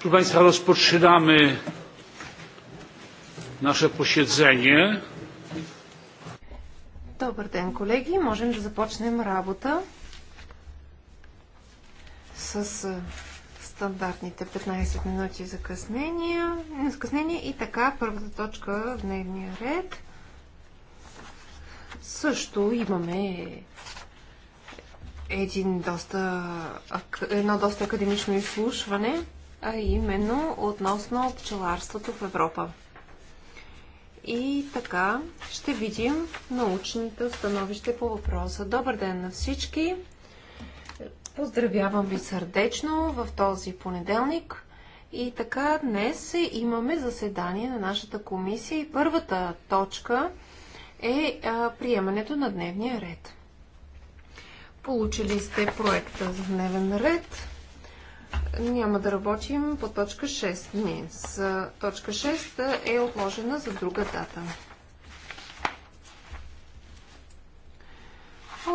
Proszę Państwa, rozpoczynamy nasze posiedzenie. Добър ден, колеги! Можем да започнем работа с стандартните 15 минути закъснения. закъснение. И така, първата точка в дневния ред. Също имаме един доста, едно доста академично изслушване а именно относно пчеларството в Европа. И така ще видим научните установище по въпроса. Добър ден на всички! Поздравявам ви сърдечно в този понеделник. И така днес имаме заседание на нашата комисия и първата точка е а, приемането на дневния ред. Получили сте проекта за дневен ред няма да работим по точка 6 днес. Точка 6 е отложена за друга дата.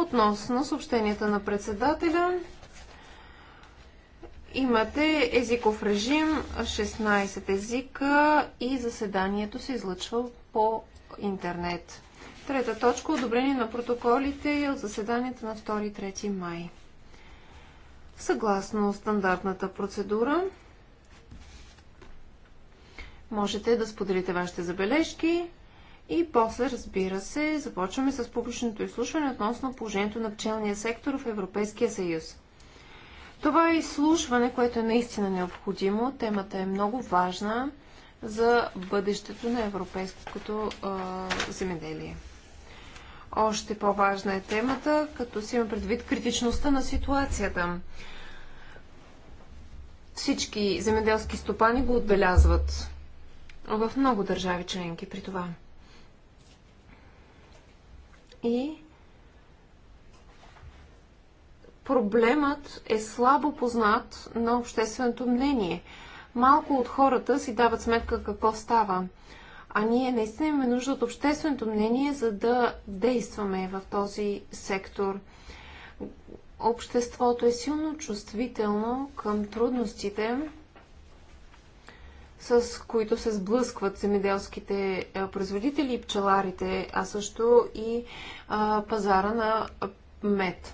Относно съобщенията на председателя, имате езиков режим 16 езика и заседанието се излъчва по интернет. Трета точка – одобрение на протоколите от заседанията на 2 3 май съгласно стандартната процедура. Можете да споделите вашите забележки и после, разбира се, започваме с публичното изслушване относно положението на пчелния сектор в Европейския съюз. Това е изслушване, което е наистина необходимо. Темата е много важна за бъдещето на европейското земеделие. Още по-важна е темата, като си има предвид критичността на ситуацията. Всички земеделски стопани го отбелязват в много държави членки при това. И проблемът е слабо познат на общественото мнение. Малко от хората си дават сметка какво става. А ние наистина имаме нужда от общественото мнение, за да действаме в този сектор обществото е силно чувствително към трудностите, с които се сблъскват земеделските е, производители и пчеларите, а също и а, е, пазара на е, мед.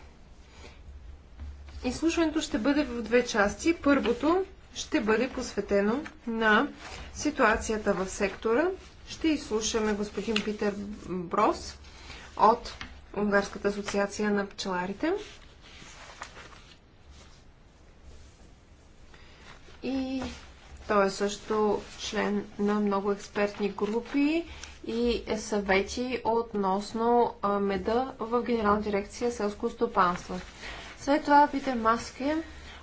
Изслушването ще бъде в две части. Първото ще бъде посветено на ситуацията в сектора. Ще изслушаме господин Питер Брос от Унгарската асоциация на пчеларите. И той е също член на много експертни групи и е съвети относно меда в Генерална дирекция селско стопанство. След това Питер Маске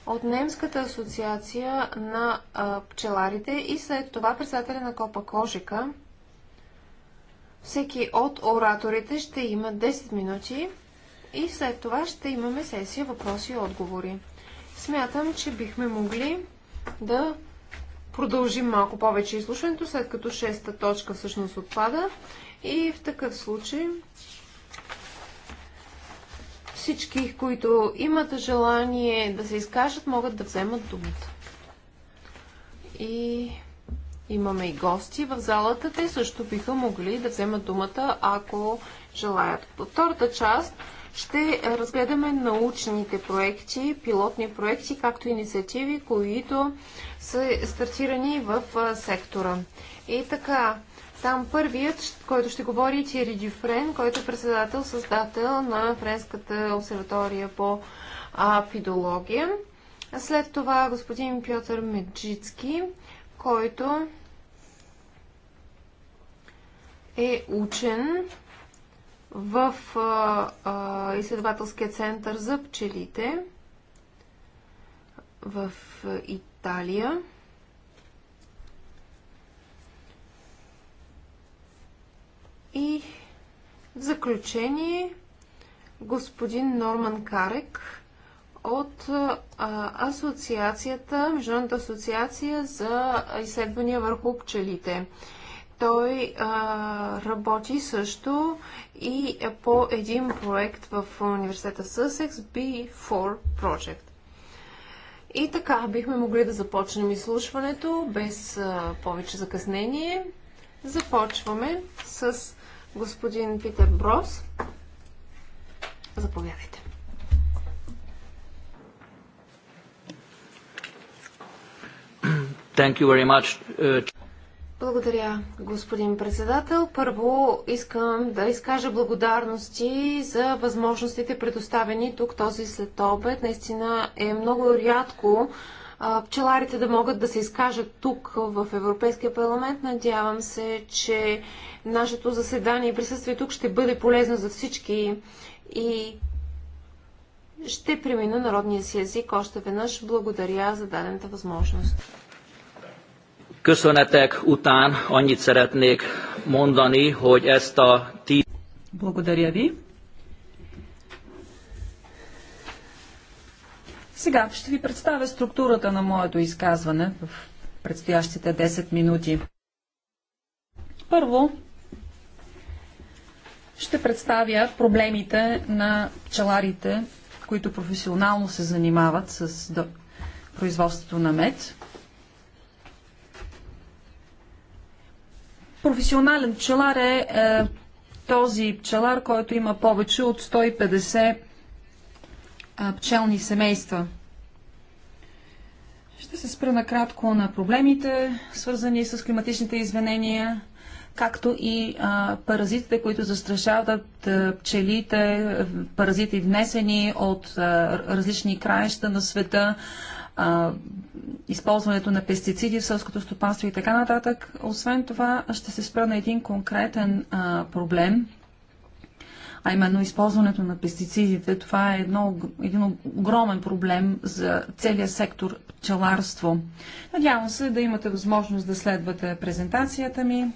от Немската асоциация на пчеларите и след това председателя на Копа Кожика. Всеки от ораторите ще има 10 минути и след това ще имаме сесия въпроси и отговори. Смятам, че бихме могли да продължим малко повече изслушването, след като шеста точка всъщност отпада. И в такъв случай всички, които имат желание да се изкажат, могат да вземат думата. И имаме и гости в залата. Те също биха могли да вземат думата, ако желаят. По втората част ще разгледаме научните проекти, пилотни проекти, както инициативи, които са стартирани в сектора. И така, там първият, който ще говори е Тири Дюфрен, който е председател, създател на Френската обсерватория по апидология. След това господин Пьотър Меджицки, който е учен в а, а, изследователския център за пчелите в Италия. И в заключение господин Норман Карек от а, асоциацията, Международната асоциация за изследвания върху пчелите. Той а, работи също и е по един проект в университета Sussex B4 Project. И така, бихме могли да започнем изслушването без а, повече закъснение. Започваме с господин Питер Брос. Заповядайте. Thank you very much. Uh, благодаря, господин председател. Първо искам да изкажа благодарности за възможностите предоставени тук този след обед. Наистина е много рядко пчеларите да могат да се изкажат тук в Европейския парламент. Надявам се, че нашето заседание и присъствие тук ще бъде полезно за всички и ще премина народния си език още веднъж. Благодаря за дадената възможност köszönetek után annyit szeretnék mondani, hogy ezt a Благодаря ви. Сега ще ви представя структурата на моето изказване в предстоящите 10 минути. Първо, ще представя проблемите на пчеларите, които професионално се занимават с производството на мед. Професионален пчелар е, е този пчелар, който има повече от 150 е, пчелни семейства. Ще се спра накратко на проблемите, свързани с климатичните изменения, както и а, е, паразитите, които застрашават а, е, пчелите, паразити внесени от а, различни краища на света, а, използването на пестициди в сълското стопанство и така нататък. Освен това, ще се спра на един конкретен а, проблем, а именно използването на пестицидите. Това е едно, един огромен проблем за целия сектор пчеларство. Надявам се да имате възможност да следвате презентацията ми.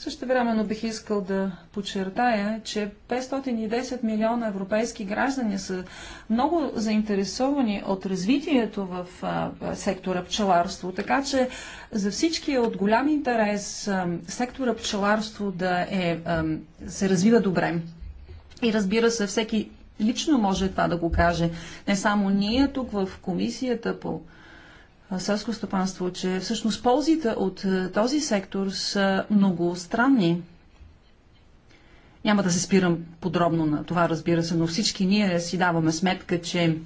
Също времено бих искал да подчертая, че 510 милиона европейски граждани са много заинтересовани от развитието в сектора пчеларство, така че за всички е от голям интерес сектора пчеларство да е, се развива добре. И разбира се, всеки лично може това да го каже. Не само ние тук в комисията по селско стопанство, че всъщност ползите от този сектор са многостранни. Няма да се спирам подробно на това, разбира се, но всички ние си даваме сметка, че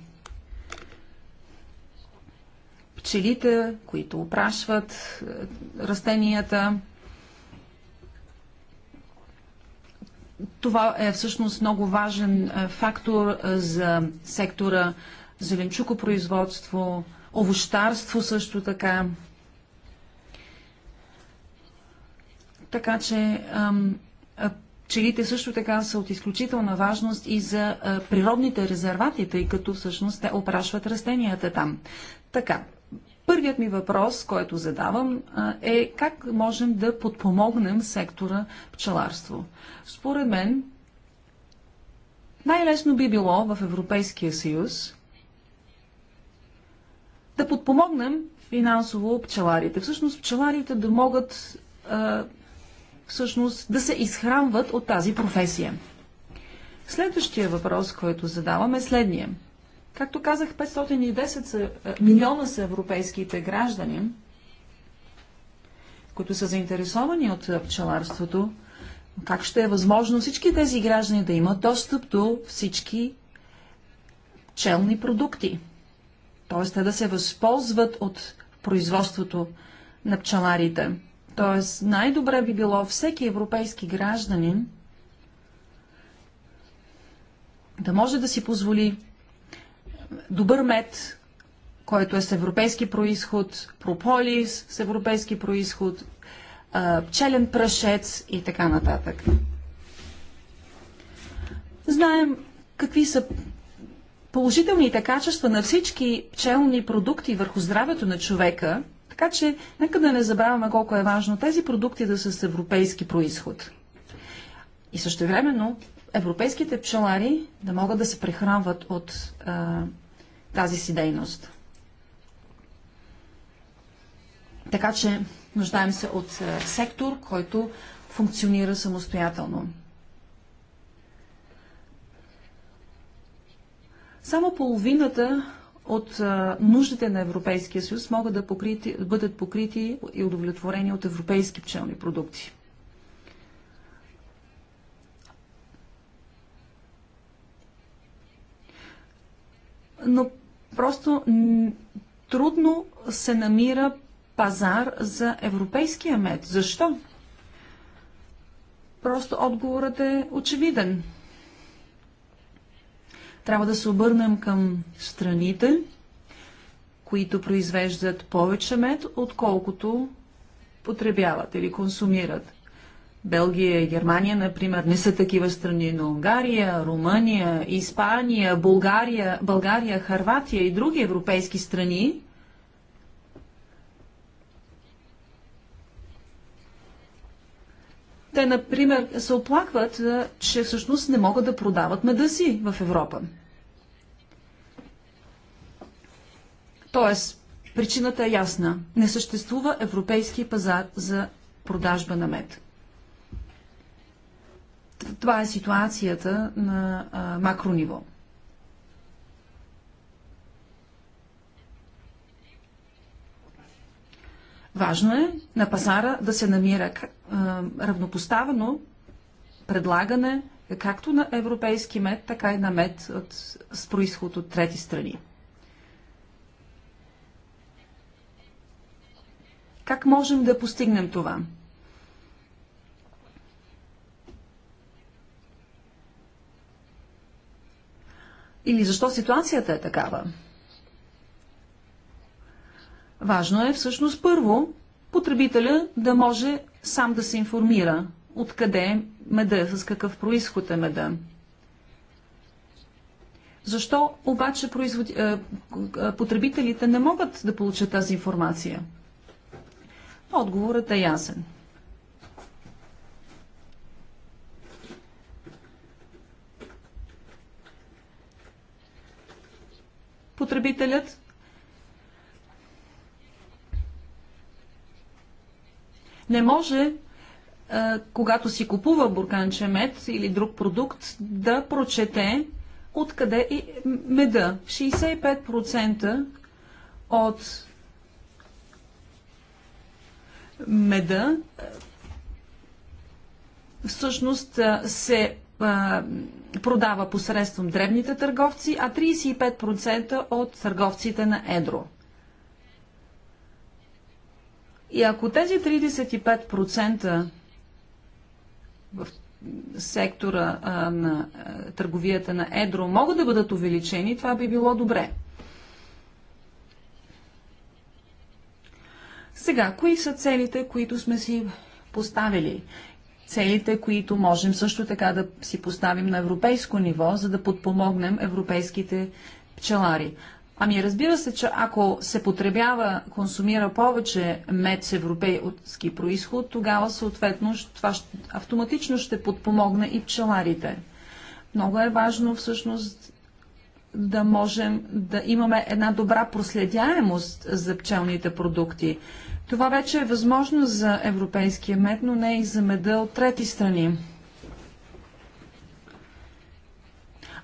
пчелите, които опрашват растенията, това е всъщност много важен фактор за сектора зеленчукопроизводство, производство овощарство също така. Така че пчелите също така са от изключителна важност и за природните резервати, тъй като всъщност те опрашват растенията там. Така, Първият ми въпрос, който задавам, е как можем да подпомогнем сектора пчеларство. Според мен, най-лесно би било в Европейския съюз да подпомогнем финансово пчеларите. Всъщност пчеларите да могат а, всъщност да се изхранват от тази професия. Следващия въпрос, който задавам е следния. Както казах, 510 са, милиона са европейските граждани, които са заинтересовани от пчеларството. Как ще е възможно всички тези граждани да имат достъп до всички пчелни продукти? т.е. те да се възползват от производството на пчеларите. Т.е. най-добре би било всеки европейски гражданин да може да си позволи добър мед, който е с европейски происход, прополис с европейски происход, пчелен прашец и така нататък. Знаем какви са положителните качества на всички пчелни продукти върху здравето на човека, така че нека да не забравяме колко е важно тези продукти да са с европейски происход. И също времено европейските пчелари да могат да се прехранват от а, тази си дейност. Така че нуждаем се от сектор, който функционира самостоятелно. Само половината от нуждите на Европейския съюз могат да покрити, бъдат покрити и удовлетворени от европейски пчелни продукти. Но просто трудно се намира пазар за европейския мед. Защо? Просто отговорът е очевиден. Трябва да се обърнем към страните, които произвеждат повече мед, отколкото потребяват или консумират. Белгия и Германия, например, не са такива страни, но Унгария, Румъния, Испания, България, България, Харватия и други европейски страни – Те, например, се оплакват, че всъщност не могат да продават меда си в Европа. Тоест, причината е ясна. Не съществува европейски пазар за продажба на мед. Това е ситуацията на макрониво. макро ниво. Важно е на пазара да се намира равнопоставено предлагане както на европейски мед, така и на мед от, с происход от трети страни. Как можем да постигнем това? Или защо ситуацията е такава? Важно е всъщност първо потребителя да може сам да се информира откъде е меда, с какъв происход е меда. Защо обаче производ... Е, е, потребителите не могат да получат тази информация? Отговорът е ясен. Потребителят Не може, е, когато си купува бурканче мед или друг продукт, да прочете откъде е меда. 65% от меда е, всъщност е, се продава посредством дребните търговци, а 35% от търговците на едро. И ако тези 35% в сектора а, на а, търговията на Едро могат да бъдат увеличени, това би било добре. Сега, кои са целите, които сме си поставили? Целите, които можем също така да си поставим на европейско ниво, за да подпомогнем европейските пчелари. Ами разбира се, че ако се потребява, консумира повече мед с европейски происход, тогава съответно това автоматично ще подпомогне и пчеларите. Много е важно всъщност да можем да имаме една добра проследяемост за пчелните продукти. Това вече е възможно за европейския мед, но не и за меда от трети страни.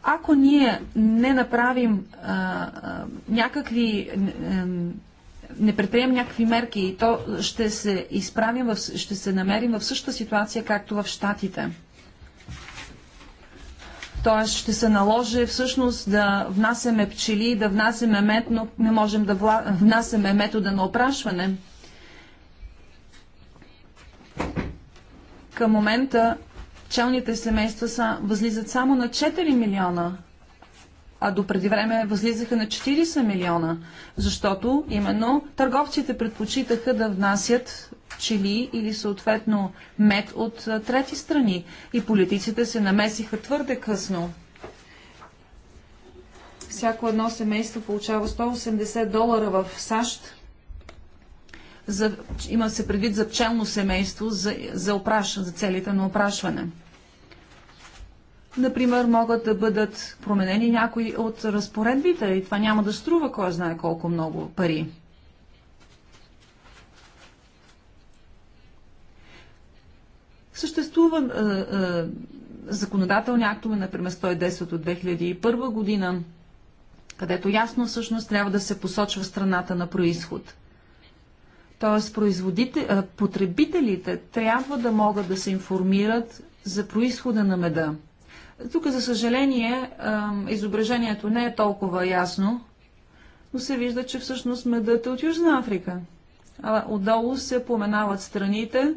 Ако ние не направим а, а, някакви. А, не предприемем някакви мерки, то ще се изправим, в, ще се намерим в същата ситуация, както в Штатите. Тоест ще се наложи всъщност да внасяме пчели, да внасяме мед, но не можем да вла... внасяме метода на опрашване. Към момента пчелните семейства са, възлизат само на 4 милиона, а до преди време възлизаха на 40 милиона, защото именно търговците предпочитаха да внасят пчели или съответно мед от трети страни и политиците се намесиха твърде късно. Всяко едно семейство получава 180 долара в САЩ за, има се предвид за пчелно семейство за, за, опраш, за целите на опрашване. Например, могат да бъдат променени някои от разпоредбите и това няма да струва кой знае колко много пари. Съществува е, е, законодателни актове, например 110 от 2001 година, където ясно всъщност трябва да се посочва страната на происход – Тоест, потребителите трябва да могат да се информират за происхода на меда. Тук, за съжаление, изображението не е толкова ясно, но се вижда, че всъщност медът е от Южна Африка. А отдолу се поменават страните,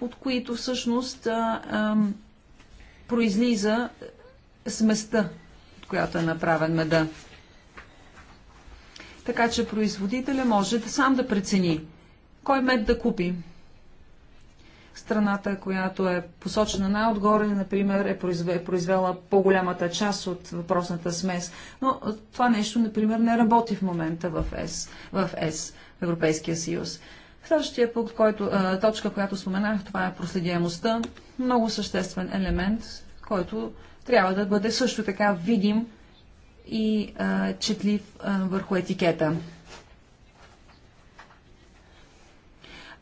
от които всъщност произлиза сместа, от която е направен меда така че производителя може да сам да прецени кой мед да купи. Страната, която е посочена най-отгоре, например, е, е произвела по-голямата част от въпросната смес. Но това нещо, например, не работи в момента в ЕС, в ЕС, в Европейския съюз. Следващия пункт, който, точка, която споменах, това е проследяемостта. Много съществен елемент, който трябва да бъде също така видим и а, четлив а, върху етикета.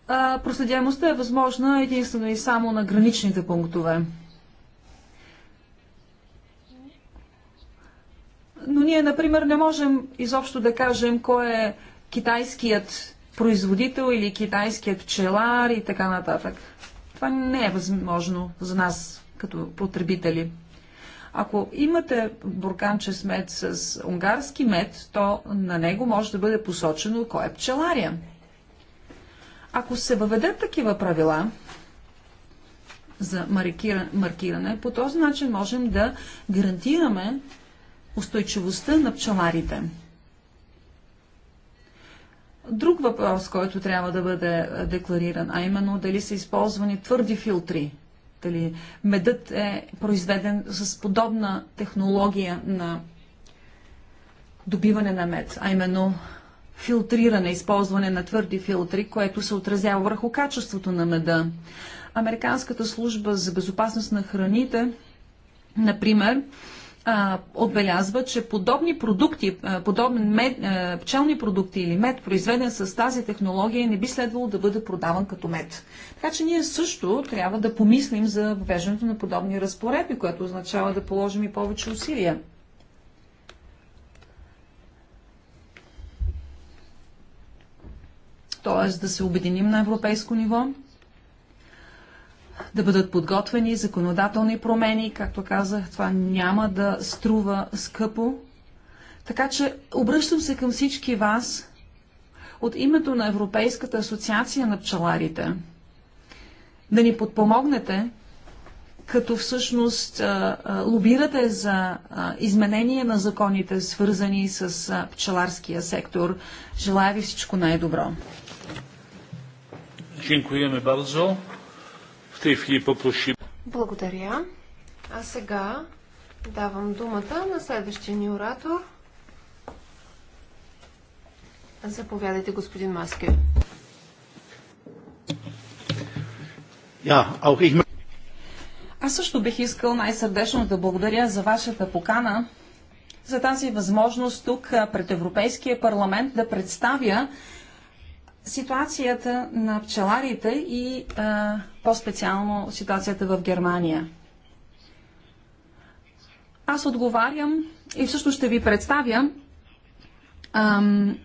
А, проследяемостта е възможна единствено и само на граничните пунктове. Но ние, например, не можем изобщо да кажем кой е китайският производител или китайският пчелар и така нататък. Това не е възможно за нас като потребители. Ако имате бурканче с мед с унгарски мед, то на него може да бъде посочено кой е пчелария. Ако се въведат такива правила за маркиране, по този начин можем да гарантираме устойчивостта на пчеларите. Друг въпрос, който трябва да бъде деклариран, а именно дали са използвани твърди филтри дали медът е произведен с подобна технология на добиване на мед, а именно филтриране, използване на твърди филтри, което се отразява върху качеството на меда. Американската служба за безопасност на храните, например, а, отбелязва, че подобни продукти, подобни мед, а, пчелни продукти или мед, произведен с тази технология, не би следвало да бъде продаван като мед. Така че ние също трябва да помислим за въвеждането на подобни разпоредби, което означава да положим и повече усилия. Тоест да се обединим на европейско ниво да бъдат подготвени законодателни промени. Както казах, това няма да струва скъпо. Така че обръщам се към всички вас от името на Европейската асоциация на пчеларите да ни подпомогнете, като всъщност лобирате за изменение на законите, свързани с пчеларския сектор. Желая ви всичко най-добро. Dziękujemy bardzo. Благодаря. А сега давам думата на следващия ни оратор. Заповядайте, господин Маске. Аз също бих искал най-сърдечно да благодаря за вашата покана, за тази възможност тук пред Европейския парламент да представя ситуацията на пчеларите и по-специално ситуацията в Германия. Аз отговарям и всъщност ще ви представя ам,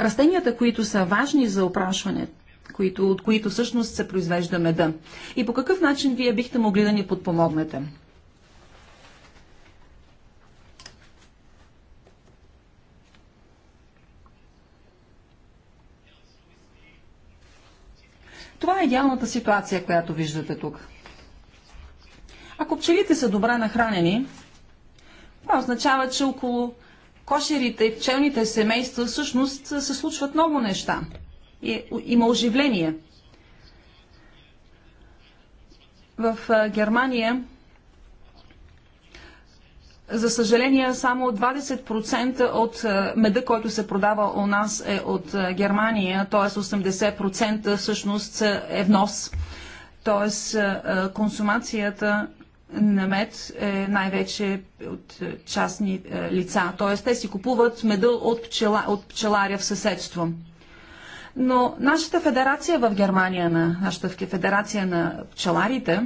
растенията, които са важни за опрашване, които, от които всъщност се произвежда меда. И по какъв начин вие бихте могли да ни подпомогнете? Това е идеалната ситуация, която виждате тук. Ако пчелите са добре нахранени, това означава, че около кошерите и пчелните семейства всъщност се случват много неща. И, има оживление. В Германия за съжаление, само 20% от е, меда, който се продава у нас е от е, Германия, т.е. 80% всъщност е, е внос. Т.е. консумацията на мед е най-вече от частни лица. Т.е. те си купуват меда от, пчела, от пчеларя в съседство. Но нашата федерация в Германия, на, нашата федерация на пчеларите,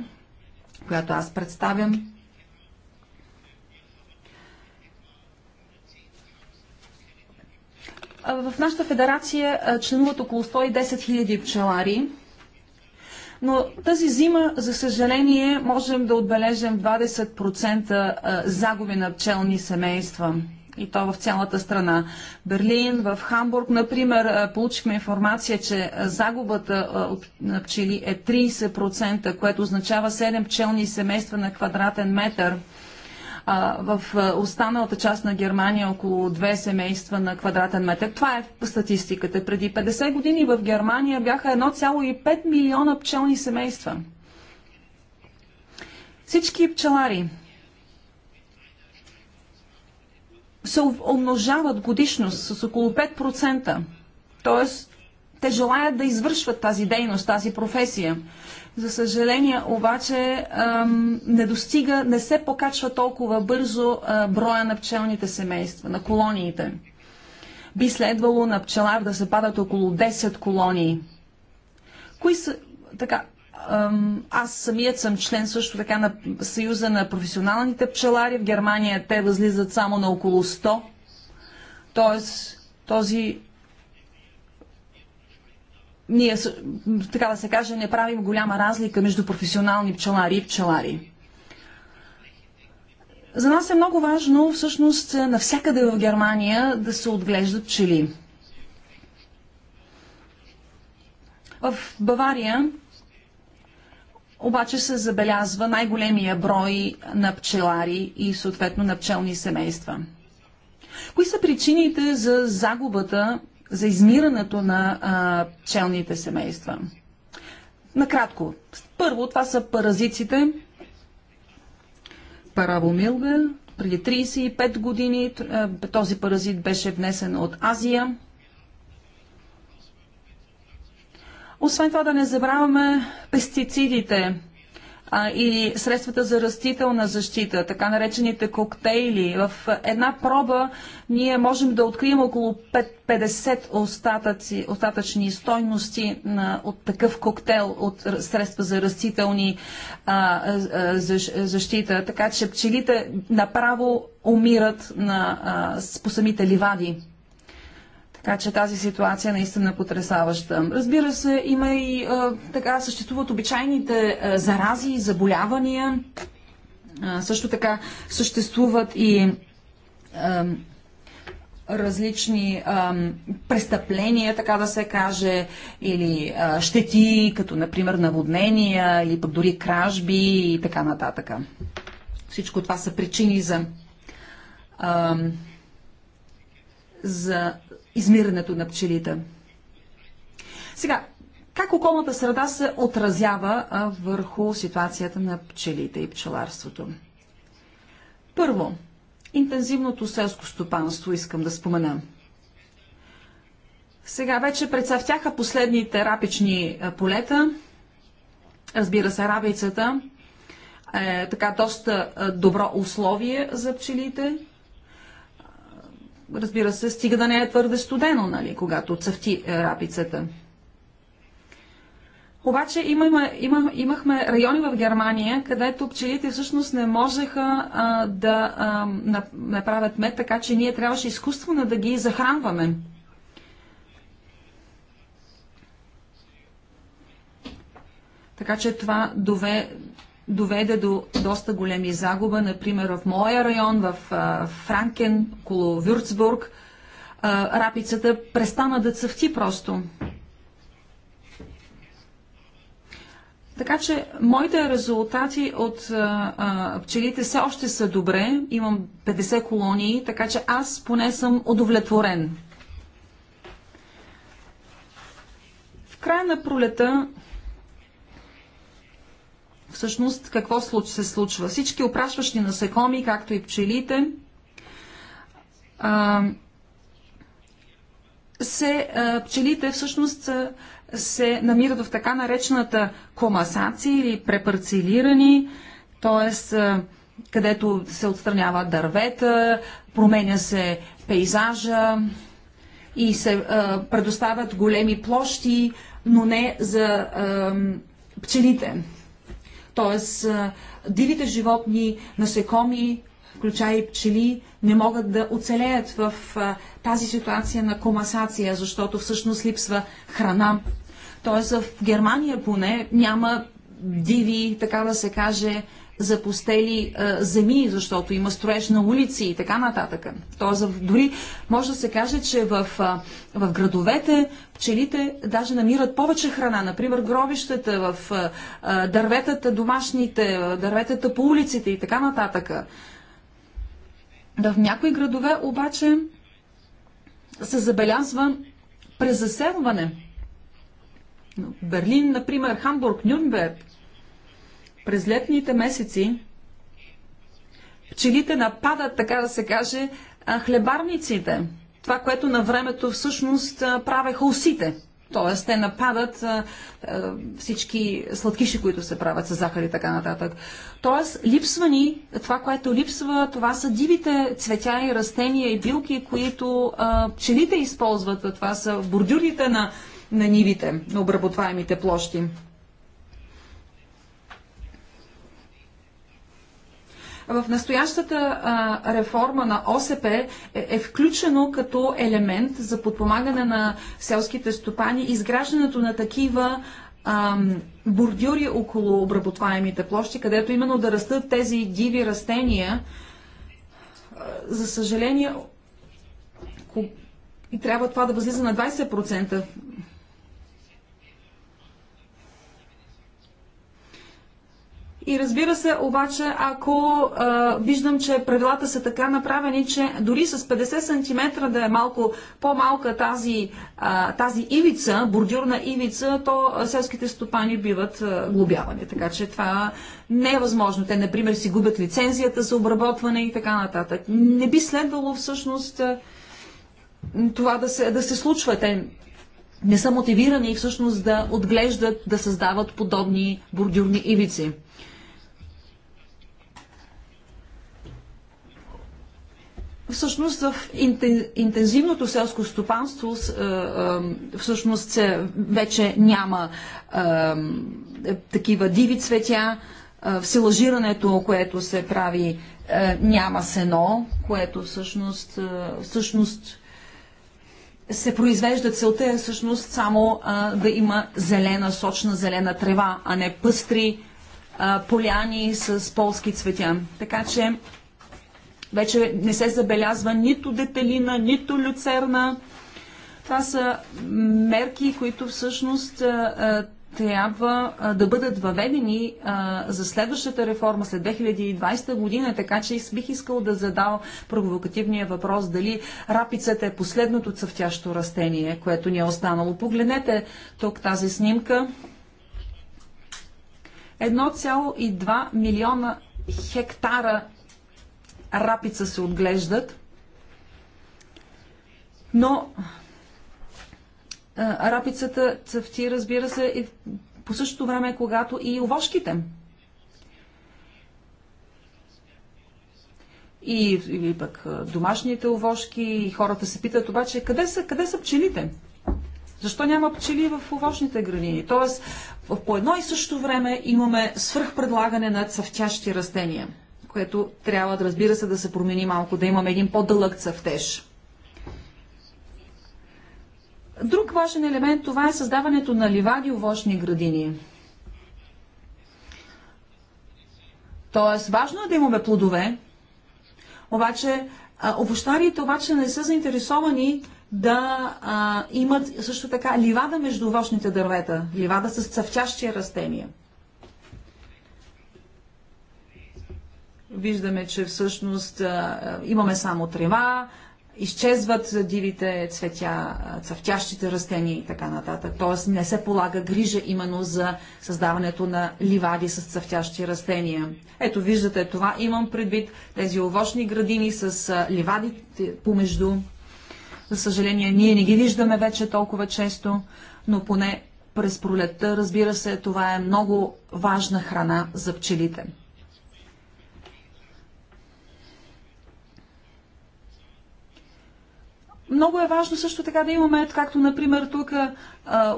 която аз представям, В нашата федерация членуват около 110 000 пчелари. Но тази зима, за съжаление, можем да отбележим 20% загуби на пчелни семейства. И то в цялата страна. Берлин, в Хамбург, например, получихме информация, че загубата на пчели е 30%, което означава 7 пчелни семейства на квадратен метър – в останалата част на Германия около две семейства на квадратен метър. Това е статистиката. Преди 50 години в Германия бяха 1,5 милиона пчелни семейства. Всички пчелари се умножават годишно с около 5%. Тоест, те желаят да извършват тази дейност, тази професия. За съжаление, обаче, не достига, не се покачва толкова бързо броя на пчелните семейства, на колониите. Би следвало на пчелар да се падат около 10 колонии. Кои са, така, аз самият съм член също така на Съюза на професионалните пчелари. В Германия те възлизат само на около 100. Тоест, този ние, така да се каже, не правим голяма разлика между професионални пчелари и пчелари. За нас е много важно всъщност навсякъде в Германия да се отглеждат пчели. В Бавария обаче се забелязва най-големия брой на пчелари и съответно на пчелни семейства. Кои са причините за загубата за измирането на а, пчелните семейства. Накратко. Първо, това са паразиците. Паравомилга. Преди 35 години е, този паразит беше внесен от Азия. Освен това да не забравяме пестицидите, а, и средствата за растителна защита, така наречените коктейли. В една проба ние можем да открием около 50 остатъци, остатъчни стойности на, от такъв коктейл от средства за растителни а, а, защита. Така че пчелите направо умират на, а, по самите ливади. Така че тази ситуация е наистина потрясаваща. Разбира се, има и а, така съществуват обичайните а, зарази и заболявания. А, също така съществуват и а, различни а, престъпления, така да се каже, или а, щети, като например наводнения, или пък дори кражби и така нататък. Всичко това са причини за, а, за измирането на пчелите. Сега, как околната среда се отразява върху ситуацията на пчелите и пчеларството? Първо, интензивното селско стопанство искам да спомена. Сега вече прецъфтяха последните рапични полета. Разбира се, рабицата е така доста добро условие за пчелите разбира се, стига да не е твърде студено, нали, когато цъфти е, рапицата. Обаче имаме, имам, имахме райони в Германия, където пчелите всъщност не можеха а, да а, направят мед, така че ние трябваше изкуствено да ги захранваме. Така че това дове доведе до доста големи загуба, например в моя район, в Франкен, около Вюрцбург. Рапицата престана да цъфти просто. Така че моите резултати от а, а, пчелите все още са добре. Имам 50 колонии, така че аз поне съм удовлетворен. В края на пролета всъщност какво се случва. Всички опрашващи насекоми, както и пчелите, се, пчелите всъщност се намират в така наречената комасация или препарцелирани, т.е. където се отстраняват дървета, променя се пейзажа и се предоставят големи площи, но не за пчелите. Т.е. дивите животни, насекоми, включая и пчели, не могат да оцелеят в тази ситуация на комасация, защото всъщност липсва храна. Т.е. в Германия поне няма диви, така да се каже, запустели постели земи, защото има строеж на улици и така нататък. Тоест, дори може да се каже, че в, в градовете пчелите даже намират повече храна. Например, гробищата, в дърветата домашните, дърветата по улиците и така нататък. Да, в някои градове обаче се забелязва презаселване. Берлин, например, Хамбург, Нюрнберг през летните месеци пчелите нападат, така да се каже, хлебарниците. Това, което на времето всъщност правеха усите. т.е. те нападат а, а, всички сладкиши, които се правят с захар и така нататък. Тоест, липсва ни, това, което липсва, това са дивите цветя и растения и билки, които а, пчелите използват. Това са бордюрите на, на нивите, на обработваемите площи. в настоящата а, реформа на ОСП е, е включено като елемент за подпомагане на селските стопани изграждането на такива бордюри около обработваемите площи, където именно да растат тези диви растения. За съжаление, и трябва това да възлиза на 20% И разбира се, обаче, ако а, виждам, че правилата са така направени, че дори с 50 см да е малко по-малка тази, а, тази ивица, бордюрна ивица, то селските стопани биват а, глобявани. Така че това не е възможно. Те, например, си губят лицензията за обработване и така нататък. Не би следвало всъщност това да се, да се случва. Те не са мотивирани всъщност да отглеждат, да създават подобни бордюрни ивици. всъщност в интензивното селско стопанство всъщност вече няма такива диви цветя. Всилажирането, което се прави, няма сено, което всъщност, всъщност се произвежда целта е всъщност само да има зелена, сочна зелена трева, а не пъстри поляни с полски цветя. Така че вече не се забелязва нито деталина, нито люцерна. Това са мерки, които всъщност трябва да бъдат въведени за следващата реформа след 2020 година, така че бих искал да задал провокативния въпрос дали рапицата е последното цъфтящо растение, което ни е останало. Погледнете тук тази снимка. 1,2 милиона хектара рапица се отглеждат, но рапицата цъфти, разбира се, и по същото време, когато и овошките. И, и пък домашните овошки, и хората се питат обаче, къде са, къде са пчелите? Защо няма пчели в овощните градини? Тоест, по едно и също време имаме свръхпредлагане на цъфтящи растения – което трябва, да разбира се, да се промени малко, да имаме един по-дълъг цъфтеж. Друг важен елемент това е създаването на ливади овощни градини. Тоест, важно е да имаме плодове, обаче овощарите обаче не са заинтересовани да а, имат също така ливада между овощните дървета, ливада с цъфтящия растения. Виждаме, че всъщност имаме само трева, изчезват дивите цветя, цъфтящите растения и така нататък. Тоест не се полага грижа именно за създаването на ливади с цъфтящи растения. Ето виждате това, имам предвид тези овощни градини с ливади помежду. За съжаление, ние не ги виждаме вече толкова често, но поне през пролетта, разбира се, това е много важна храна за пчелите. Много е важно също така да имаме, както например тук,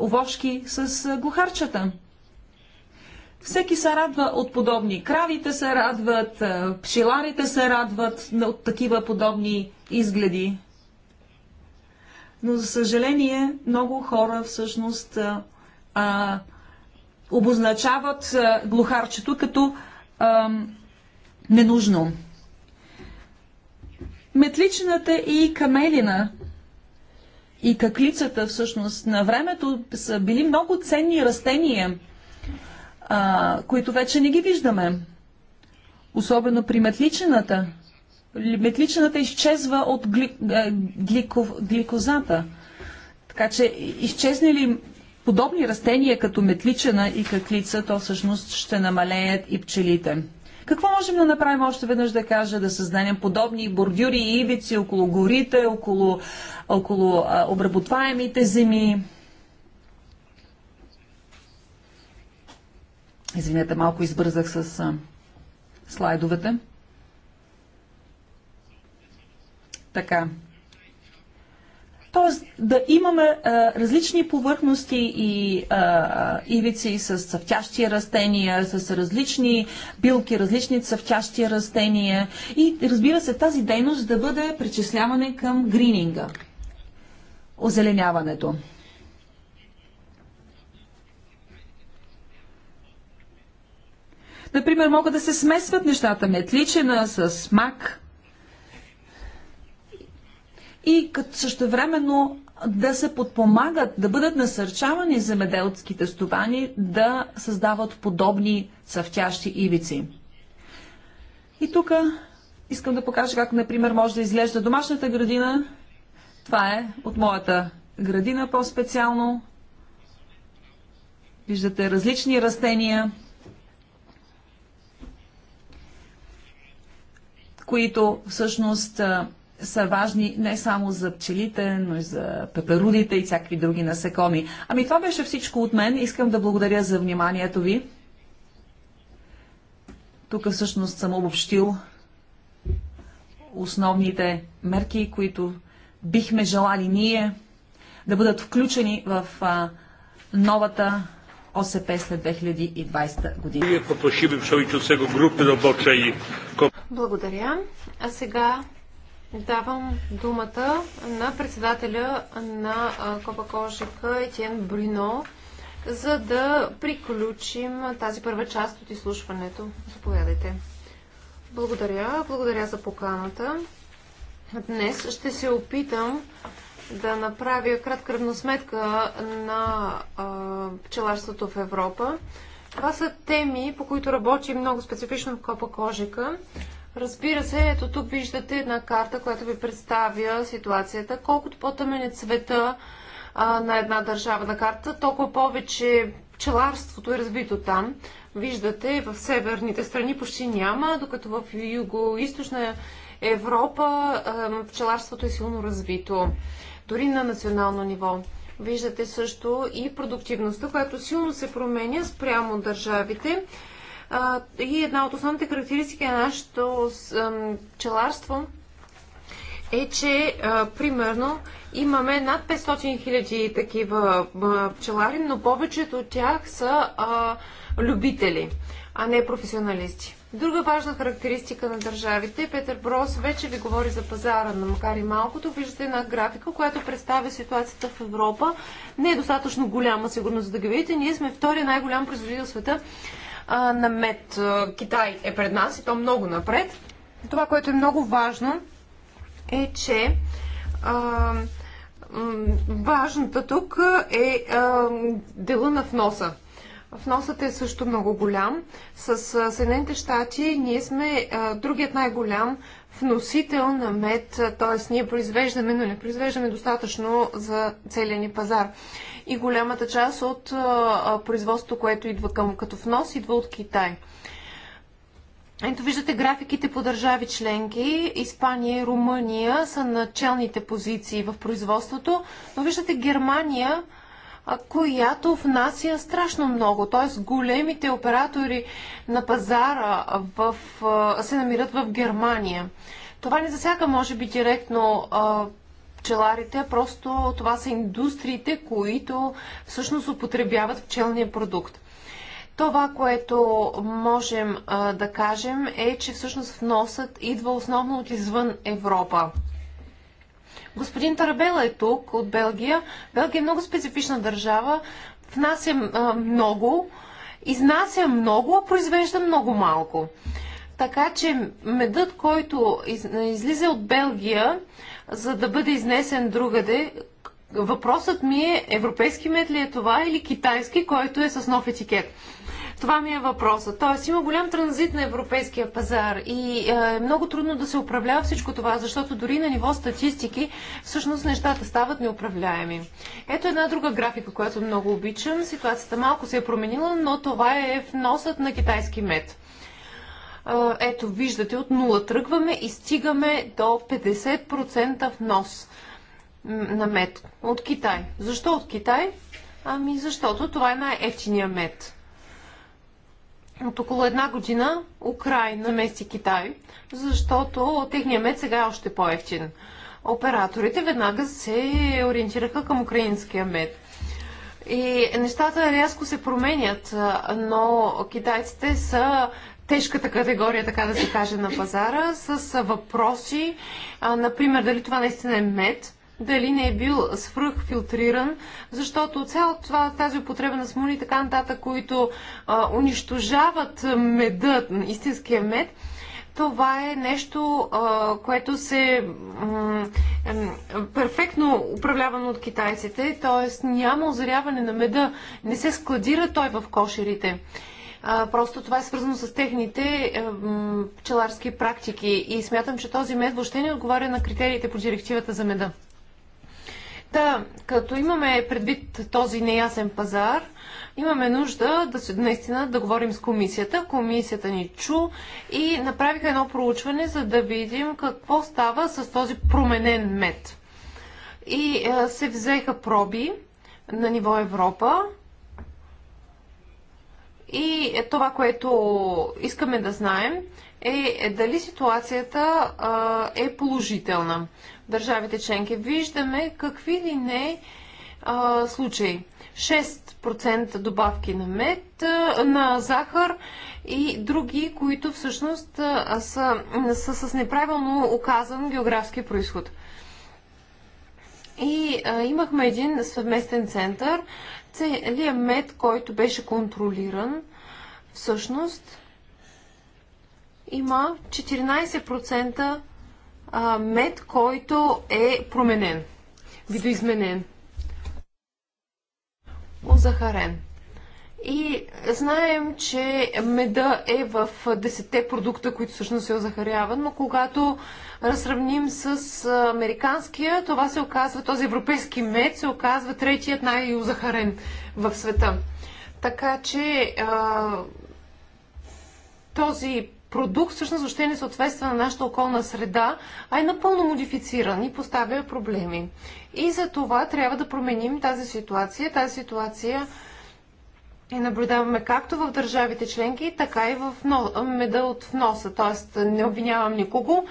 овошки с глухарчета. Всеки се радва от подобни. Кравите се радват, пчеларите се радват от такива подобни изгледи. Но, за съжаление, много хора всъщност а, обозначават глухарчето като а, ненужно. Метличната и камелина и каклицата всъщност на времето са били много ценни растения, а, които вече не ги виждаме. Особено при метличината. Метличината изчезва от гли, е, гликов, гликозата. Така че изчезнали подобни растения като метличена и каклица, то всъщност ще намалеят и пчелите. Какво можем да направим още веднъж да кажа, да създадем подобни бордюри и ивици около горите, около, около а, обработваемите земи? Извинете, малко избързах с а, слайдовете. Така. Тоест да имаме а, различни повърхности и а, ивици с цъфтящи растения, с различни билки, различни цъфтящи растения и разбира се тази дейност да бъде причисляване към грининга, озеленяването. Например, могат да се смесват нещата метличена с мак, и като същевременно да се подпомагат, да бъдат насърчавани земеделските стопани да създават подобни цъфтящи ивици. И тук искам да покажа как, например, може да изглежда домашната градина. Това е от моята градина по-специално. Виждате различни растения, които всъщност са важни не само за пчелите, но и за пеперудите и всякакви други насекоми. Ами това беше всичко от мен. Искам да благодаря за вниманието ви. Тук всъщност съм обобщил основните мерки, които бихме желали ние да бъдат включени в а, новата ОСП след 2020 година. Благодаря. А сега Давам думата на председателя на Копа Кожика Етиен Брино, за да приключим тази първа част от изслушването. Заповядайте. Благодаря. Благодаря за поканата. Днес ще се опитам да направя кратка равносметка на а, пчеларството в Европа. Това са теми, по които работи много специфично в Копа Кожика. Разбира се, ето тук виждате една карта, която ви представя ситуацията. Колкото по-тъмен е цвета а, на една държава на карта, толкова повече пчеларството е развито там. Виждате, в северните страни почти няма, докато в юго-источна Европа а, пчеларството е силно развито, дори на национално ниво. Виждате също и продуктивността, която силно се променя спрямо държавите и една от основните характеристики на нашето пчеларство е, че а, примерно имаме над 500 хиляди такива а, пчелари, но повечето от тях са а, любители, а не професионалисти. Друга важна характеристика на държавите, Петър Брос вече ви говори за пазара, но макар и малкото, виждате една графика, която представя ситуацията в Европа. Не е достатъчно голяма, сигурно, за да ги видите. Ние сме втория най-голям производител в света а, на МЕД Китай е пред нас и то много напред. Това, което е много важно, е, че а, важната тук е а, дела на вноса. Вносът е също много голям. С Съединените щати ние сме а, другият най-голям вносител на мед, т.е. ние произвеждаме, но не произвеждаме достатъчно за целия ни пазар. И голямата част от производството, което идва към, като внос, идва от Китай. Ето виждате графиките по държави членки. Испания и Румъния са началните позиции в производството, но виждате Германия която внася страшно много. Т.е. големите оператори на пазара в, се намират в Германия. Това не засяга, може би, директно пчеларите, просто това са индустриите, които всъщност употребяват пчелния продукт. Това, което можем а, да кажем е, че всъщност вносът идва основно от извън Европа. Господин Тарабела е тук от Белгия. Белгия е много специфична държава. Внася а, много, изнася много, а произвежда много малко. Така че медът, който из, излиза от Белгия, за да бъде изнесен другаде, въпросът ми е европейски мед ли е това или китайски, който е с нов етикет. Това ми е въпросът. Тоест има голям транзит на европейския пазар и е много трудно да се управлява всичко това, защото дори на ниво статистики всъщност нещата стават неуправляеми. Ето една друга графика, която много обичам. Ситуацията малко се е променила, но това е вносът на китайски мед. Е, ето, виждате, от нула тръгваме и стигаме до 50% внос на мед от Китай. Защо от Китай? Ами защото това е най-ефтиния мед от около една година Украина мести Китай, защото техният мед сега е още по-ефтин. Операторите веднага се ориентираха към украинския мед. И нещата рязко се променят, но китайците са тежката категория, така да се каже, на пазара, с въпроси, например, дали това наистина е мед, дали не е бил свръхфилтриран, защото цялото това, тази употреба на смоли и така нататък, които а, унищожават меда, истинския мед, това е нещо, а, което се м- м- перфектно управлявано от китайците, т.е. няма озаряване на меда, не се складира той в кошерите. А, просто това е свързано с техните а, м- пчеларски практики и смятам, че този мед въобще не отговаря на критериите по директивата за меда. Та, като имаме предвид този неясен пазар, имаме нужда да се, наистина да говорим с комисията. Комисията ни чу и направиха едно проучване, за да видим какво става с този променен мед. И а, е, се взеха проби на ниво Европа. И е това, което искаме да знаем, е, е дали ситуацията а, е, е положителна държавите членки. Виждаме какви ли не а, случаи. 6% добавки на мед, на захар и други, които всъщност са, са с неправилно оказан географски происход. И а, имахме един съвместен център. Целият мед, който беше контролиран, всъщност има 14% а, мед, който е променен, видоизменен, озахарен. И знаем, че меда е в 10 продукта, които всъщност се озахаряват, но когато разравним с американския, това се оказва, този европейски мед се оказва третият най-озахарен в света. Така че а, този продукт всъщност въобще не съответства на нашата околна среда, а е напълно модифициран и поставя проблеми. И за това трябва да променим тази ситуация. Тази ситуация и наблюдаваме както в държавите членки, така и в меда от вноса. Тоест, не обвинявам никого,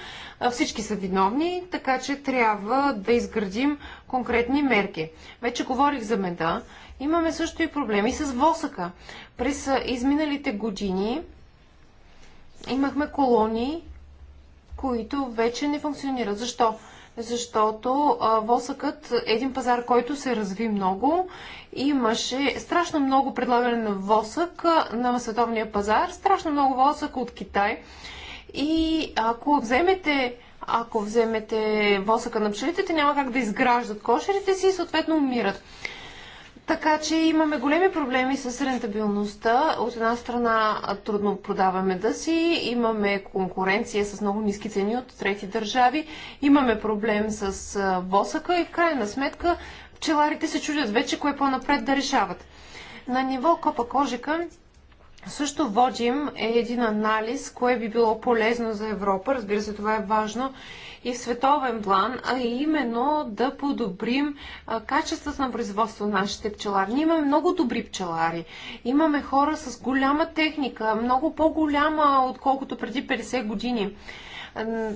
всички са виновни, така че трябва да изградим конкретни мерки. Вече говорих за меда. Имаме също и проблеми с восъка. През изминалите години имахме колони, които вече не функционират. Защо? Защото восъкът е един пазар, който се разви много. Имаше страшно много предлагане на восък на световния пазар, страшно много восък от Китай. И ако вземете ако вземете восъка на пчелите, те няма как да изграждат кошерите си и съответно умират. Така че имаме големи проблеми с рентабилността. От една страна трудно продаваме да си, имаме конкуренция с много ниски цени от трети държави, имаме проблем с босъка и в крайна сметка пчеларите се чудят вече кое по-напред да решават. На ниво копа кожика също водим един анализ, кое би било полезно за Европа. Разбира се, това е важно и в световен план, а именно да подобрим качеството на производство на нашите пчелари. Ние имаме много добри пчелари. Имаме хора с голяма техника, много по-голяма, отколкото преди 50 години.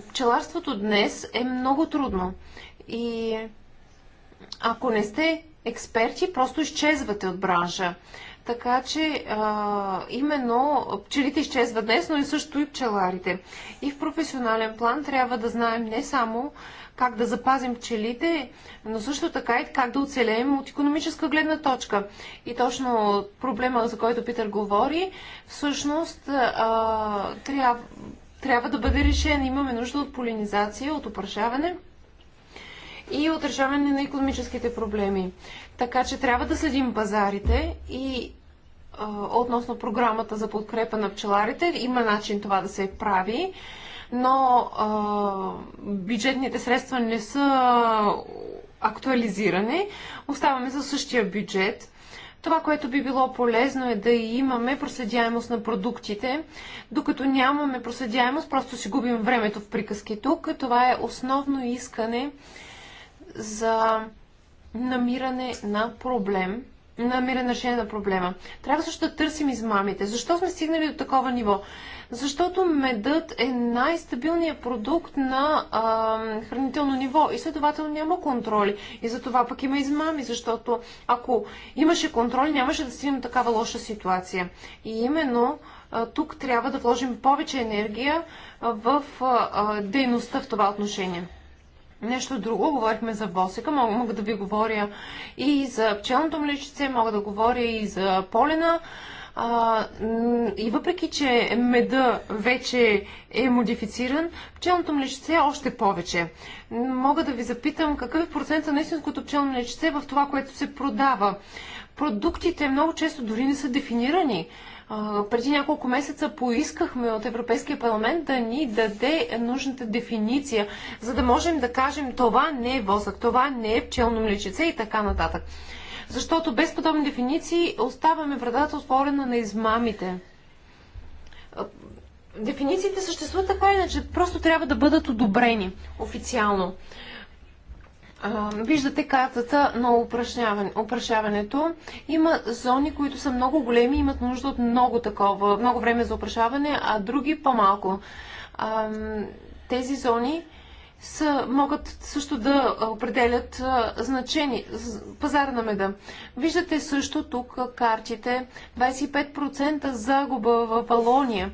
Пчеларството днес е много трудно. И ако не сте експерти, просто изчезвате от бранша. Така че а, именно пчелите изчезват днес, но и също и пчеларите. И в професионален план трябва да знаем не само как да запазим пчелите, но също така и как да оцелеем от економическа гледна точка. И точно проблема, за който Питър говори, всъщност а, трябва, трябва да бъде решен. Имаме нужда от полинизация, от упрашаване и от решаване на економическите проблеми. Така че трябва да следим пазарите и а, относно програмата за подкрепа на пчеларите. Има начин това да се прави, но а, бюджетните средства не са актуализирани. Оставаме за същия бюджет. Това, което би било полезно е да имаме проследяемост на продуктите. Докато нямаме проследяемост, просто си губим времето в приказки тук. Това е основно искане за намиране на проблем, намиране на решение на проблема. Трябва също да търсим измамите. Защо сме стигнали до такова ниво? Защото медът е най-стабилният продукт на а, хранително ниво и следователно няма контроли. И за това пък има измами, защото ако имаше контроли, нямаше да стигнем такава лоша ситуация. И именно а, тук трябва да вложим повече енергия а, в а, дейността в това отношение нещо друго. Говорихме за босика, мога, мога да ви говоря и за пчелното млечице, мога да говоря и за полена. А, и въпреки, че меда вече е модифициран, пчелното млечице е още повече. Мога да ви запитам какъв е процента на истинското пчелно млечице в това, което се продава. Продуктите много често дори не са дефинирани преди няколко месеца поискахме от Европейския парламент да ни даде нужната дефиниция, за да можем да кажем това не е восък, това не е пчелно млечице и така нататък. Защото без подобни дефиниции оставаме вратата отворена на измамите. Дефинициите съществуват така иначе, просто трябва да бъдат одобрени официално виждате картата на упрашаването. Има зони, които са много големи, имат нужда от много такова, много време за упрашаване, а други по-малко. Тези зони са, могат също да определят значени, пазара на меда. Виждате също тук картите 25% загуба в Валония.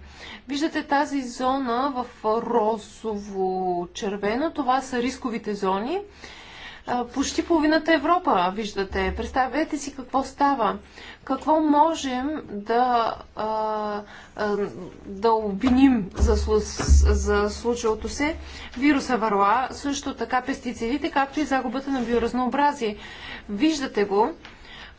Виждате тази зона в розово-червено. Това са рисковите зони почти половината Европа, виждате. Представете си какво става. Какво можем да, да обвиним за, за случилото се? Вируса върла, също така пестицидите, както и загубата на биоразнообразие. Виждате го.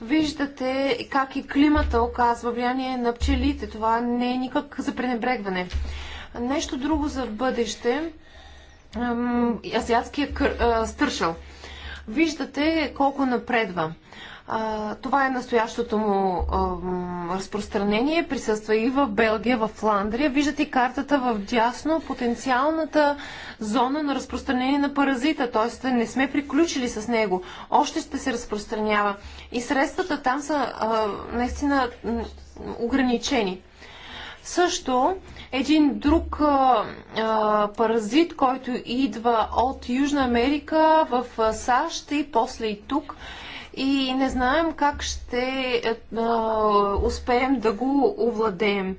Виждате как и климата оказва влияние на пчелите. Това не е никак за пренебрегване. Нещо друго за бъдеще азиатския кър, Виждате колко напредва. Това е настоящото му разпространение. Присъства и в Белгия, в Фландрия. Виждате картата в дясно, потенциалната зона на разпространение на паразита, т.е. не сме приключили с него. Още ще се разпространява. И средствата там са наистина ограничени. Също един друг а, а, паразит, който идва от Южна Америка в САЩ и после и тук. И не знаем как ще а, успеем да го овладеем.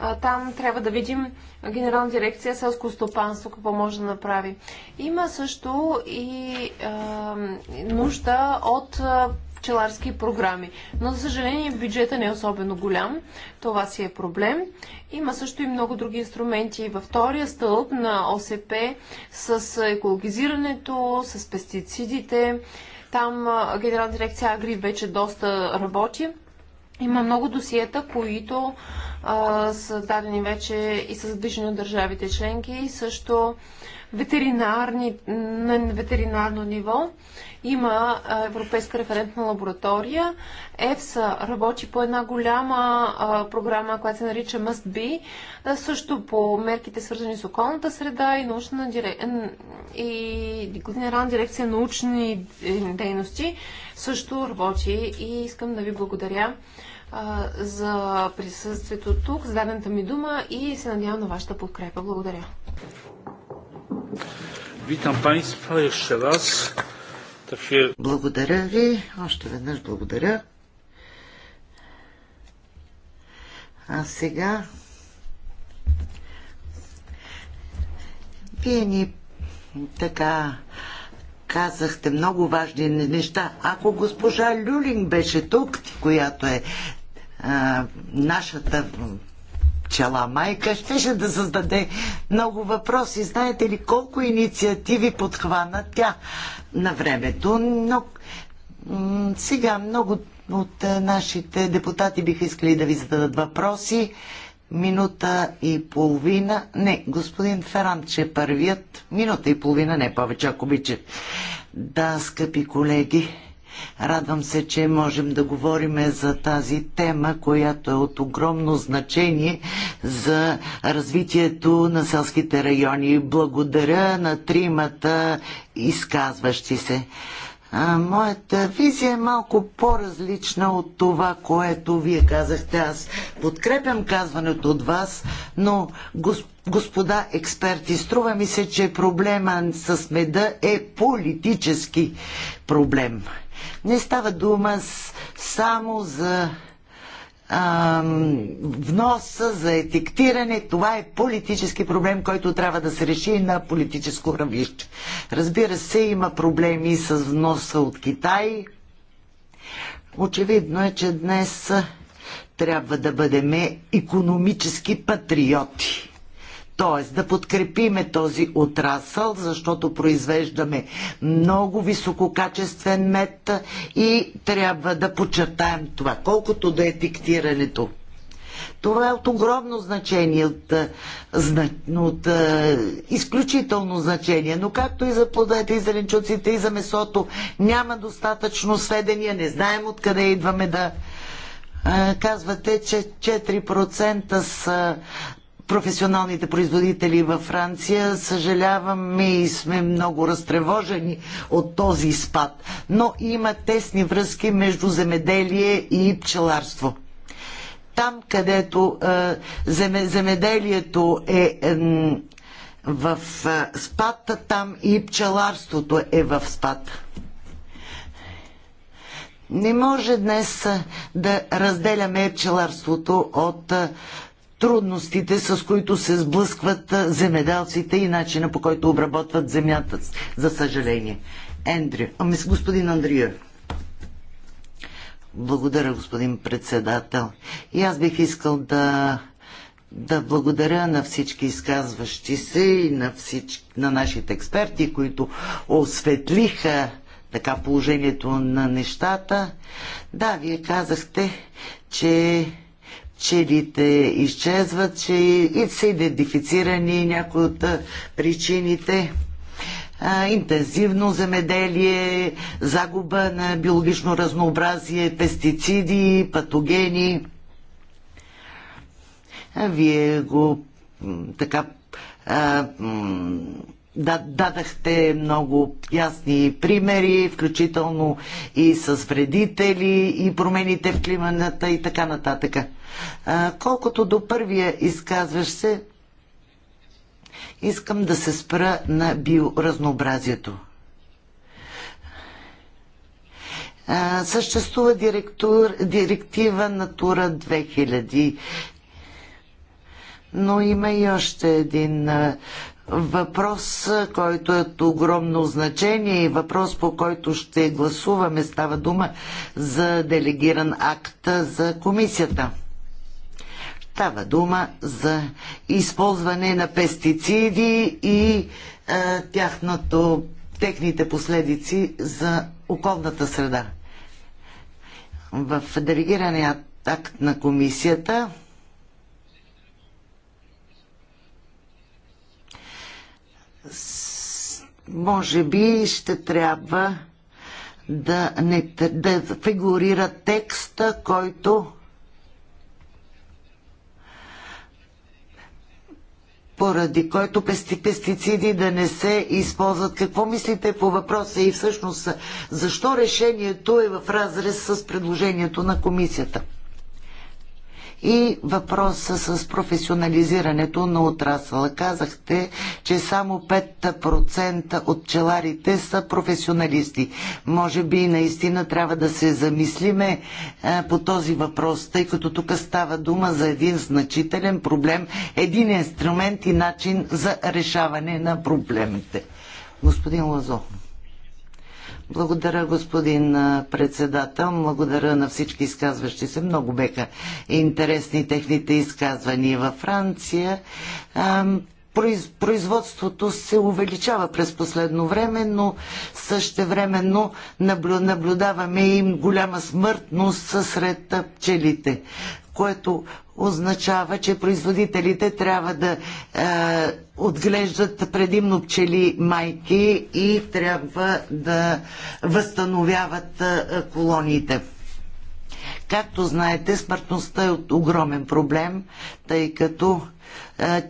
А, там трябва да видим Генерална дирекция селско стопанство какво може да направи. Има също и а, нужда от пчеларски програми. Но, за съжаление, бюджета не е особено голям. Това си е проблем. Има също и много други инструменти във втория стълб на ОСП с екологизирането, с пестицидите. Там Генерална дирекция Агри вече доста работи. Има много досиета, които а, са дадени вече и са задвижени от държавите членки. И също ветеринарни, на ветеринарно ниво. Има Европейска референтна лаборатория. ЕФСА работи по една голяма програма, която се нарича Must Be, също по мерките свързани с околната среда и научна и генерална дирекция научни е, дейности също работи и искам да ви благодаря за присъствието тук, за дадената ми дума и се надявам на вашата подкрепа. Благодаря. Witam Państwa jeszcze raz. Благодаря ви. Още веднъж благодаря. А сега вие ни така казахте много важни неща. Ако госпожа Люлин беше тук, която е а, нашата пчела майка, щеше да създаде много въпроси. Знаете ли колко инициативи подхвана тя на времето? Но сега много от е, нашите депутати биха искали да ви зададат въпроси. Минута и половина. Не, господин Феранче е първият. Минута и половина, не повече, ако обичат. Да, скъпи колеги. Радвам се, че можем да говорим за тази тема, която е от огромно значение за развитието на селските райони. Благодаря на тримата изказващи се. А, моята визия е малко по-различна от това, което вие казахте. Аз подкрепям казването от вас, но господа експерти, струва ми се, че проблема с меда е политически проблем. Не става дума само за вноса, за етиктиране. Това е политически проблем, който трябва да се реши на политическо равнище. Разбира се, има проблеми с вноса от Китай. Очевидно е, че днес трябва да бъдем економически патриоти. Т.е. да подкрепиме този отрасъл, защото произвеждаме много висококачествен мед и трябва да подчертаем това, колкото да е диктирането. Това е от огромно значение, от, от изключително значение. Но както и за плодовете, и зеленчуците, и за месото, няма достатъчно сведения, не знаем откъде идваме да. казвате, че 4% са професионалните производители във Франция. Съжаляваме и сме много разтревожени от този спад, но има тесни връзки между земеделие и пчеларство. Там, където е, земеделието е, е в е, спад, там и пчеларството е в спад. Не може днес е, да разделяме пчеларството от е, трудностите, с които се сблъскват земеделците и начина по който обработват земята, за съжаление. Ендрю, ами с господин Андрия. Благодаря, господин председател. И аз бих искал да, да благодаря на всички изказващи се и на, всички, на нашите експерти, които осветлиха така положението на нещата. Да, вие казахте, че пчелите изчезват, че и са идентифицирани някои от причините. А, интензивно земеделие, загуба на биологично разнообразие, пестициди, патогени. А вие го така а, да, дадахте много ясни примери, включително и с вредители, и промените в климата и така нататък. А, колкото до първия изказваш се, искам да се спра на биоразнообразието. А, съществува директор, директива Натура 2000, но има и още един въпрос, който е от огромно значение и въпрос, по който ще гласуваме. Става дума за делегиран акт за комисията. Става дума за използване на пестициди и е, тяхното, техните последици за околната среда. В делегирания акт на комисията може би ще трябва да, не, да фигурира текста, който поради който пестициди да не се използват. Какво мислите по въпроса и всъщност защо решението е в разрез с предложението на комисията? и въпроса с професионализирането на отрасъла. Казахте, че само 5% от пчеларите са професионалисти. Може би наистина трябва да се замислиме е, по този въпрос, тъй като тук става дума за един значителен проблем, един инструмент и начин за решаване на проблемите. Господин Лазов. Благодаря, господин председател. Благодаря на всички изказващи се. Много беха интересни техните изказвания във Франция. Производството се увеличава през последно време, но същевременно наблюдаваме и голяма смъртност сред пчелите което означава, че производителите трябва да е, отглеждат предимно пчели майки и трябва да възстановяват е, колониите. Както знаете, смъртността е от огромен проблем, тъй като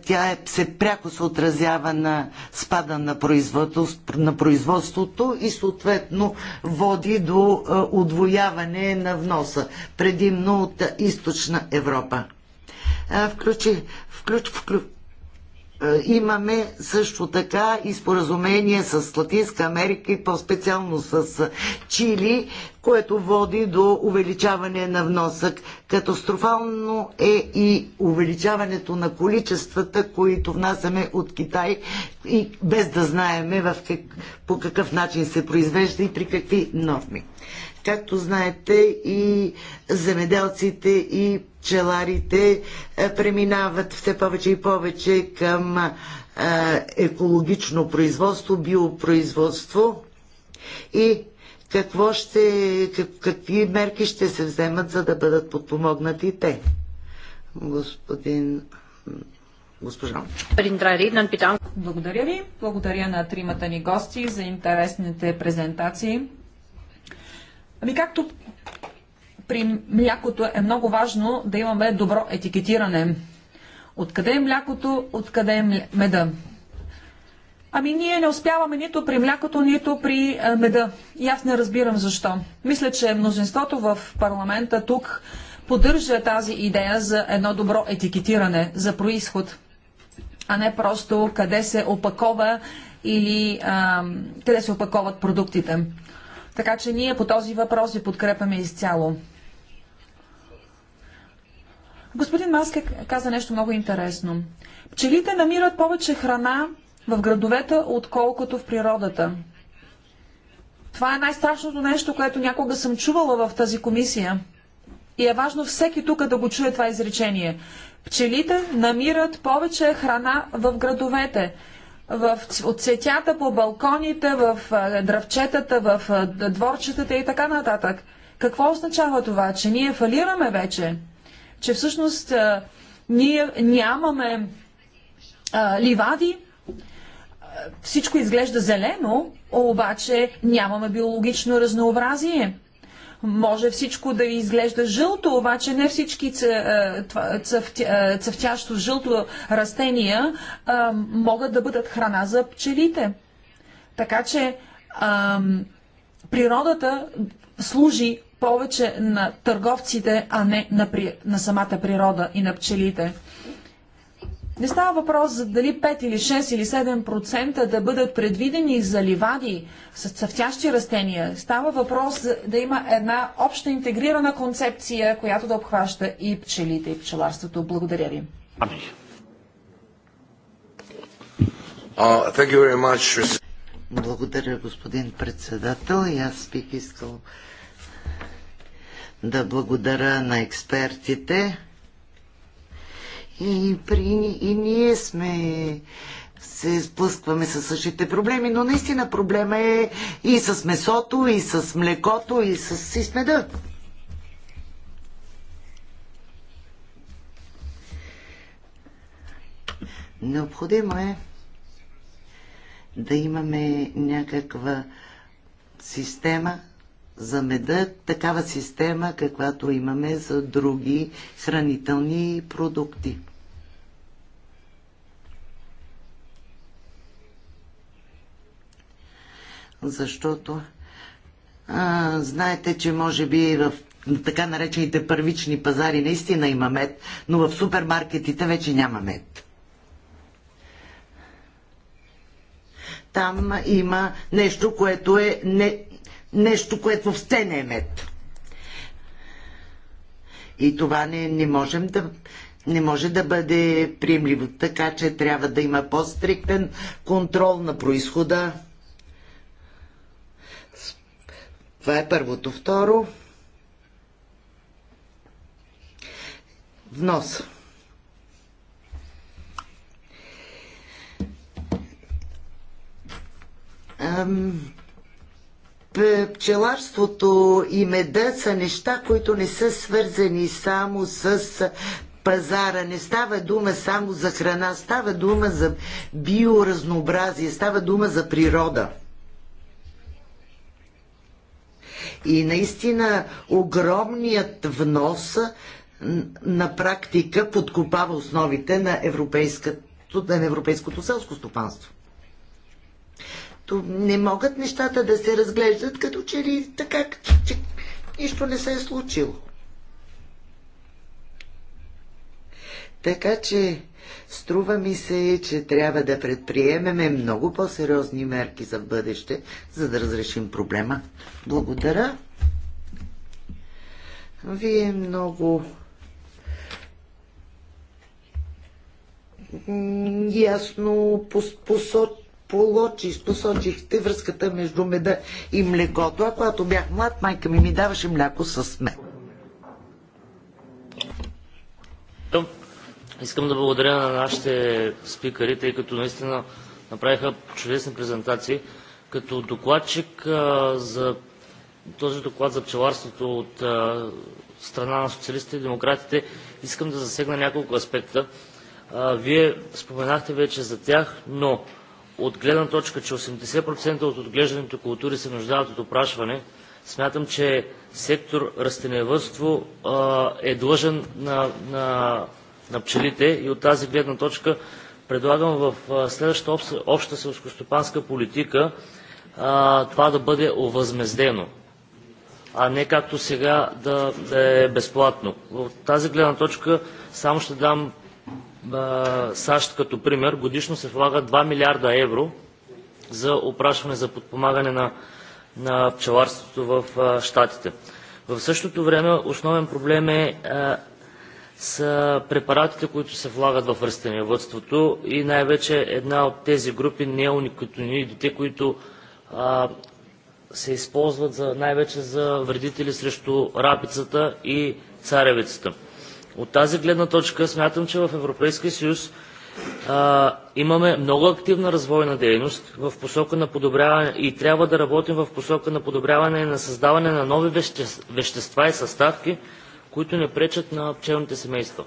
тя е, се пряко се отразява на спада на, производство, на производството и съответно води до отвояване на вноса, предимно от източна Европа. Включи, включ, включ, е, имаме също така и споразумение с Латинска Америка и по-специално с е, Чили, което води до увеличаване на вносък. Катастрофално е и увеличаването на количествата, които внасяме от Китай и без да знаеме в как, по какъв начин се произвежда и при какви норми. Както знаете и земеделците и пчеларите е, преминават все повече и повече към е, екологично производство, биопроизводство и какво ще, как, какви мерки ще се вземат, за да бъдат подпомогнати те. Господин госпожа. Благодаря ви. Благодаря на тримата ни гости за интересните презентации. Ами както при млякото е много важно да имаме добро етикетиране. Откъде е млякото, откъде е меда? Ами ние не успяваме нито при млякото, нито при е, меда. И аз не разбирам защо. Мисля, че мнозинството в парламента тук поддържа тази идея за едно добро етикетиране, за происход, а не просто къде се опакова или а, е, къде се опаковат продуктите. Така че ние по този въпрос ви подкрепяме изцяло. Господин Маске каза нещо много интересно. Пчелите намират повече храна в градовете, отколкото в природата. Това е най-страшното нещо, което някога съм чувала в тази комисия. И е важно всеки тук да го чуе това изречение. Пчелите намират повече храна в градовете. В, от цветята по балконите, в дръвчетата, в дворчетата и така нататък. Какво означава това? Че ние фалираме вече? че всъщност ние нямаме ливади, всичко изглежда зелено, обаче нямаме биологично разнообразие. Може всичко да изглежда жълто, обаче не всички цъфтящо жълто растения а, могат да бъдат храна за пчелите. Така че а, природата служи повече на търговците, а не на, при... на самата природа и на пчелите. Не става въпрос за дали 5 или 6 или 7% да бъдат предвидени за ливади с цъфтящи растения. Става въпрос за, да има една обща интегрирана концепция, която да обхваща и пчелите, и пчеларството. Благодаря ви. Ами. Благодаря, господин председател. И аз бих искал да благодаря на експертите. И, при, и ние сме се сблъскваме с същите проблеми, но наистина проблема е и с месото, и с млекото, и с и смеда. Необходимо е да имаме някаква система за меда такава система, каквато имаме за други хранителни продукти. Защото а, знаете, че може би в така наречените първични пазари наистина има мед, но в супермаркетите вече няма мед. Там има нещо, което е не, нещо, което все не е мед. И това не, не можем да не може да бъде приемливо, така че трябва да има по-стриктен контрол на происхода. Това е първото. Второ. Внос. Ам, пчеларството и меда са неща, които не са свързани само с пазара. Не става дума само за храна, става дума за биоразнообразие, става дума за природа. И наистина огромният внос на практика подкопава основите на европейското, на европейското селско стопанство не могат нещата да се разглеждат като че ли така, че нищо не се е случило. Така че струва ми се, че трябва да предприемеме много по-сериозни мерки за бъдеще, за да разрешим проблема. Благодаря. Вие много ясно посоч получи, посочихте връзката между меда и млекото, а когато бях млад, майка ми ми даваше мляко с мед. Искам да благодаря на нашите спикари, тъй като наистина направиха чудесни презентации. Като докладчик а, за този доклад за пчеларството от а, страна на социалистите и демократите, искам да засегна няколко аспекта. А, вие споменахте вече за тях, но от гледна точка, че 80% от отглежданите култури се нуждаят от опрашване, смятам, че сектор растениевътство е длъжен на, на, на пчелите и от тази гледна точка предлагам в следващата обща селскостопанска политика а, това да бъде овъзмездено, а не както сега да, да е безплатно. От тази гледна точка само ще дам САЩ като пример, годишно се влагат 2 милиарда евро за опрашване, за подпомагане на, на пчеларството в а, Штатите. В същото време основен проблем е са препаратите, които се влагат в растениевътството и най-вече една от тези групи неоникотиноидите, които а, се използват за, най-вече за вредители срещу рапицата и царевицата. От тази гледна точка смятам, че в Европейския съюз а, имаме много активна развойна дейност в посока на подобряване и трябва да работим в посока на подобряване на създаване на нови веще, вещества и съставки, които не пречат на пчелните семейства.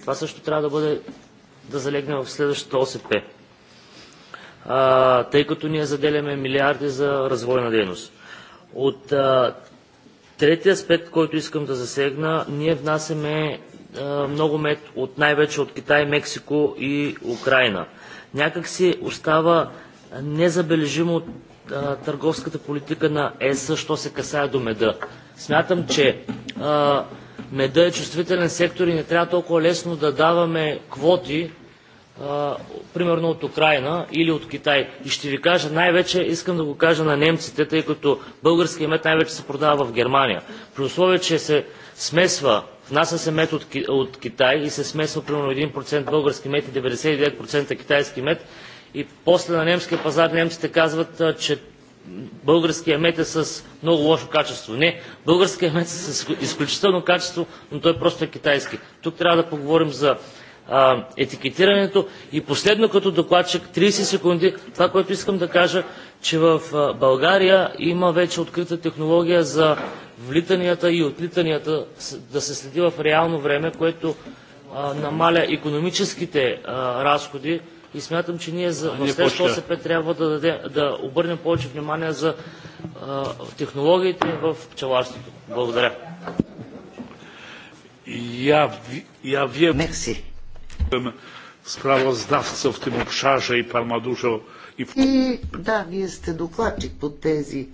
Това също трябва да бъде да залегне в следващото ОСП, а, тъй като ние заделяме милиарди за развойна дейност. От а, третия аспект, който искам да засегна, ние внасяме е, много мед от най-вече от Китай, Мексико и Украина. Някак си остава незабележимо е, търговската политика на ЕС, що се касае до меда. Смятам, че а, е, меда е чувствителен сектор и не трябва толкова лесно да даваме квоти, а, примерно от Украина или от Китай. И ще ви кажа, най-вече искам да го кажа на немците, тъй като българския мед най-вече се продава в Германия. При условие, че се смесва внася се мед от, от Китай и се смесва примерно 1% български мед и 99% китайски мед. И после на немския пазар немците казват, че българския мед е с много лошо качество. Не, българския мед е с изключително качество, но той просто е китайски. Тук трябва да поговорим за етикетирането. И последно като докладчик, 30 секунди, това, което искам да кажа, че в България има вече открита технология за влитанията и отлитанията да се следи в реално време, което намаля економическите разходи и смятам, че ние за следващата ОСП трябва да, даде, да обърнем повече внимание за а, технологиите в пчеларството. Благодаря. Я, ja wiem, Merci. sprawozdawcą w в тим обшажа и ma и да, вие сте докладчик по тези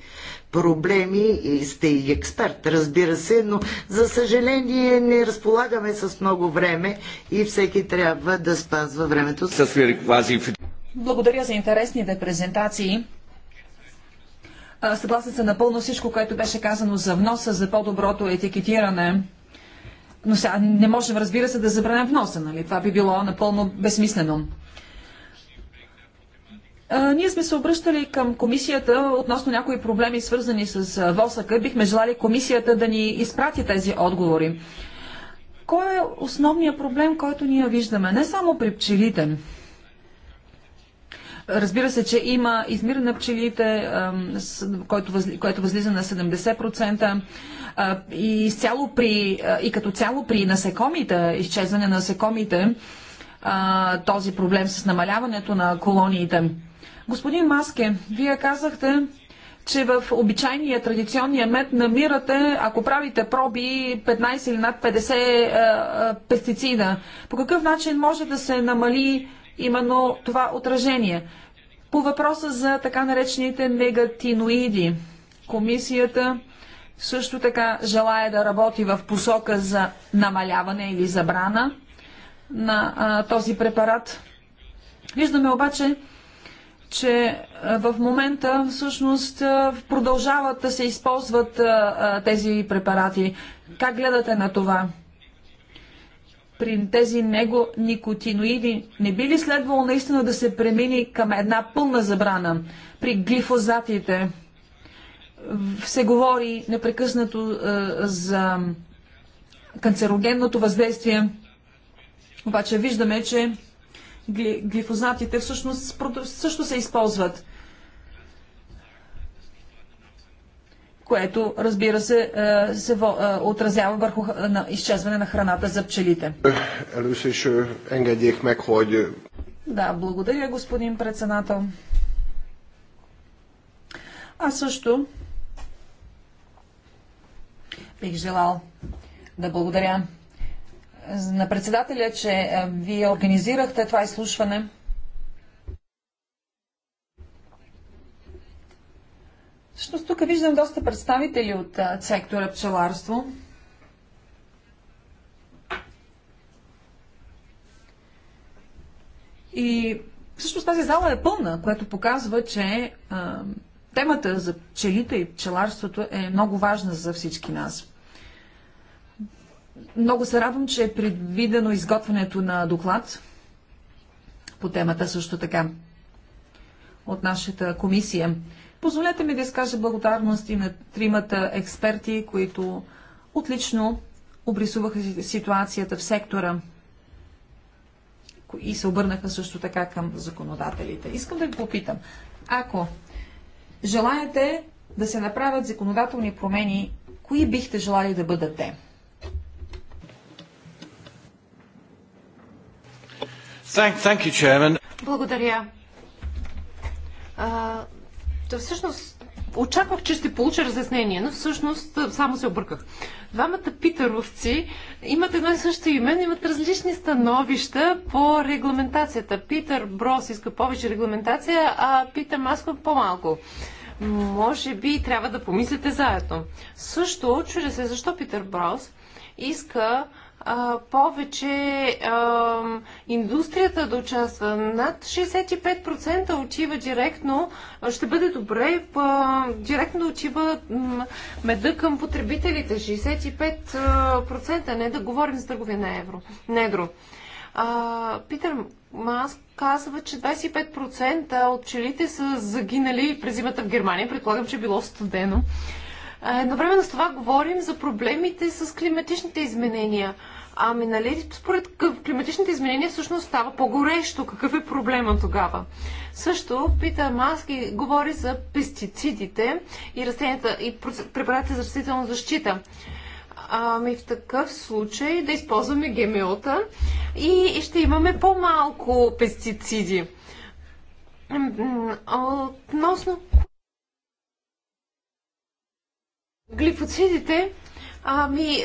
проблеми и сте и експерт, разбира се, но за съжаление не разполагаме с много време и всеки трябва да спазва времето. Благодаря за интересните презентации. Съгласен съм напълно всичко, което беше казано за вноса, за по-доброто етикетиране. Но сега не можем, разбира се, да забраним вноса, нали? Това би било напълно безсмислено ние сме се обръщали към комисията относно някои проблеми, свързани с ВОСАКа. Бихме желали комисията да ни изпрати тези отговори. Кой е основният проблем, който ние виждаме? Не само при пчелите. Разбира се, че има измир на пчелите, който, възлиза на 70% и, при, и като цяло при насекомите, изчезване на насекомите, този проблем с намаляването на колониите. Господин Маске, вие казахте, че в обичайния традиционния мед намирате, ако правите проби, 15 или над 50 е, е, пестицида. По какъв начин може да се намали именно това отражение? По въпроса за така наречените негатиноиди, комисията също така желая да работи в посока за намаляване или забрана на а, този препарат. Виждаме обаче, че е, в момента всъщност е, продължават да се използват е, тези препарати. Как гледате на това? При тези него никотиноиди не би ли следвало наистина да се премини към една пълна забрана? При глифозатите се говори непрекъснато за канцерогенното въздействие, обаче виждаме, че глифознатите всъщност също се използват. което, разбира се, е, се е, отразява върху на изчезване на храната за пчелите. Е, да, благодаря, господин председател. Аз също бих желал да благодаря на председателя, че е, вие организирахте това изслушване. Всъщност тук виждам доста представители от е, сектора пчеларство. И всъщност тази зала е пълна, което показва, че а, е, темата за пчелите и пчеларството е много важна за всички нас. Много се радвам, че е предвидено изготвянето на доклад по темата също така от нашата комисия. Позволете ми да изкажа благодарности на тримата експерти, които отлично обрисуваха ситуацията в сектора и се обърнаха също така към законодателите. Искам да ви попитам, ако желаете да се направят законодателни промени, кои бихте желали да бъдат те? Благодаря. А, всъщност, очаквах, че ще получа разяснение, но всъщност само се обърках. Двамата питеровци имат едно и също име, имат различни становища по регламентацията. Питър Брос иска повече регламентация, а Питър Маско по-малко. Може би трябва да помислите заедно. Също чудя се защо Питър Брос иска а, повече а, индустрията да участва. Над 65% отива директно, ще бъде добре, а, директно отива меда към потребителите. 65% не да говорим за търговия на евро. На евро. А, Питър Маск казва, че 25% от пчелите са загинали през зимата в Германия. Предполагам, че е било студено. Едновременно с това говорим за проблемите с климатичните изменения. Ами, нали, според климатичните изменения всъщност става по-горещо. Какъв е проблема тогава? Също пита Маски, говори за пестицидите и растенията и препаратите за растителна защита. Ами в такъв случай да използваме ГМО-та и ще имаме по-малко пестициди. Относно глифоцидите, Ами,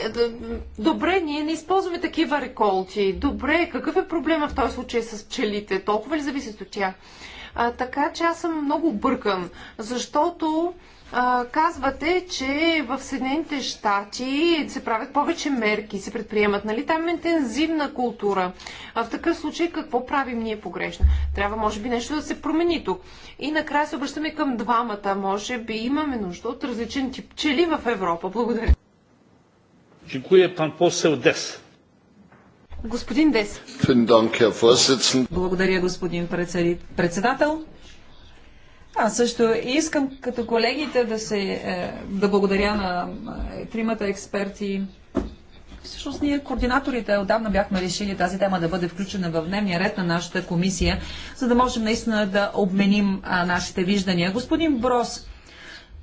добре, ние не използваме такива реколти. Добре, какъв е проблема в този случай с пчелите? Толкова ли зависи от тях? А, така че аз съм много бъркан, защото а, казвате, че в Съединените щати се правят повече мерки, се предприемат, нали? Там е интензивна култура. А в такъв случай какво правим ние погрешно? Трябва, може би, нещо да се промени тук. И накрая се обръщаме към двамата. Може би имаме нужда от различен тип пчели в Европа. Благодаря. Господин Дес. Благодаря, господин председател. Аз също искам като колегите да, се, е, да благодаря на е, тримата експерти. Всъщност ние, координаторите, отдавна бяхме решили тази тема да бъде включена в дневния ред на нашата комисия, за да можем наистина да обменим нашите виждания. Господин Брос,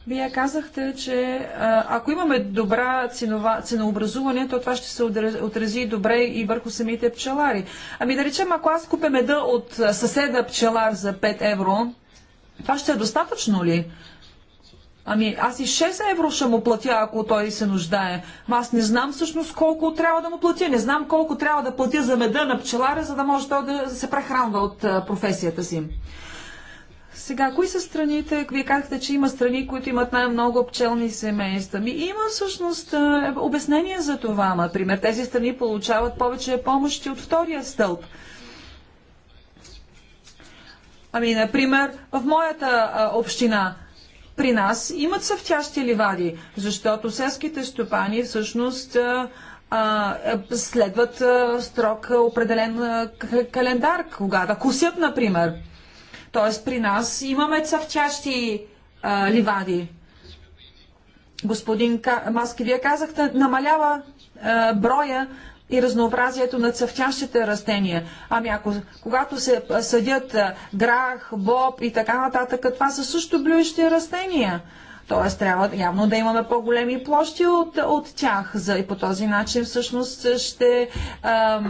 вие казахте, че ако имаме добра ценова, ценообразуване, то това ще се отрази добре и върху самите пчелари. Ами да речем, ако аз купя меда от съседа пчелар за 5 евро, това ще е достатъчно ли? Ами аз и 6 евро ще му платя, ако той се нуждае. Ама аз не знам всъщност колко трябва да му платя. Не знам колко трябва да платя за меда на пчеларя, за да може той да се прехранва от професията си. Сега, кои са страните? Вие казахте, че има страни, които имат най-много пчелни семейства. Ми има всъщност обяснение за това. Например, тези страни получават повече помощи от втория стълб. Ами, например, в моята а, община при нас имат съвтящи ливади, защото селските стопани всъщност а, а, следват а, строг определен а, календар, кога да косят, например. Тоест при нас имаме цъфтящи а, ливади. Господин Маски, вие казахте, намалява а, броя и разнообразието на цъфтящите растения. Ами ако, когато се съдят грах, боб и така нататък, това са също блюещи растения. Тоест трябва явно да имаме по-големи площи от, от тях. За, и по този начин всъщност ще... А,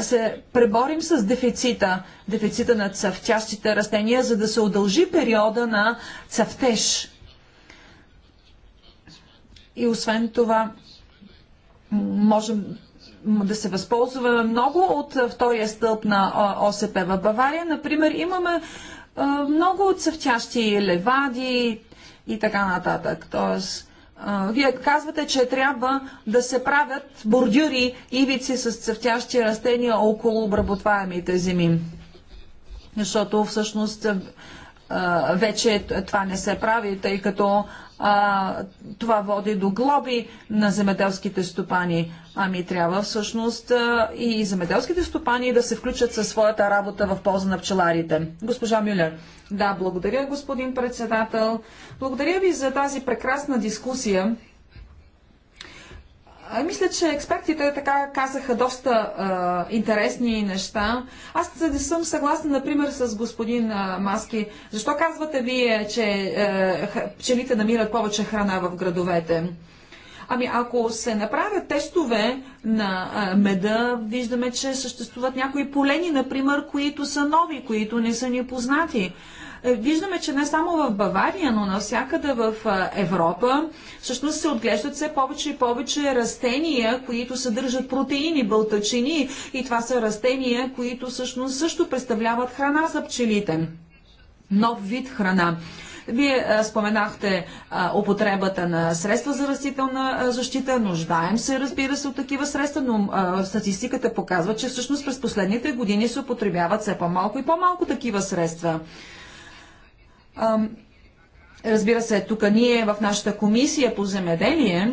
се преборим с дефицита, дефицита на цъфтящите растения, за да се удължи периода на цъфтеж. И освен това, можем да се възползваме много от втория стълб на ОСП в Бавария. Например, имаме много цъфтящи левади и така нататък. Тоест, вие казвате, че трябва да се правят бордюри, ивици с цъфтящи растения около обработваемите земи. Защото всъщност вече това не се прави, тъй като а, това води до глоби на земеделските стопани. Ами трябва всъщност а, и земеделските стопани да се включат със своята работа в полза на пчеларите. Госпожа Мюлер. Да, благодаря, господин председател. Благодаря ви за тази прекрасна дискусия. Мисля, че експертите така казаха доста а, интересни неща. Аз не съм съгласна, например, с господин а, Маски. Защо казвате вие, че а, пчелите намират повече храна в градовете? Ами ако се направят тестове на а, меда, виждаме, че съществуват някои полени, например, които са нови, които не са ни познати. Е, виждаме, че не само в Бавария, но навсякъде в е, Европа всъщност се отглеждат все повече и повече растения, които съдържат протеини, бълтачини и това са растения, които всъщност също представляват храна за пчелите. Нов вид храна. Вие е, споменахте а, употребата на средства за растителна защита. Нуждаем се, разбира се, от такива средства, но статистиката показва, че всъщност през последните години се употребяват все по-малко и по-малко такива средства. Разбира се, тук ние в нашата комисия по земеделие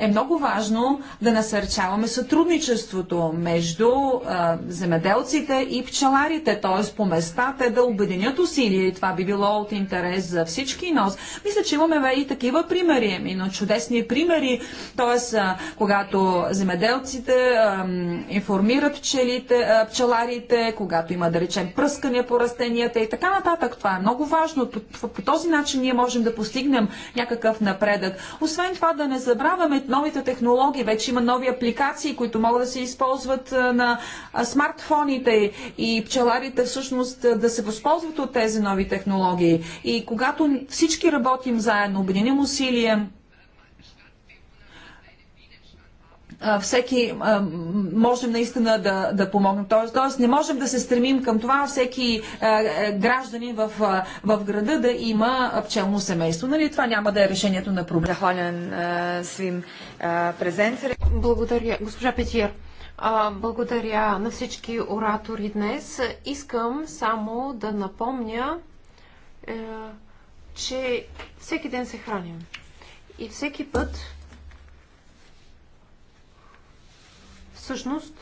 е много важно да насърчаваме сътрудничеството между а, земеделците и пчеларите, т.е. по места те да обединят усилия и това би било от интерес за всички нос. Мисля, че имаме и такива примери, именно ами, чудесни примери, т.е. когато земеделците а, информират пчелите, а, пчеларите, когато има да речем пръскане по растенията и така нататък. Това е много важно. По, по, по този начин ние можем да постигнем някакъв напредък. Освен това да не забравяме новите технологии. Вече има нови апликации, които могат да се използват на смартфоните и пчеларите всъщност да се възползват от тези нови технологии. И когато всички работим заедно, обединим усилия, всеки можем наистина да, да помогнем. Тоест, тоест не можем да се стремим към това всеки граждани в, в града да има пчелно семейство. Нали? Това няма да е решението на проблема. Захвален свим презенцер. Благодаря. Госпожа Петир. Благодаря на всички оратори днес. Искам само да напомня, е, че всеки ден се храним. И всеки път всъщност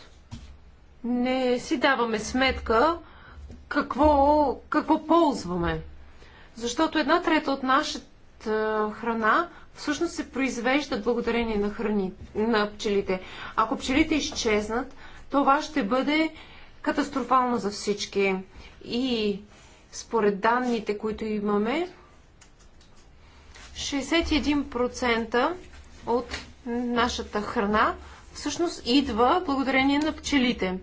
не си даваме сметка какво, какво ползваме. Защото една трета от нашата храна всъщност се произвежда благодарение на, храни, на пчелите. Ако пчелите изчезнат, това ще бъде катастрофално за всички. И според данните, които имаме, 61% от нашата храна всъщност идва благодарение на пчелите.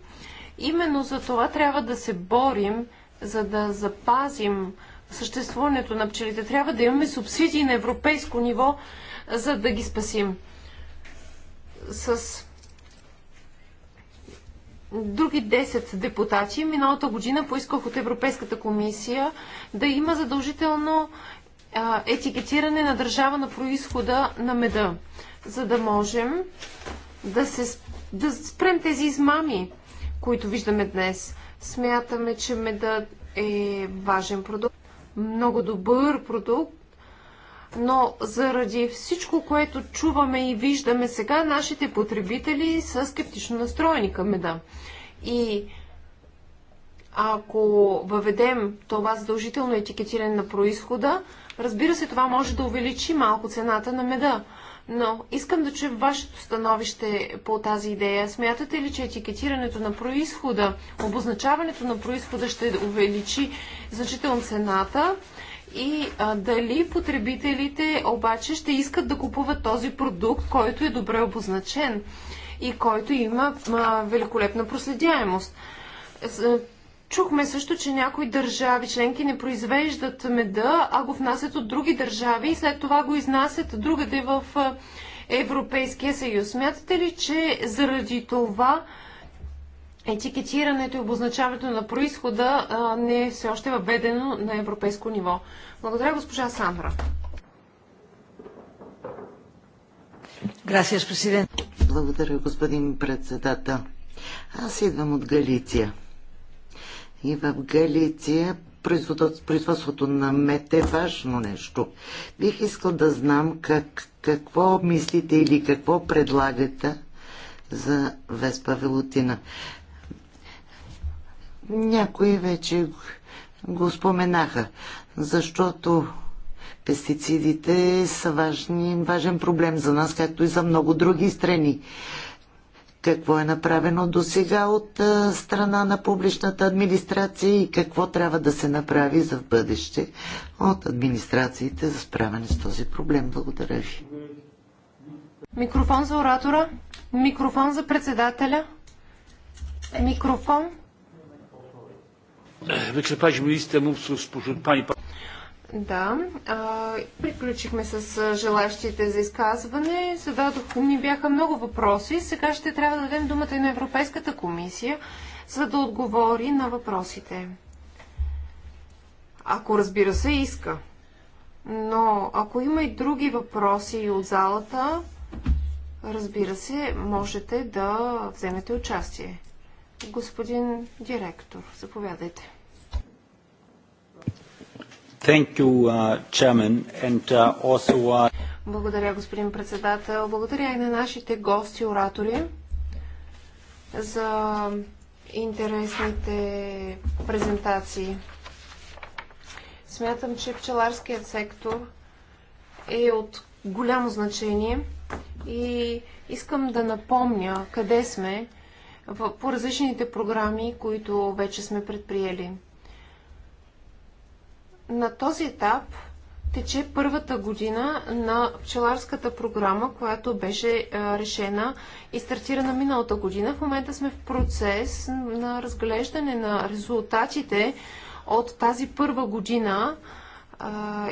Именно за това трябва да се борим, за да запазим съществуването на пчелите. Трябва да имаме субсидии на европейско ниво, за да ги спасим. С други 10 депутати миналата година поисках от Европейската комисия да има задължително етикетиране на държава на происхода на меда, за да можем да, се, да спрем тези измами, които виждаме днес. Смятаме, че медът е важен продукт, много добър продукт, но заради всичко, което чуваме и виждаме сега, нашите потребители са скептично настроени към меда. И ако въведем това задължително етикетиране на происхода, разбира се, това може да увеличи малко цената на меда но искам да чуя вашето становище по тази идея. Смятате ли, че етикетирането на происхода, обозначаването на происхода ще увеличи значително цената? И а, дали потребителите обаче ще искат да купуват този продукт, който е добре обозначен и който има а, великолепна проследяемост? Чухме също, че някои държави членки не произвеждат меда, а го внасят от други държави и след това го изнасят другаде в Европейския съюз. Смятате ли, че заради това етикетирането и обозначаването на происхода не е все още въведено на европейско ниво? Благодаря, госпожа Сандра. Благодаря, господин председател. Аз идвам от Галиция. И в Галиция производството на мед е важно нещо. Бих искал да знам как, какво мислите или какво предлагате за Веспа Велутина. Някои вече го споменаха, защото пестицидите са важни, важен проблем за нас, както и за много други страни какво е направено до сега от страна на публичната администрация и какво трябва да се направи за в бъдеще от администрациите за справяне с този проблем. Благодаря ви. Микрофон за оратора, микрофон за председателя, микрофон. Wyczerpaliśmy listę mówców spośród pani. Да, а, приключихме с желащите за изказване. Зададох ми бяха много въпроси. Сега ще трябва да дадем думата и на Европейската комисия, за да отговори на въпросите. Ако разбира се, иска. Но ако има и други въпроси от залата, разбира се, можете да вземете участие. Господин директор, заповядайте. Uh, uh, uh, Благодаря, господин председател. Благодаря и на нашите гости, оратори, за интересните презентации. Смятам, че пчеларският сектор е от голямо значение и искам да напомня къде сме по различните програми, които вече сме предприели на този етап тече първата година на пчеларската програма, която беше решена и стартирана миналата година. В момента сме в процес на разглеждане на резултатите от тази първа година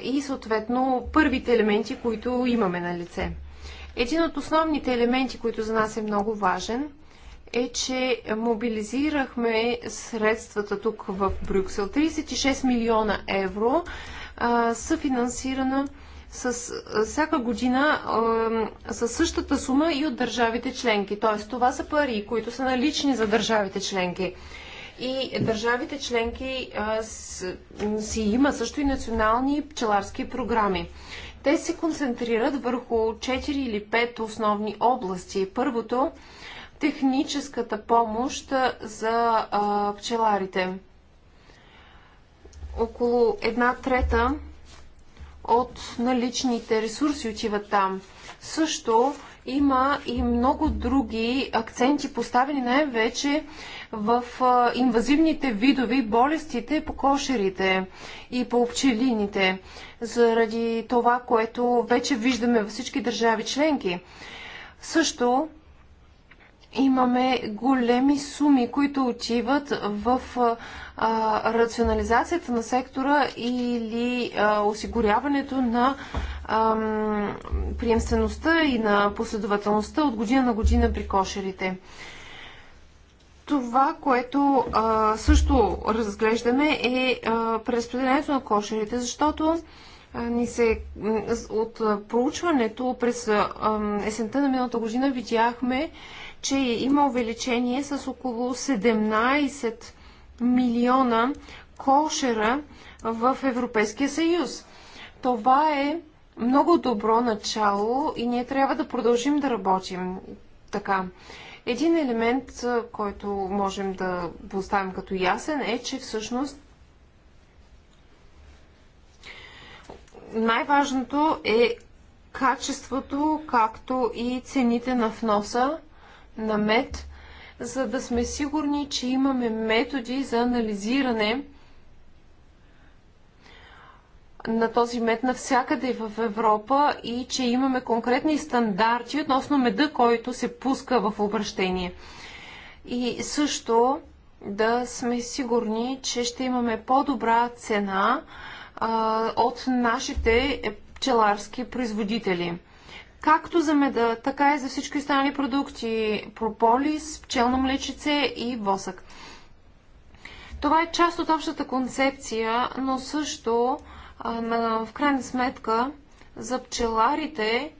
и съответно първите елементи, които имаме на лице. Един от основните елементи, които за нас е много важен – е, че мобилизирахме средствата тук в Брюксел. 36 милиона евро а, са финансирана с всяка година а, със същата сума и от държавите членки. Т.е. това са пари, които са налични за държавите членки. И държавите членки а, с, си има също и национални пчеларски програми. Те се концентрират върху 4 или 5 основни области. Първото техническата помощ за пчеларите. Около една трета от наличните ресурси отиват там. Също има и много други акценти поставени най-вече в инвазивните видови болестите по кошерите и по пчелините, заради това, което вече виждаме във всички държави членки. Също имаме големи суми, които отиват в а, рационализацията на сектора или а, осигуряването на а, приемствеността и на последователността от година на година при кошерите. Това, което а, също разглеждаме е преразпределението на кошерите, защото ни се, от проучването през есента на миналата година видяхме, че има увеличение с около 17 милиона кошера в Европейския съюз. Това е много добро начало и ние трябва да продължим да работим така. Един елемент, който можем да поставим като ясен е, че всъщност най-важното е качеството, както и цените на вноса на мед, за да сме сигурни, че имаме методи за анализиране на този мед навсякъде в Европа и че имаме конкретни стандарти относно меда, който се пуска в обращение. И също да сме сигурни, че ще имаме по-добра цена а, от нашите пчеларски производители както за меда, така и за всички останали продукти – прополис, пчелна млечице и восък. Това е част от общата концепция, но също в крайна сметка за пчеларите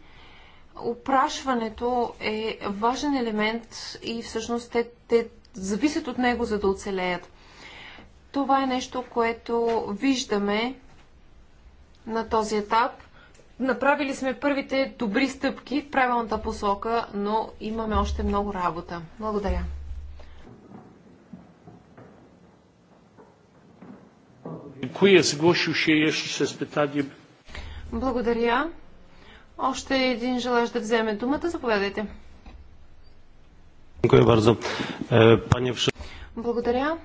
опрашването е важен елемент и всъщност те, те зависят от него, за да оцелеят. Това е нещо, което виждаме на този етап Направили сме първите добри стъпки в правилната посока, но имаме още много работа. Благодаря. Благодаря. Още един желаш да вземе думата. Заповядайте. Е, благодаря.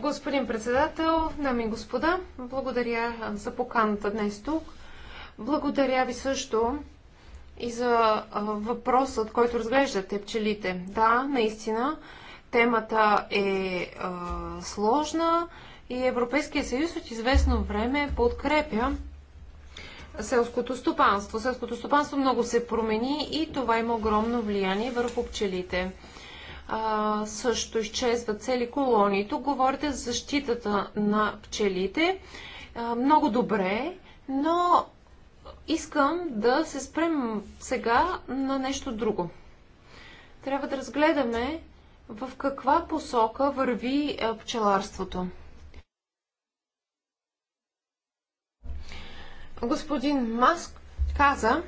Господин председател, дами и господа, благодаря за поканата днес тук. Благодаря ви също и за въпросът, който разглеждате пчелите. Да, наистина, темата е сложна и Европейския съюз от известно време подкрепя селското стопанство. Селското стопанство много се промени и това има огромно влияние върху пчелите. А, също изчезват цели колонии. Тук говорите за защитата на пчелите. А, много добре, но Искам да се спрем сега на нещо друго. Трябва да разгледаме в каква посока върви е, пчеларството. Господин Маск каза,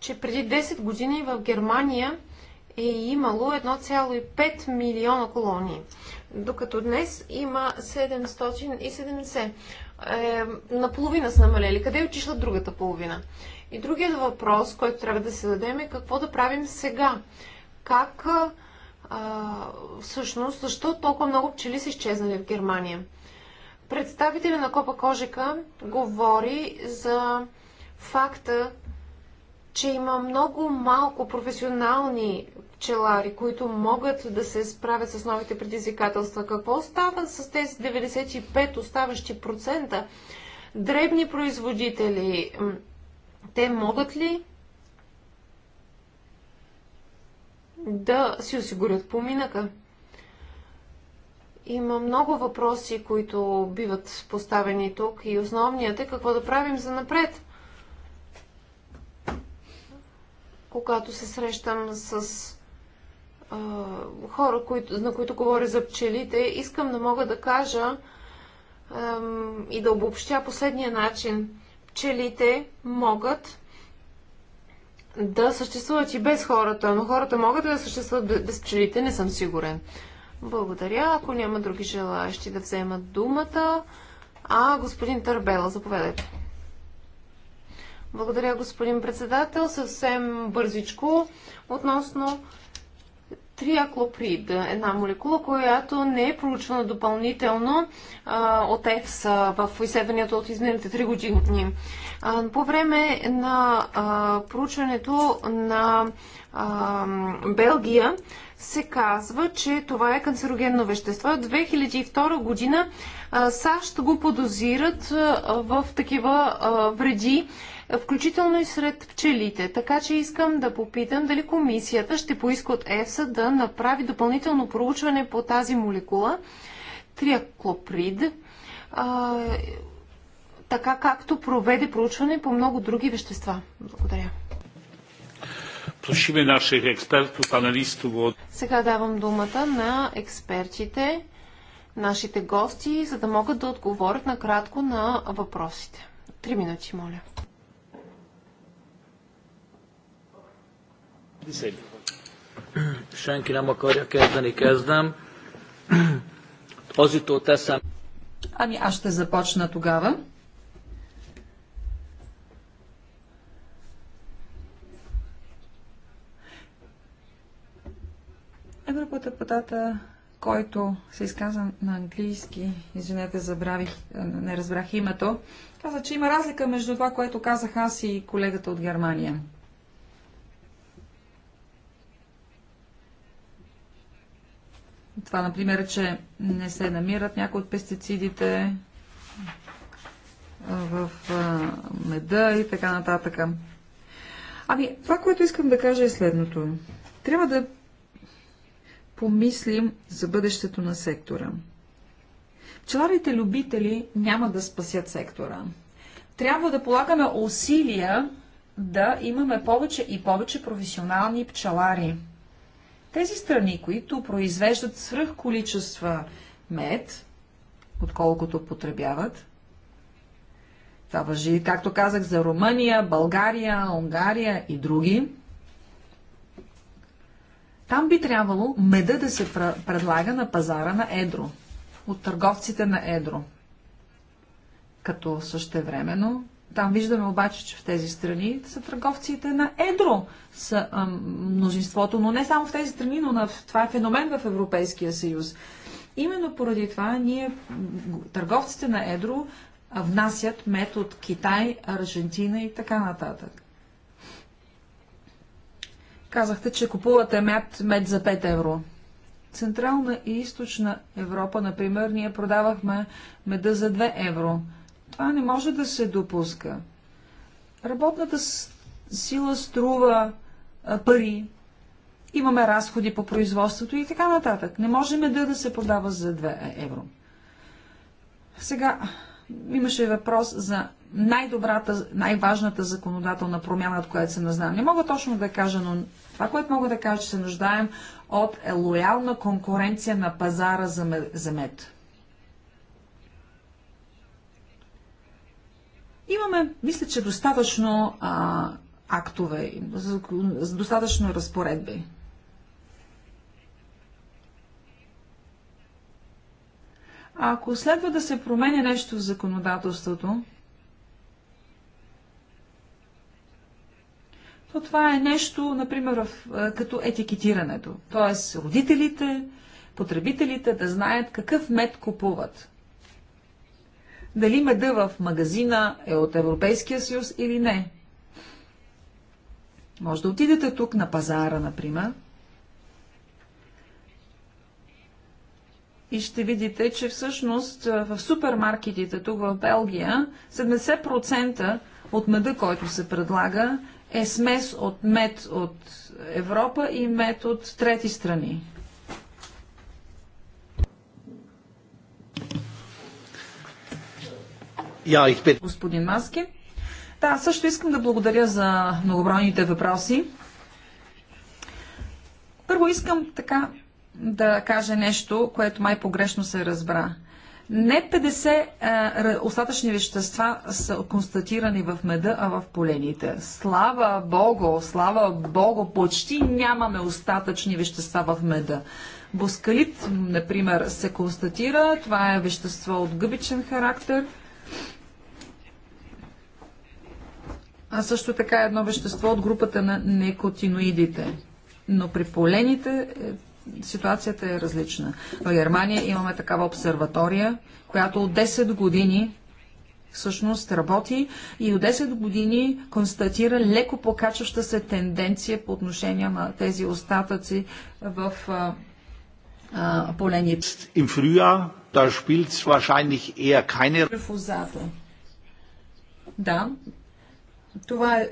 че преди 10 години в Германия е имало 1,5 милиона колонии, докато днес има 770 е, наполовина са намалели. Къде е отишла другата половина? И другият въпрос, който трябва да се дадем е какво да правим сега. Как а, всъщност, защо толкова много пчели са изчезнали в Германия? Представителя на Копа Кожика говори за факта, че има много малко професионални пчелари, които могат да се справят с новите предизвикателства. Какво става с тези 95 оставащи процента? Дребни производители, те могат ли да си осигурят поминъка? Има много въпроси, които биват поставени тук и основният е какво да правим за напред. Когато се срещам с хора, които, на които говоря за пчелите, искам да мога да кажа и да обобщя последния начин. Пчелите могат да съществуват и без хората, но хората могат да съществуват без пчелите, не съм сигурен. Благодаря. Ако няма други желаящи да вземат думата, а господин Търбела, заповядайте. Благодаря, господин председател. Съвсем бързичко относно триаклоприд, една молекула, която не е проучвана допълнително а, от ЕФСА в изследванията от изминалите 3 години. А, по време на а, проучването на а, Белгия се казва, че това е канцерогенно вещество. От 2002 година а, САЩ го подозират а, в такива а, вреди включително и сред пчелите. Така че искам да попитам дали комисията ще поиска от ЕФСА да направи допълнително проучване по тази молекула, триаклоприд, а, така както проведе проучване по много други вещества. Благодаря. Прошиме наших експертов, аналистов. Сега давам думата на експертите, нашите гости, за да могат да отговорят накратко на въпросите. Три минути, моля. Senki nem akarja kezdeni, kezdem. Az Azitól teszem. Ами аз ще започна тогава. пътата, който се изказа на английски, извинете, забравих, не разбрах името, каза, че има разлика между това, което казах аз и колегата от Германия. Това, например, че не се намират някои от пестицидите в меда и така нататък. Ами, това, което искам да кажа е следното. Трябва да помислим за бъдещето на сектора. Пчеларите любители няма да спасят сектора. Трябва да полагаме усилия да имаме повече и повече професионални пчелари – тези страни, които произвеждат свръх количества мед, отколкото потребяват, това въжи, както казах, за Румъния, България, Унгария и други. Там би трябвало меда да се предлага на пазара на Едро, от търговците на Едро, като същевременно там виждаме обаче, че в тези страни са търговците на едро са мнозинството, но не само в тези страни, но на, това е феномен в Европейския съюз. Именно поради това ние, търговците на едро, внасят мед от Китай, Аржентина и така нататък. Казахте, че купувате мед, мед за 5 евро. Централна и източна Европа, например, ние продавахме меда за 2 евро – това не може да се допуска. Работната сила струва пари, имаме разходи по производството и така нататък. Не може меда да се продава за 2 е, евро. Сега имаше въпрос за най-добрата, най-важната законодателна промяна, от която се назнавам. Не мога точно да кажа, но това, което мога да кажа, че се нуждаем от е, лоялна конкуренция на пазара за мед. Имаме, мисля, че достатъчно а, актове, достатъчно разпоредби. А ако следва да се променя нещо в законодателството, то това е нещо, например, в, като етикетирането. Тоест, родителите, потребителите да знаят какъв мед купуват дали меда в магазина е от Европейския съюз или не. Може да отидете тук на пазара, например, и ще видите, че всъщност в супермаркетите тук в Белгия 70% от меда, който се предлага, е смес от мед от Европа и мед от трети страни. пет. Господин Маски. Да, също искам да благодаря за многобройните въпроси. Първо искам така да кажа нещо, което май погрешно се разбра. Не 50 е, остатъчни вещества са констатирани в меда, а в полените. Слава Богу, слава Богу, почти нямаме остатъчни вещества в меда. Боскалит, например, се констатира. Това е вещество от гъбичен характер – а също така едно вещество от групата на некотиноидите. Но при полените е, ситуацията е различна. В Германия имаме такава обсерватория, която от 10 години всъщност работи и от 10 години констатира леко покачваща се тенденция по отношение на тези остатъци в а, а, полените. Im Frühjahr, da spielt wahrscheinlich eher keine... Да, това е, е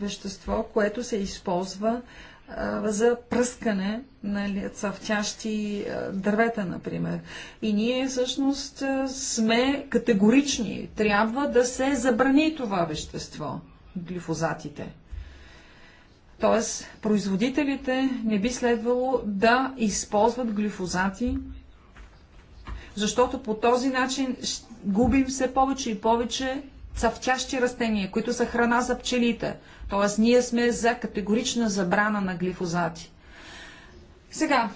вещество, което се използва е, за пръскане на цъфтящи е, дървета, например. И ние всъщност сме категорични. Трябва да се забрани това вещество, глифозатите. Тоест, производителите не би следвало да използват глифозати, защото по този начин губим все повече и повече цъфтящи растения, които са храна за пчелите. Тоест, ние сме за категорична забрана на глифозати. Сега,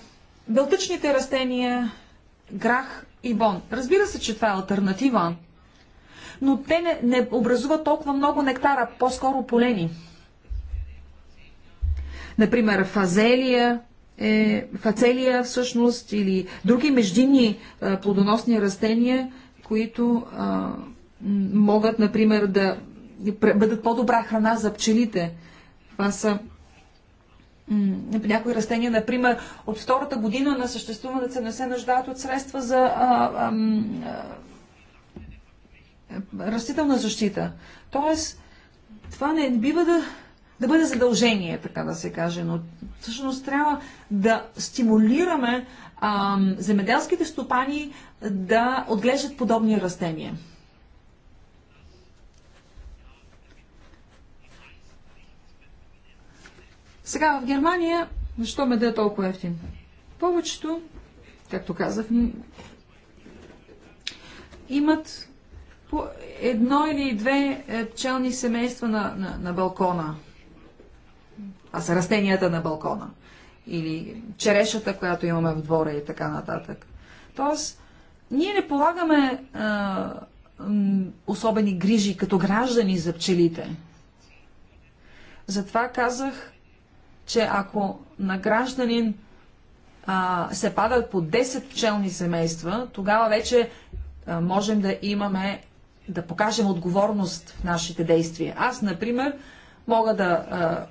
белтъчните растения, грах и бон. Разбира се, че това е альтернатива, но те не, не образуват толкова много нектара, по-скоро полени. Например, фазелия, е, фацелия всъщност или други междинни е, плодоносни растения, които е, могат, например, да бъдат по-добра храна за пчелите. Това са някои растения, например, от втората година на съществуването се не се нуждаят от средства за растителна защита. Тоест, това не бива да, да бъде задължение, така да се каже, но всъщност трябва да стимулираме а, земеделските стопани да отглеждат подобни растения. Сега в Германия, защо меда е толкова ефтин? Повечето, както казах, имат по едно или две е, пчелни семейства на, на, на балкона. А са растенията на балкона. Или черешата, която имаме в двора и така нататък. Тоест, ние не полагаме а, е, особени грижи като граждани за пчелите. Затова казах, че ако на гражданин а, се падат по 10 пчелни семейства, тогава вече а, можем да имаме, да покажем отговорност в нашите действия. Аз, например, мога да а,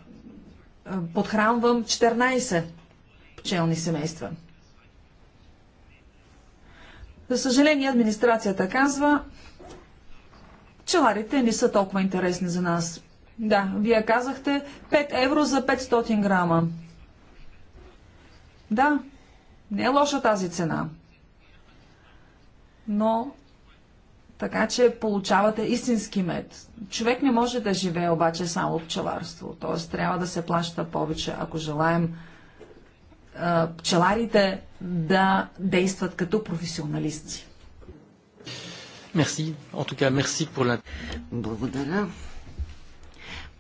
подхранвам 14 пчелни семейства. За съжаление, администрацията казва, пчеларите не са толкова интересни за нас. Да, вие казахте 5 евро за 500 грама. Да, не е лоша тази цена. Но така че получавате истински мед. Човек не може да живее обаче само пчеларство, т.е. трябва да се плаща повече, ако желаем пчеларите да действат като професионалисти. Благодаря.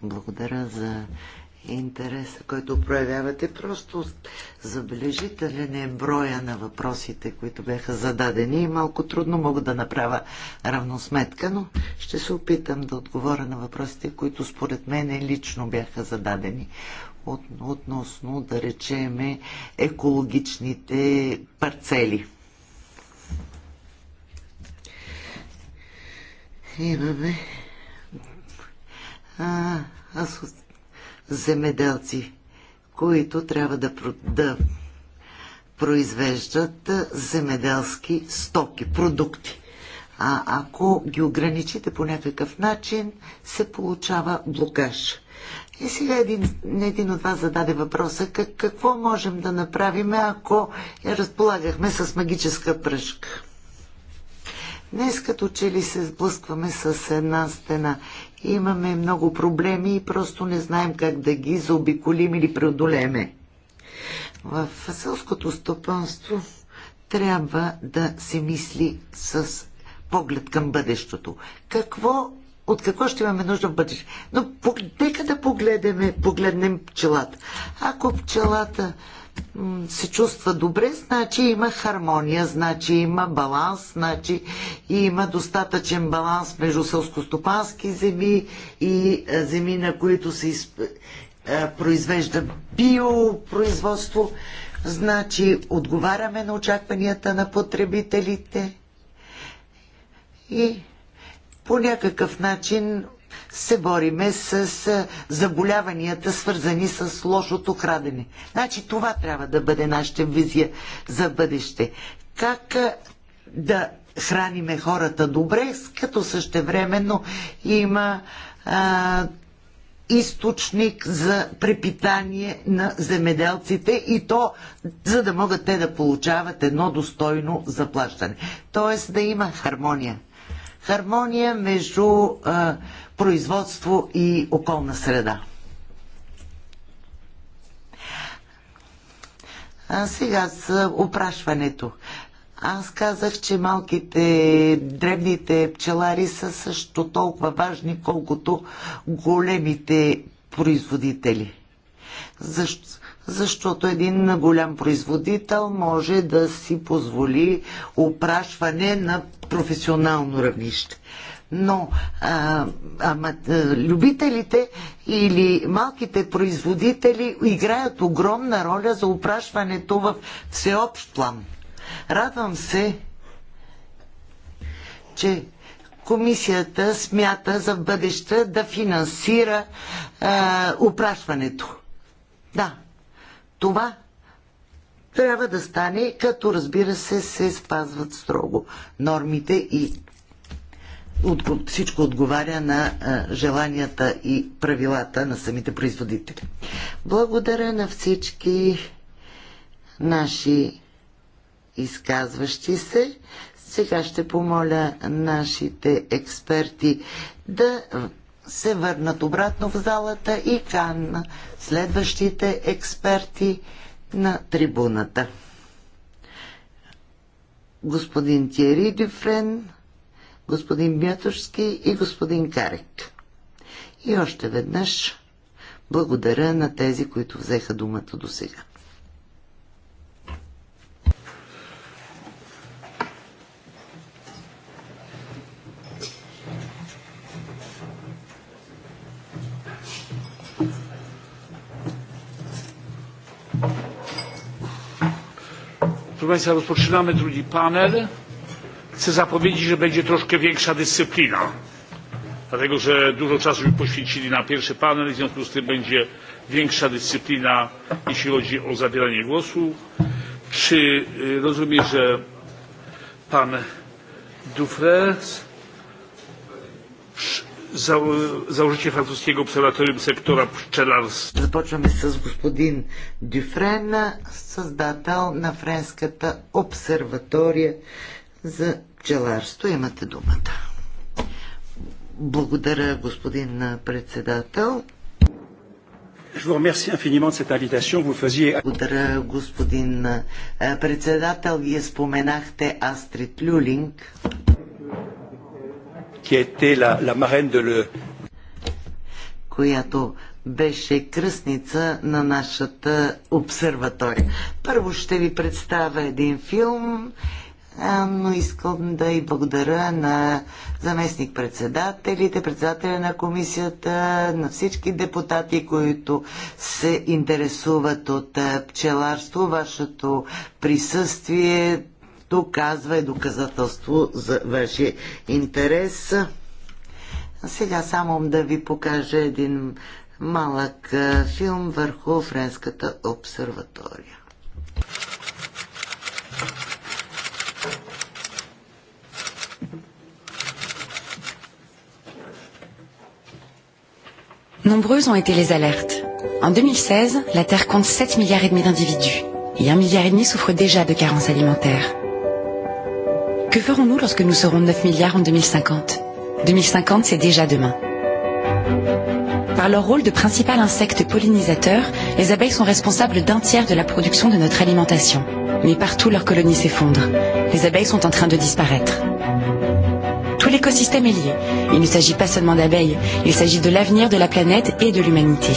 Благодаря за интереса, който проявявате. Просто забележителен е броя на въпросите, които бяха зададени малко трудно мога да направя равносметка, но ще се опитам да отговоря на въпросите, които според мен лично бяха зададени От, относно, да речеме, екологичните парцели. Имаме а, от земеделци, които трябва да, да произвеждат земеделски стоки, продукти. А ако ги ограничите по някакъв начин, се получава блокаж. И сега един, един от вас зададе въпроса, как, какво можем да направим, ако я разполагахме с магическа пръжка. Днес като че ли се сблъскваме с една стена имаме много проблеми и просто не знаем как да ги заобиколим или преодолеме. В селското стопанство трябва да се мисли с поглед към бъдещето. Какво, от какво ще имаме нужда в бъдещето? Но нека да погледнем, погледнем пчелата. Ако пчелата се чувства добре, значи има хармония, значи има баланс, значи има достатъчен баланс между селскостопански земи и е, земи, на които се изп... Е, произвежда биопроизводство. Значи отговаряме на очакванията на потребителите и по някакъв начин се бориме с заболяванията, свързани с лошото хранене. Значи това трябва да бъде нашата визия за бъдеще. Как да храниме хората добре, като същевременно има а, източник за препитание на земеделците и то, за да могат те да получават едно достойно заплащане. Тоест да има хармония хармония между а, производство и околна среда. А сега с опрашването. Аз казах, че малките, дребните пчелари са също толкова важни, колкото големите производители. Защо? защото един голям производител може да си позволи опрашване на професионално равнище. Но а, ама, любителите или малките производители играят огромна роля за опрашването в всеобщ план. Радвам се, че комисията смята за в бъдеще да финансира а, опрашването. Да, това трябва да стане, като разбира се, се спазват строго нормите и от, всичко отговаря на а, желанията и правилата на самите производители. Благодаря на всички наши изказващи се. Сега ще помоля нашите експерти да се върнат обратно в залата и канна следващите експерти на трибуната. Господин Тиери Дюфрен, господин Мятушки и господин Карек. И още веднъж благодаря на тези, които взеха думата до сега. Proszę Państwa, rozpoczynamy drugi panel. Chcę zapowiedzieć, że będzie troszkę większa dyscyplina, dlatego że dużo czasu już poświęcili na pierwszy panel, w związku z tym będzie większa dyscyplina, jeśli chodzi o zabieranie głosu. Czy rozumiem, że pan Dufres założycie francuskiego obserwatorium sektora pszczelarstwa. Започваме с господин Дюфрен, създател на Френската обсерватория за пчеларство. Имате думата. Благодаря, господин председател. Благодаря, господин председател. Вие споменахте Астрид Люлинг qui la, la marraine de le... която беше кръсница на нашата обсерватория. Първо ще ви представя един филм, но искам да и благодаря на заместник-председателите, председателя на комисията, на всички депутати, които се интересуват от пчеларство. Вашето присъствие доказва е доказателство за вашия интерес. Сега само да ви покажа един малък филм върху Френската обсерватория. Nombreuses ont été les alertes. En 2016, la Terre compte 7 milliards et demi d'individus et 1 milliard et demi souffre déjà de carences alimentaires. Que ferons-nous lorsque nous serons 9 milliards en 2050 2050, c'est déjà demain. Par leur rôle de principal insecte pollinisateur, les abeilles sont responsables d'un tiers de la production de notre alimentation. Mais partout, leurs colonies s'effondrent. Les abeilles sont en train de disparaître. Tout l'écosystème est lié. Il ne s'agit pas seulement d'abeilles, il s'agit de l'avenir de la planète et de l'humanité.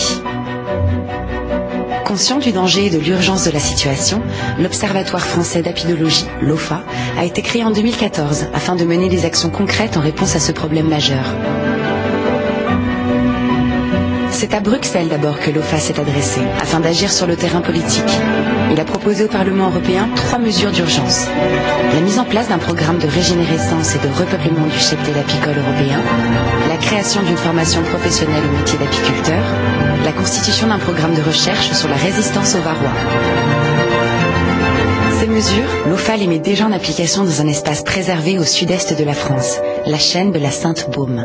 Conscient du danger et de l'urgence de la situation, l'Observatoire français d'apidologie, l'OFA, a été créé en 2014 afin de mener des actions concrètes en réponse à ce problème majeur. C'est à Bruxelles d'abord que l'OFA s'est adressée afin d'agir sur le terrain politique il a proposé au Parlement européen trois mesures d'urgence. La mise en place d'un programme de régénérescence et de repeuplement du cheptel apicole européen, la création d'une formation professionnelle au métier d'apiculteur, la constitution d'un programme de recherche sur la résistance aux varrois. Ces mesures, l'OFAL les met déjà en application dans un espace préservé au sud-est de la France, la chaîne de la Sainte-Baume.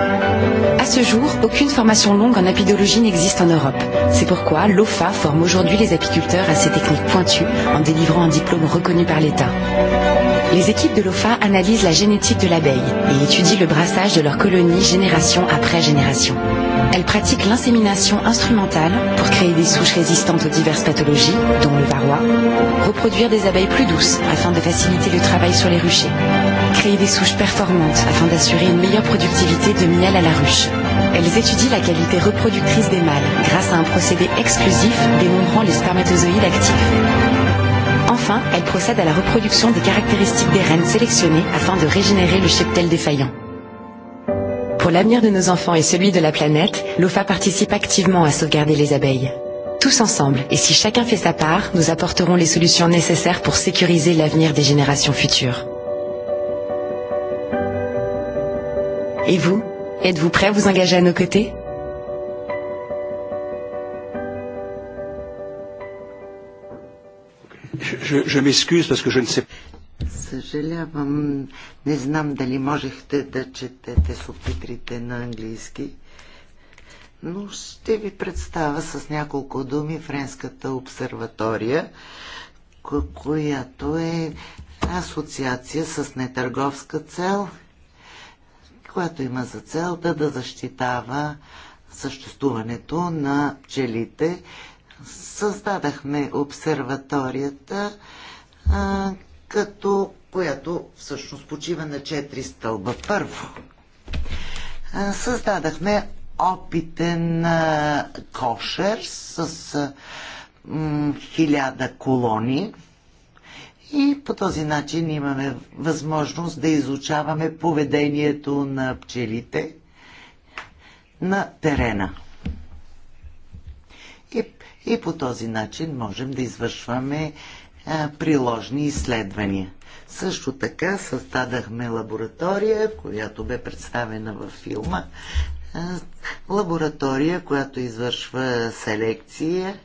À ce jour, aucune formation longue en apidologie n'existe en Europe. C'est pourquoi l'OFA forme aujourd'hui les apiculteurs à ces techniques pointues en délivrant un diplôme reconnu par l'État. Les équipes de l'OFA analysent la génétique de l'abeille et étudient le brassage de leurs colonies génération après génération. Elles pratiquent l'insémination instrumentale pour créer des souches résistantes aux diverses pathologies, dont le varroa, reproduire des abeilles plus douces afin de faciliter le travail sur les ruchers créer des souches performantes afin d'assurer une meilleure productivité de miel à la ruche. Elles étudient la qualité reproductrice des mâles grâce à un procédé exclusif dénombrant les spermatozoïdes actifs. Enfin, elles procèdent à la reproduction des caractéristiques des reines sélectionnées afin de régénérer le cheptel défaillant. Pour l'avenir de nos enfants et celui de la planète, l'OFA participe activement à sauvegarder les abeilles. Tous ensemble, et si chacun fait sa part, nous apporterons les solutions nécessaires pour sécuriser l'avenir des générations futures. Et vous, êtes-vous prêt à vous engager à nos côtés Je, je m'excuse parce que je ne sais Съжалявам, не знам дали можехте да четете субтитрите на английски, но ще ви представя с няколко думи Френската обсерватория, която е асоциация с нетърговска цел – която има за цел да, да защитава съществуването на пчелите. Създадахме обсерваторията, а, като, която всъщност почива на четири стълба. Първо, а, създадахме опитен а, кошер с хиляда колони, и по този начин имаме възможност да изучаваме поведението на пчелите на терена. И, и по този начин можем да извършваме а, е, приложни изследвания. Също така създадахме лаборатория, която бе представена във филма. А, е, лаборатория, която извършва селекция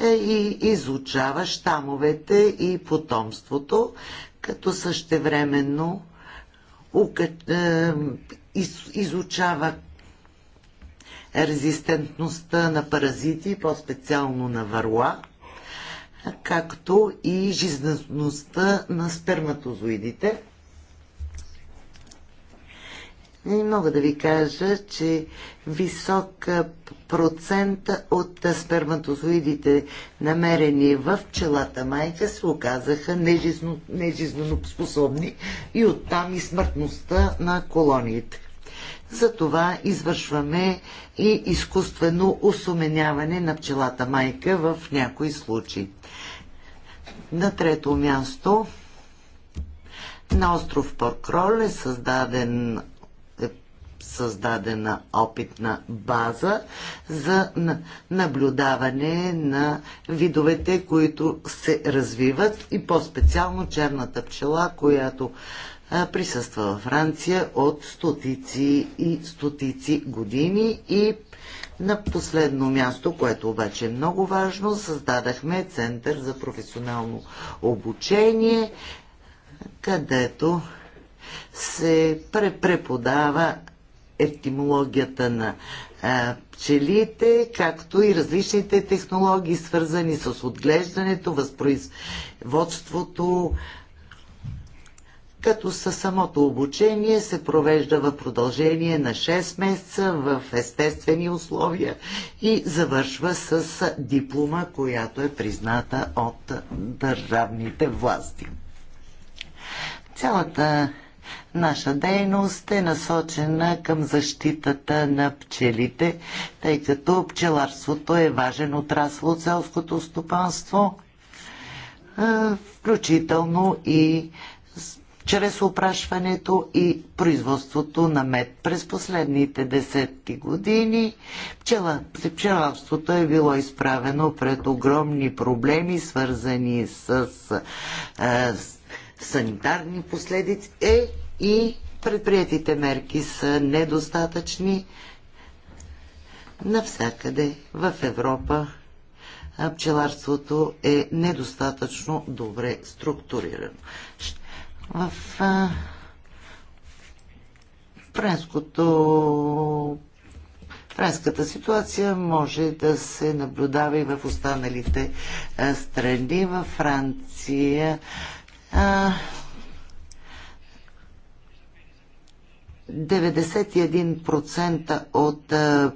е и изучава щамовете и потомството, като същевременно е, изучава резистентността на паразити, по-специално на върла, както и жизнеността на сперматозоидите – не мога да ви кажа, че висок процент от сперматозоидите, намерени в пчелата майка, се оказаха нежизнено, способни и оттам и смъртността на колониите. Затова извършваме и изкуствено осуменяване на пчелата майка в някои случаи. На трето място на остров Поркрол е създаден създадена опитна база за наблюдаване на видовете, които се развиват и по-специално черната пчела, която присъства във Франция от стотици и стотици години и на последно място, което обаче е много важно, създадахме Център за професионално обучение, където се преподава етимологията на пчелите, както и различните технологии, свързани с отглеждането, възпроизводството, като със самото обучение се провежда в продължение на 6 месеца в естествени условия и завършва с диплома, която е призната от държавните власти. Цялата наша дейност е насочена към защитата на пчелите, тъй като пчеларството е важен отрасъл от селското стопанство, включително и чрез опрашването и производството на мед. През последните десетки години пчела, пчеларството е било изправено пред огромни проблеми, свързани с, с, с санитарни последици е, и предприятите мерки са недостатъчни навсякъде в Европа. Пчеларството е недостатъчно добре структурирано. В френското Френската ситуация може да се наблюдава и в останалите страни. Във Франция а, 91% от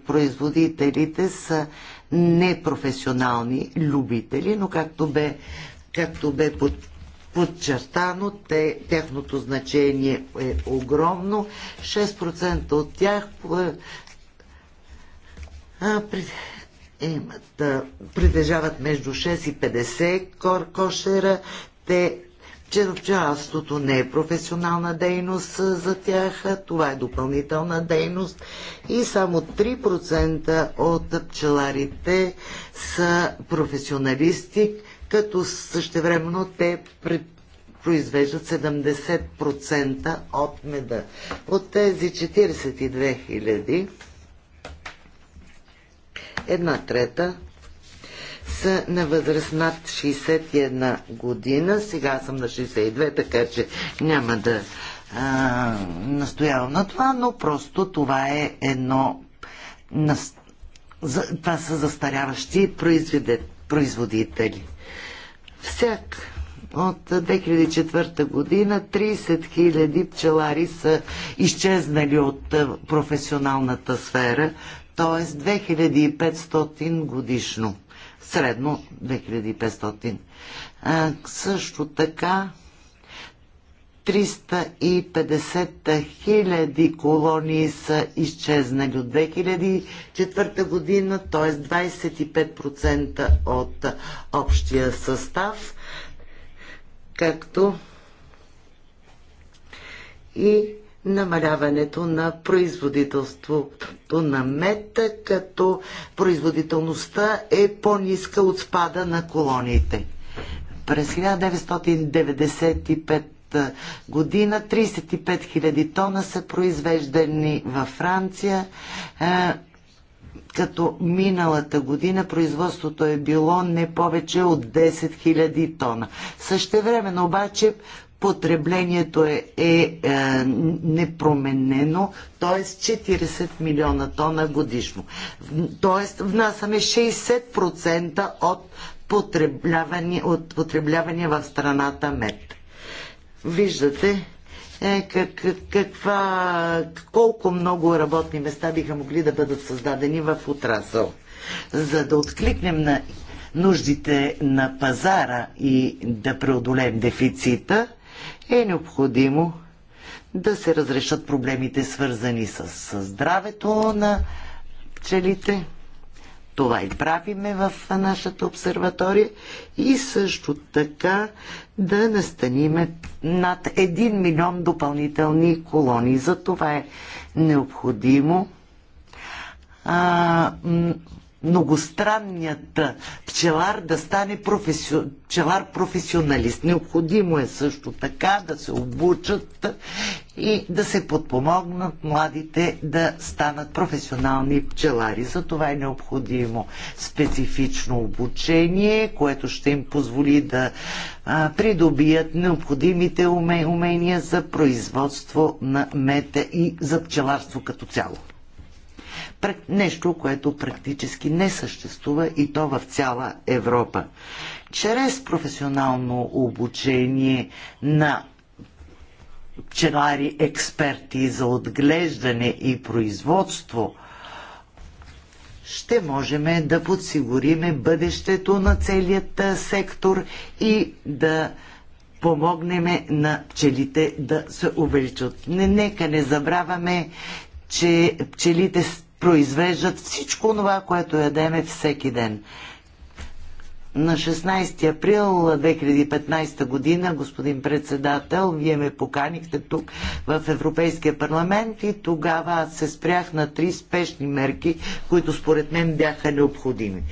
производителите са непрофесионални любители, но както бе, както бе под, подчертано, те, тяхното значение е огромно. 6% от тях а, имат, а, притежават между 6 и 50 кор, кошера. Те че пчеларството не е професионална дейност за тях, това е допълнителна дейност и само 3% от пчеларите са професионалисти, като същевременно те пред произвеждат 70% от меда. От тези 42 000, една трета са на възраст над 61 година. Сега съм на 62, така че няма да а, настоявам на това, но просто това е едно. Това са застаряващи производители. Всяк от 2004 година 30 000 пчелари са изчезнали от професионалната сфера, т.е. 2500 годишно средно 2500. А, също така 350 хиляди колонии са изчезнали от 2004 година, т.е. 25% от общия състав, както и намаляването на производителството на мед, като производителността е по-ниска от спада на колониите. През 1995 година 35 000 тона са произвеждани във Франция, е, като миналата година производството е било не повече от 10 000 тона. Същевременно обаче потреблението е, е, е непроменено, т.е. 40 милиона тона годишно. Т.е. внасяме 60% от потребляване, от потребляване в страната мед. Виждате е, как, каква, колко много работни места биха могли да бъдат създадени в отрасъл. За да откликнем на нуждите на пазара и да преодолеем дефицита, е необходимо да се разрешат проблемите, свързани с, здравето на пчелите. Това и правиме в нашата обсерватория и също така да настаниме над 1 милион допълнителни колони. За това е необходимо а, многостранният пчелар да стане професи... пчелар професионалист. Необходимо е също така да се обучат и да се подпомогнат младите да станат професионални пчелари. За това е необходимо специфично обучение, което ще им позволи да а, придобият необходимите умения за производство на мета и за пчеларство като цяло нещо, което практически не съществува и то в цяла Европа. Чрез професионално обучение на пчелари експерти за отглеждане и производство – ще можем да подсигуриме бъдещето на целият сектор и да помогнем на пчелите да се увеличат. Нека не забравяме, че пчелите произвеждат всичко това, което ядеме всеки ден. На 16 април 2015 година, господин председател, вие ме поканихте тук в Европейския парламент и тогава аз се спрях на три спешни мерки, които според мен бяха необходими.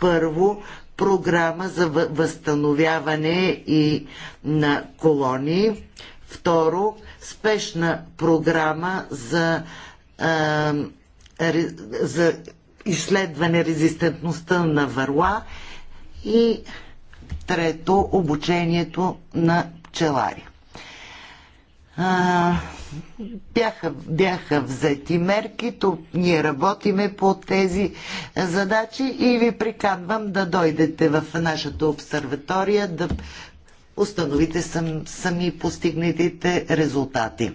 Първо, програма за възстановяване и на колонии. Второ, спешна програма за за изследване резистентността на върла и трето обучението на пчелари. А, бяха, бяха взети мерки, тук ние работиме по тези задачи и ви приканвам да дойдете в нашата обсерватория да установите сам, сами постигнатите резултати.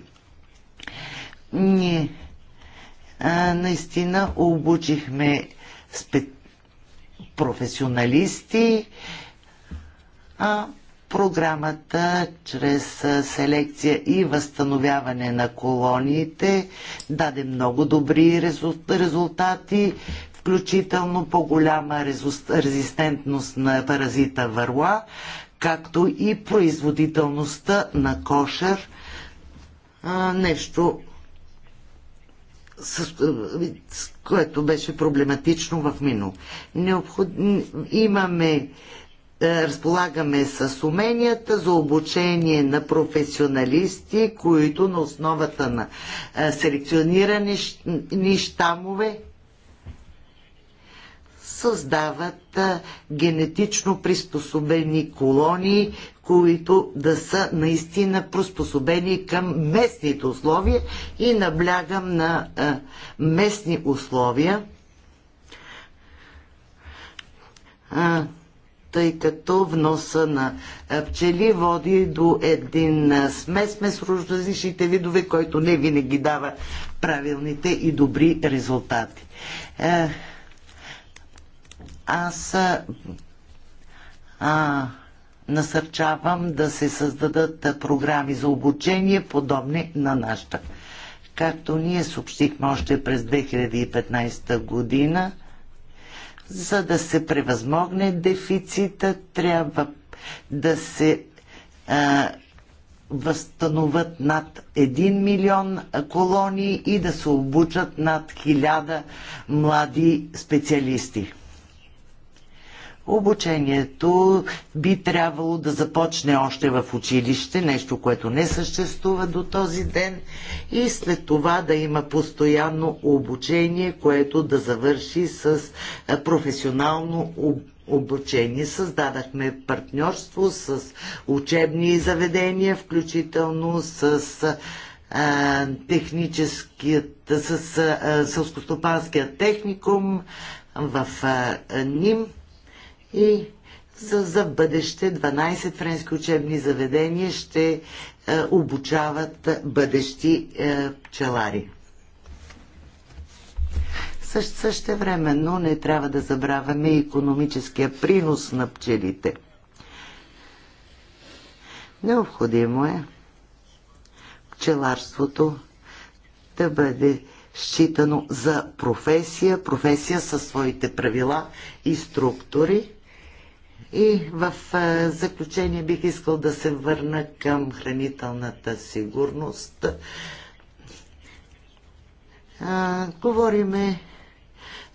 Ние а, наистина обучихме спе... професионалисти, а програмата чрез селекция и възстановяване на колониите даде много добри резултати, включително по-голяма резистентност на паразита върла, както и производителността на кошер, нещо, с, с е, което беше проблематично в мину. Необход... Имаме е, разполагаме с уменията за обучение на професионалисти, които на основата на е, селекционирани щамове създават генетично приспособени колонии, които да са наистина приспособени към местните условия и наблягам на а, местни условия, а, тъй като вноса на пчели води до един смес с различните видове, който не винаги дава правилните и добри резултати. А, аз а, насърчавам да се създадат програми за обучение, подобни на нашата. Както ние съобщихме още през 2015 година, за да се превъзмогне дефицита, трябва да се а, възстановят над 1 милион колонии и да се обучат над 1000 млади специалисти. Обучението би трябвало да започне още в училище, нещо, което не съществува до този ден, и след това да има постоянно обучение, което да завърши с професионално обучение обучение. Създадахме партньорство с учебни заведения, включително с а, техническият, с а, сълскостопанския техникум в а, Ним и за, за бъдеще 12 френски учебни заведения ще е, обучават бъдещи е, пчелари. Също, но не трябва да забравяме и економическия принос на пчелите. Необходимо е пчеларството да бъде считано за професия, професия със своите правила и структури и в заключение бих искал да се върна към хранителната сигурност. Говориме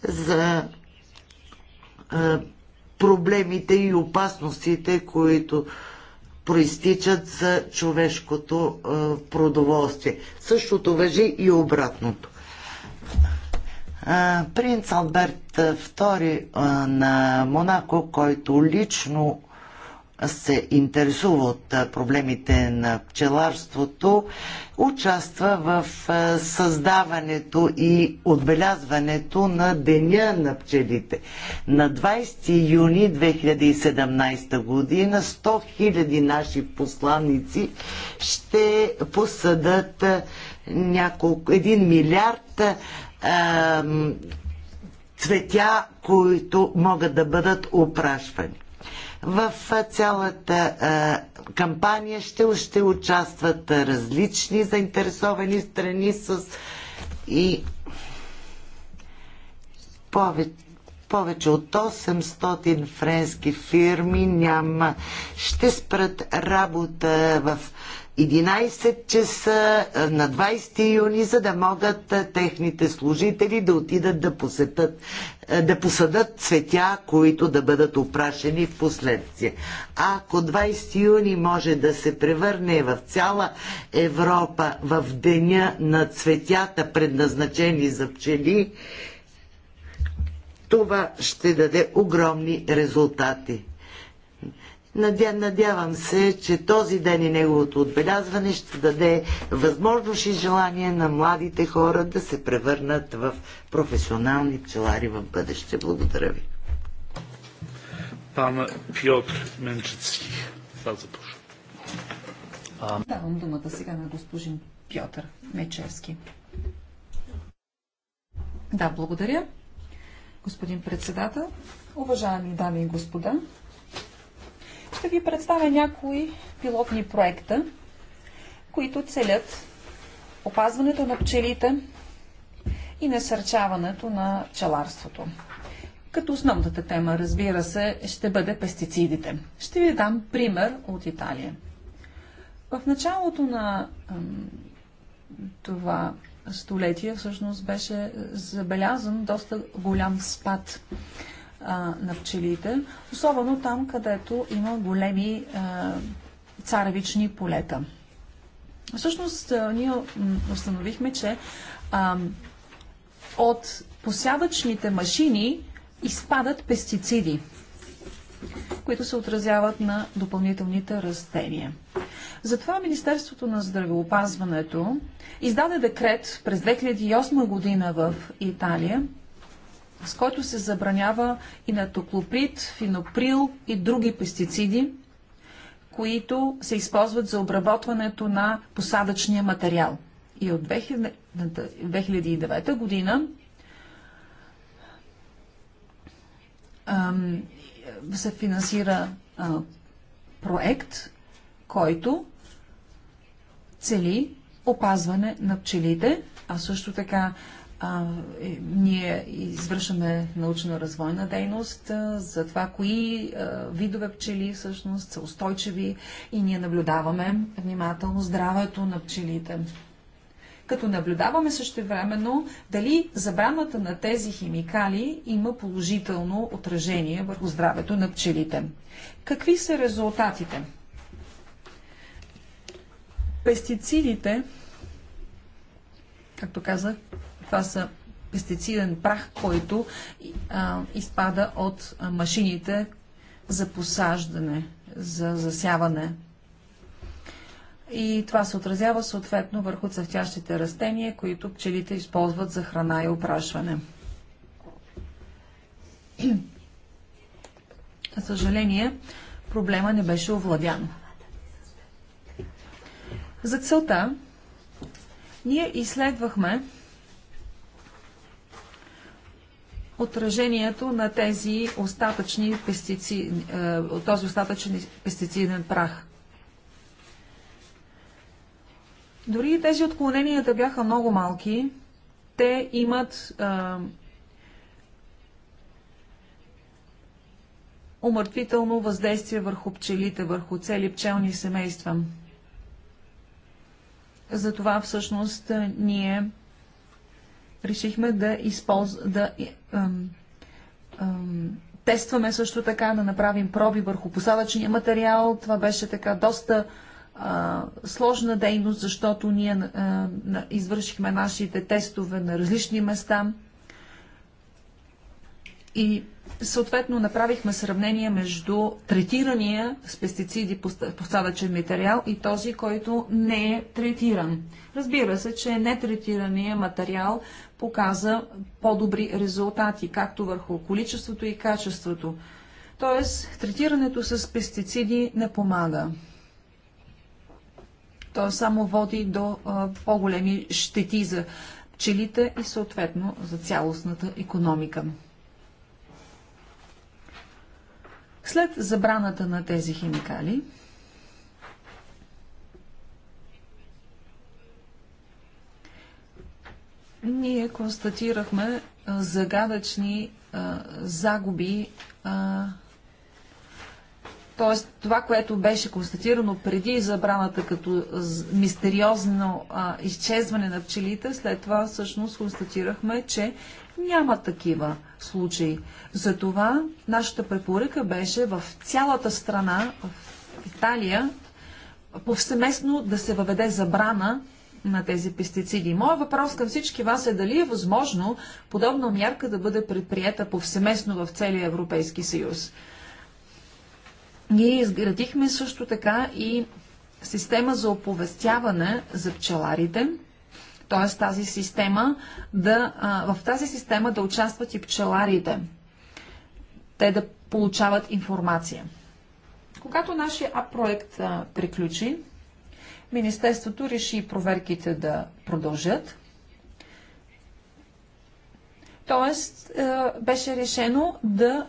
за проблемите и опасностите, които проистичат за човешкото продоволствие. Същото въжи и обратното принц Алберт II на Монако, който лично се интересува от проблемите на пчеларството, участва в създаването и отбелязването на Деня на пчелите. На 20 юни 2017 година 100 000 наши посланници ще посъдат няколко, 1 милиард цветя, които могат да бъдат опрашвани. В цялата кампания ще, ще участват различни заинтересовани страни с и повече повече от 800 френски фирми няма. Ще спрат работа в 11 часа на 20 юни, за да могат техните служители да отидат да посетат, да посадат цветя, които да бъдат опрашени в последствие. Ако 20 юни може да се превърне в цяла Европа в деня на цветята, предназначени за пчели, това ще даде огромни резултати. Надявам се, че този ден и неговото отбелязване ще даде възможност и желание на младите хора да се превърнат в професионални пчелари в бъдеще. Благодаря ви. Пан Пьотр Менчицки. Bardzo proszę. Давам думата сега на госпожин Пьотър Мечевски. Да, благодаря. Господин председател, уважаеми дами и господа, ще ви представя някои пилотни проекта, които целят опазването на пчелите и насърчаването на пчеларството. Като основната тема, разбира се, ще бъде пестицидите. Ще ви дам пример от Италия. В началото на това столетие всъщност беше забелязан доста голям спад на пчелите, особено там, където има големи царевични полета. Всъщност, ние установихме, че от посядъчните машини изпадат пестициди, които се отразяват на допълнителните растения. Затова Министерството на здравеопазването издаде декрет през 2008 година в Италия, с който се забранява и на токлоприт, финоприл и други пестициди, които се използват за обработването на посадъчния материал. И от 2009 година се финансира проект, който цели опазване на пчелите, а също така а, е, ние извършваме научно-развойна дейност а, за това, кои а, видове пчели всъщност са устойчиви и ние наблюдаваме внимателно здравето на пчелите. Като наблюдаваме същевременно дали забраната на тези химикали има положително отражение върху здравето на пчелите. Какви са резултатите? Пестицидите, както казах, това са пестициден прах, който а, изпада от машините за посаждане, за засяване. И това се отразява съответно върху цъфтящите растения, които пчелите използват за храна и опрашване. За съжаление, проблема не беше овладян. За целта ние изследвахме отражението на тези остатъчни пестици, е, този остатъчен пестициден прах. Дори тези отклоненията бяха много малки, те имат а, е, умъртвително въздействие върху пчелите, върху цели пчелни семейства. Затова всъщност е, ние решихме да, използ... да е, ам, ам, тестваме също така, да направим проби върху посадъчния материал. Това беше така доста а, сложна дейност, защото ние а, извършихме нашите тестове на различни места – и съответно направихме сравнение между третирания с пестициди посадъчен материал и този, който не е третиран. Разбира се, че нетретирания материал показа по-добри резултати, както върху количеството и качеството. Тоест, третирането с пестициди не помага. То само води до по-големи щети за пчелите и съответно за цялостната економика. След забраната на тези химикали, ние констатирахме загадъчни а, загуби, т.е. това, което беше констатирано преди забраната като мистериозно а, изчезване на пчелите, след това всъщност констатирахме, че няма такива случаи. Затова нашата препоръка беше в цялата страна, в Италия, повсеместно да се въведе забрана на тези пестициди. Моят въпрос към всички вас е дали е възможно подобна мярка да бъде предприета повсеместно в целия Европейски съюз. Ние изградихме също така и система за оповестяване за пчеларите – т.е. тази система да, а, в тази система да участват и пчеларите. Те да получават информация. Когато нашия ап проект а, приключи, Министерството реши проверките да продължат. Тоест, а, беше решено да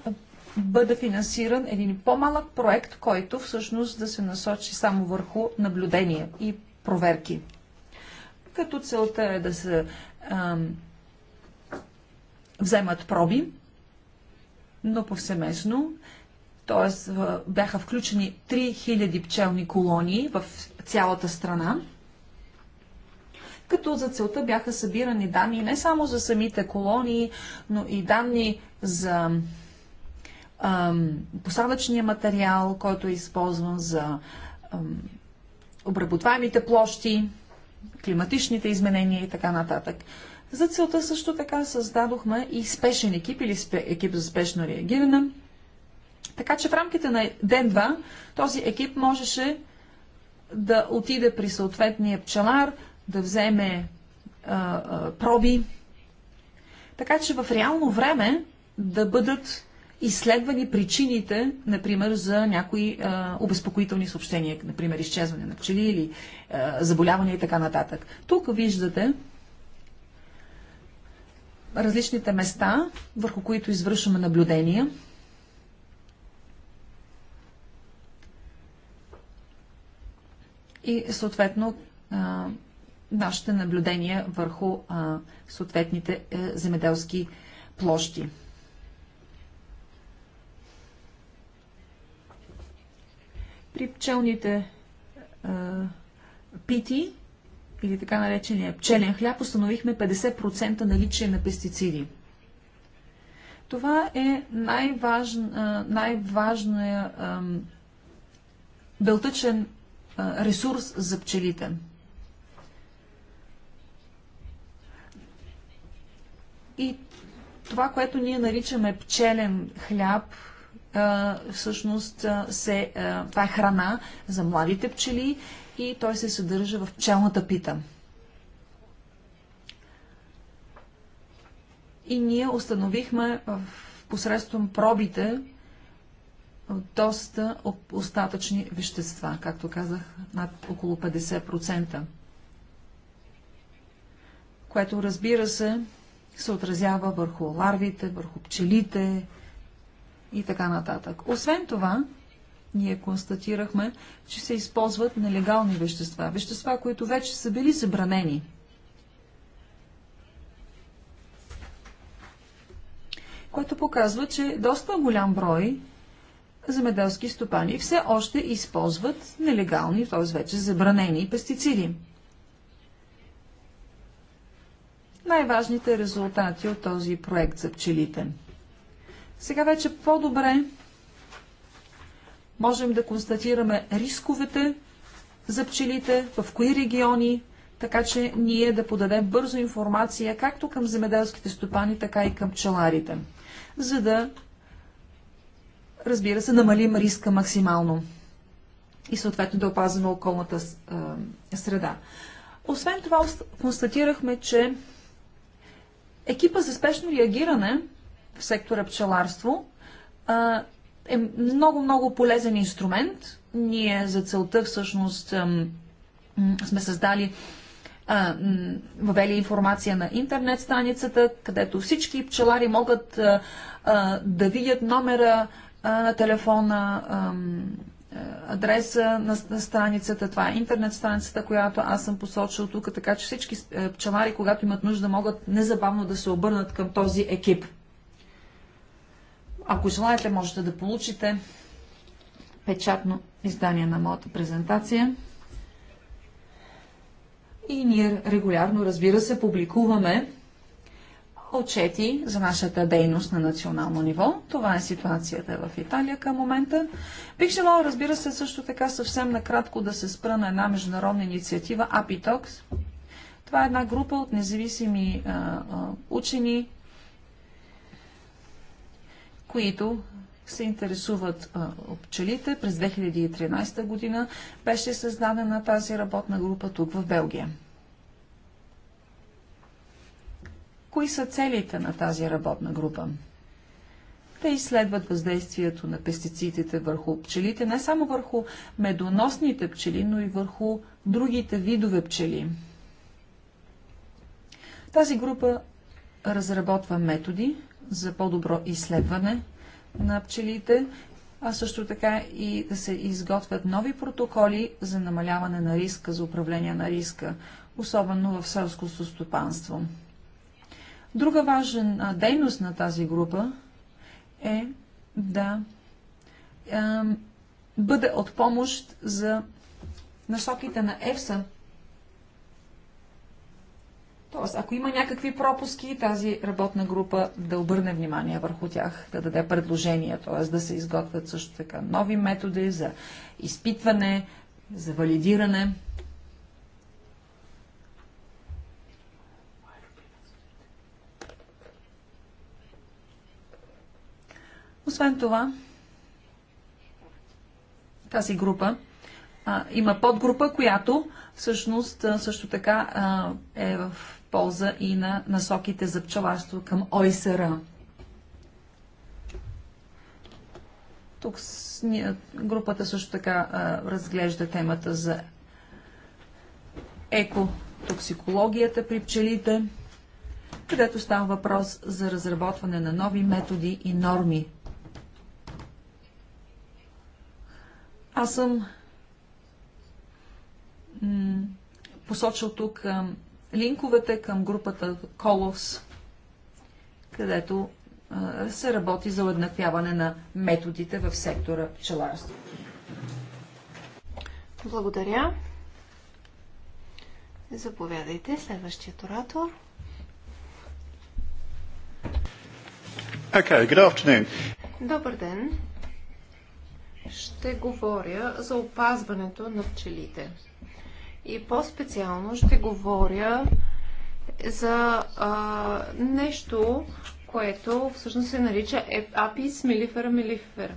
бъде финансиран един по-малък проект, който всъщност да се насочи само върху наблюдение и проверки като целта е да се а, вземат проби, но повсеместно, т.е. бяха включени 3000 пчелни колонии в цялата страна, като за целта бяха събирани данни не само за самите колонии, но и данни за посадъчния материал, който е използван за ам, обработваемите площи, климатичните изменения и така нататък. За целта също така създадохме и спешен екип или екип за спешно реагиране. Така че в рамките на ден-два този екип можеше да отиде при съответния пчелар, да вземе а, а, проби, така че в реално време да бъдат изследвани причините, например, за някои а, обезпокоителни съобщения, например, изчезване на пчели или а, заболявания и така нататък. Тук виждате различните места, върху които извършваме наблюдения. И съответно а, нашите наблюдения върху а, съответните а, е, земеделски площи. При пчелните а, пити или така наречения пчелен хляб установихме 50% наличие на пестициди. Това е най-важният най белтъчен а, ресурс за пчелите. И това, което ние наричаме пчелен хляб, всъщност се, това е храна за младите пчели и той се съдържа в пчелната пита. И ние установихме посредством пробите доста остатъчни вещества, както казах, над около 50%, което разбира се се отразява върху ларвите, върху пчелите, и така нататък. Освен това, ние констатирахме, че се използват нелегални вещества, вещества, които вече са били забранени. Което показва, че доста голям брой земеделски стопани все още използват нелегални, т.е. вече забранени пестициди. Най-важните резултати от този проект за пчелите – сега вече по-добре можем да констатираме рисковете за пчелите, в кои региони, така че ние да подадем бързо информация както към земеделските стопани, така и към пчеларите, за да, разбира се, намалим риска максимално и съответно да опазваме околната е, среда. Освен това, констатирахме, че екипа за спешно реагиране в сектора пчеларство е много-много полезен инструмент. Ние за целта всъщност сме създали въвели информация на интернет страницата, където всички пчелари могат да видят номера на телефона, адреса на, на страницата. Това е интернет страницата, която аз съм посочил тук, така че всички е, пчелари, когато имат нужда, могат незабавно да се обърнат към този екип. Ако желаете, можете да получите печатно издание на моята презентация. И ние регулярно, разбира се, публикуваме отчети за нашата дейност на национално ниво. Това е ситуацията в Италия към момента. Бих желала, разбира се, също така съвсем накратко да се спра на една международна инициатива Apitox. Това е една група от независими а, а, учени, които се интересуват от пчелите. През 2013 година беше създадена тази работна група тук в Белгия. Кои са целите на тази работна група? Те изследват въздействието на пестицидите върху пчелите, не само върху медоносните пчели, но и върху другите видове пчели. Тази група разработва методи, за по-добро изследване на пчелите, а също така и да се изготвят нови протоколи за намаляване на риска, за управление на риска, особено в селското стопанство. Друга важна дейност на тази група е да е, бъде от помощ за насоките на ЕФСА Тоест, ако има някакви пропуски, тази работна група да обърне внимание върху тях, да даде предложения, т.е. да се изготвят също така нови методи за изпитване, за валидиране. Освен това, тази група а, има подгрупа, която всъщност също така а, е в полза и на насоките за пчеларство към ОСР. Тук групата също така разглежда темата за екотоксикологията при пчелите, където става въпрос за разработване на нови методи и норми. Аз съм посочил тук линковете към групата Колос, където а, се работи за уеднаквяване на методите в сектора пчеларство. Благодаря. Заповядайте, следващият оратор. Okay, good afternoon. Добър ден. Ще говоря за опазването на пчелите. И по-специално ще говоря за а, нещо, което всъщност се нарича Апис Мелифера Мелифера.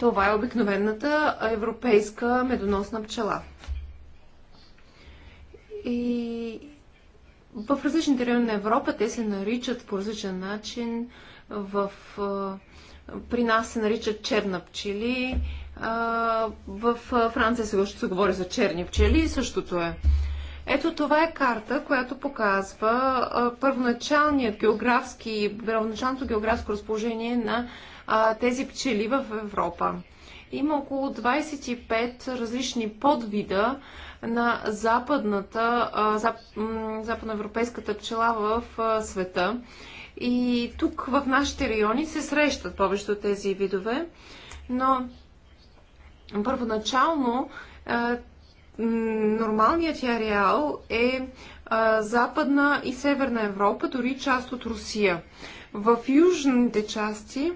Това е обикновената европейска медоносна пчела. И в различните райони на Европа те се наричат по различен начин. В, при нас се наричат черна пчели, в Франция също се говори за черни пчели и същото е. Ето това е карта, която показва първоначалният географски, първоначалното географско разположение на тези пчели в Европа. Има около 25 различни подвида на западната, западноевропейската пчела в света. И тук в нашите райони се срещат повечето тези видове, но първоначално е, нормалният ареал е, е Западна и Северна Европа, дори част от Русия. В южните части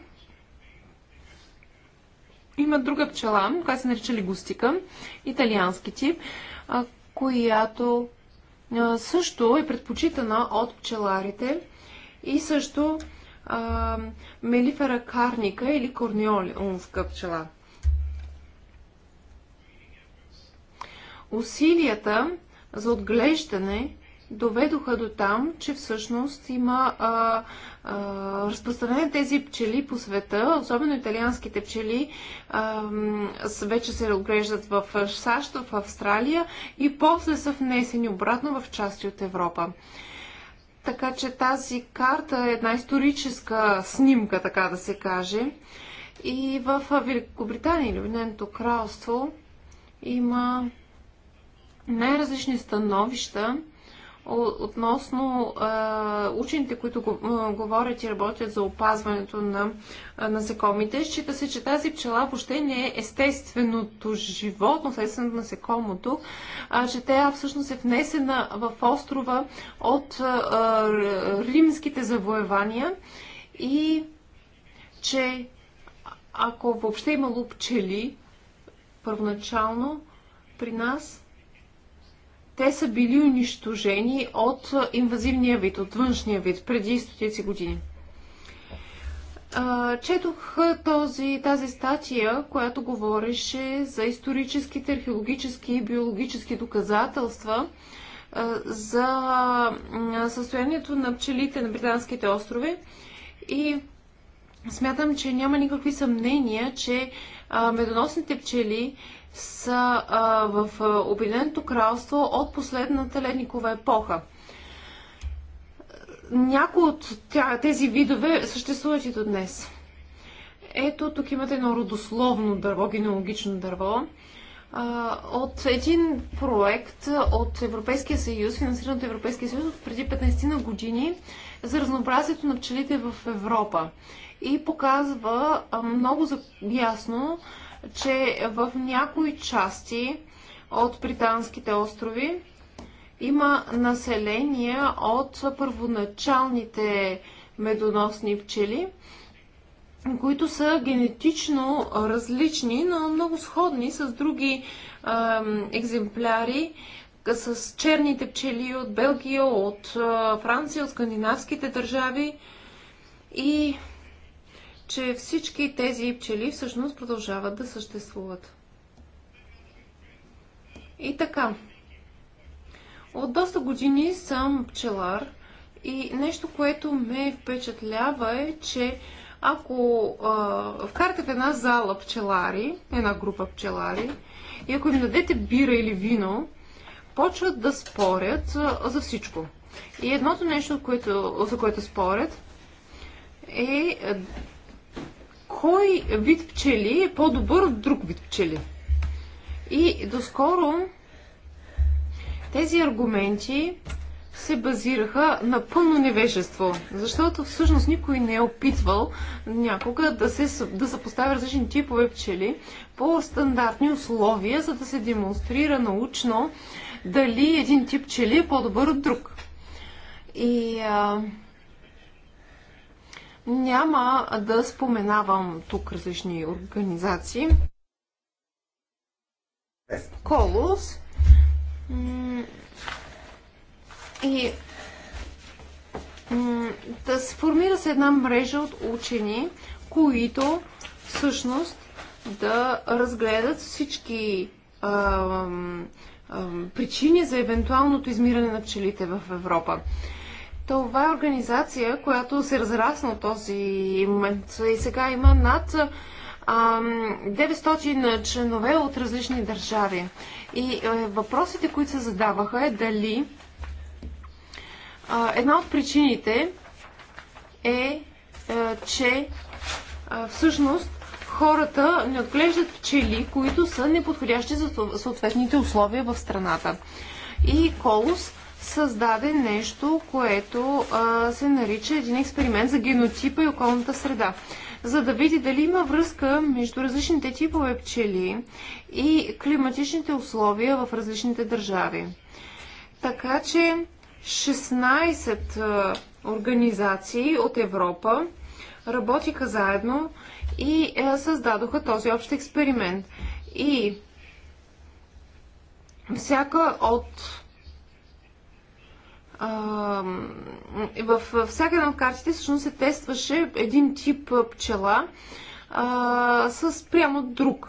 има друга пчела, която се нарича лигустика, италиански тип, е, която също е предпочитана от пчеларите и също мелифера карника или корнеолинска пчела. усилията за отглеждане доведоха до там, че всъщност има а, а, разпространение тези пчели по света, особено италианските пчели а, вече се отглеждат в САЩ, в Австралия и после са внесени обратно в части от Европа. Така че тази карта е една историческа снимка, така да се каже. И в Великобритания или Обединеното кралство има най-различни становища относно учените, които говорят и работят за опазването на насекомите. Счита се, че тази пчела въобще не е естественото животно, естественото насекомото, а че тя всъщност е внесена в острова от римските завоевания и че ако въобще е имало пчели първоначално при нас, те са били унищожени от инвазивния вид, от външния вид, преди стотици години. Четох този, тази статия, която говореше за историческите, археологически и биологически доказателства за състоянието на пчелите на Британските острови и смятам, че няма никакви съмнения, че медоносните пчели са а, в Обединеното кралство от последната ледникова епоха. Някои от тя, тези видове съществуват и до днес. Ето, тук имате едно родословно дърво, генеалогично дърво, а, от един проект от Европейския съюз, финансиран от Европейския съюз от преди 15 на години за разнообразието на пчелите в Европа. И показва а, много за... ясно че в някои части от британските острови има население от първоначалните медоносни пчели, които са генетично различни, но много сходни с други е, екземпляри, с черните пчели от Белгия, от Франция, от скандинавските държави. И че всички тези пчели всъщност продължават да съществуват. И така, от доста години съм пчелар и нещо, което ме впечатлява е, че ако а, вкарате в една зала пчелари, една група пчелари, и ако им дадете бира или вино, почват да спорят а, за всичко. И едното нещо, което, за което спорят, е кой вид пчели е по-добър от друг вид пчели. И доскоро тези аргументи се базираха на пълно невежество, защото всъщност никой не е опитвал някога да, се, да съпоставя различни типове пчели по стандартни условия, за да се демонстрира научно дали един тип пчели е по-добър от друг. И а, няма да споменавам тук различни организации. Колос. И да се формира се една мрежа от учени, които всъщност да разгледат всички причини за евентуалното измиране на пчелите в Европа. Това е организация, която се разрасна от този момент и сега има над 900 членове от различни държави. И е, въпросите, които се задаваха е дали една от причините е, е че всъщност хората не отглеждат пчели, които са неподходящи за съответните условия в страната. И Колос създаде нещо, което а, се нарича един експеримент за генотипа и околната среда, за да види дали има връзка между различните типове пчели и климатичните условия в различните държави. Така че 16 а, организации от Европа работиха заедно и а, създадоха този общ експеримент. И всяка от във всяка една от картите всъщност се тестваше един тип пчела а, с прямо друг.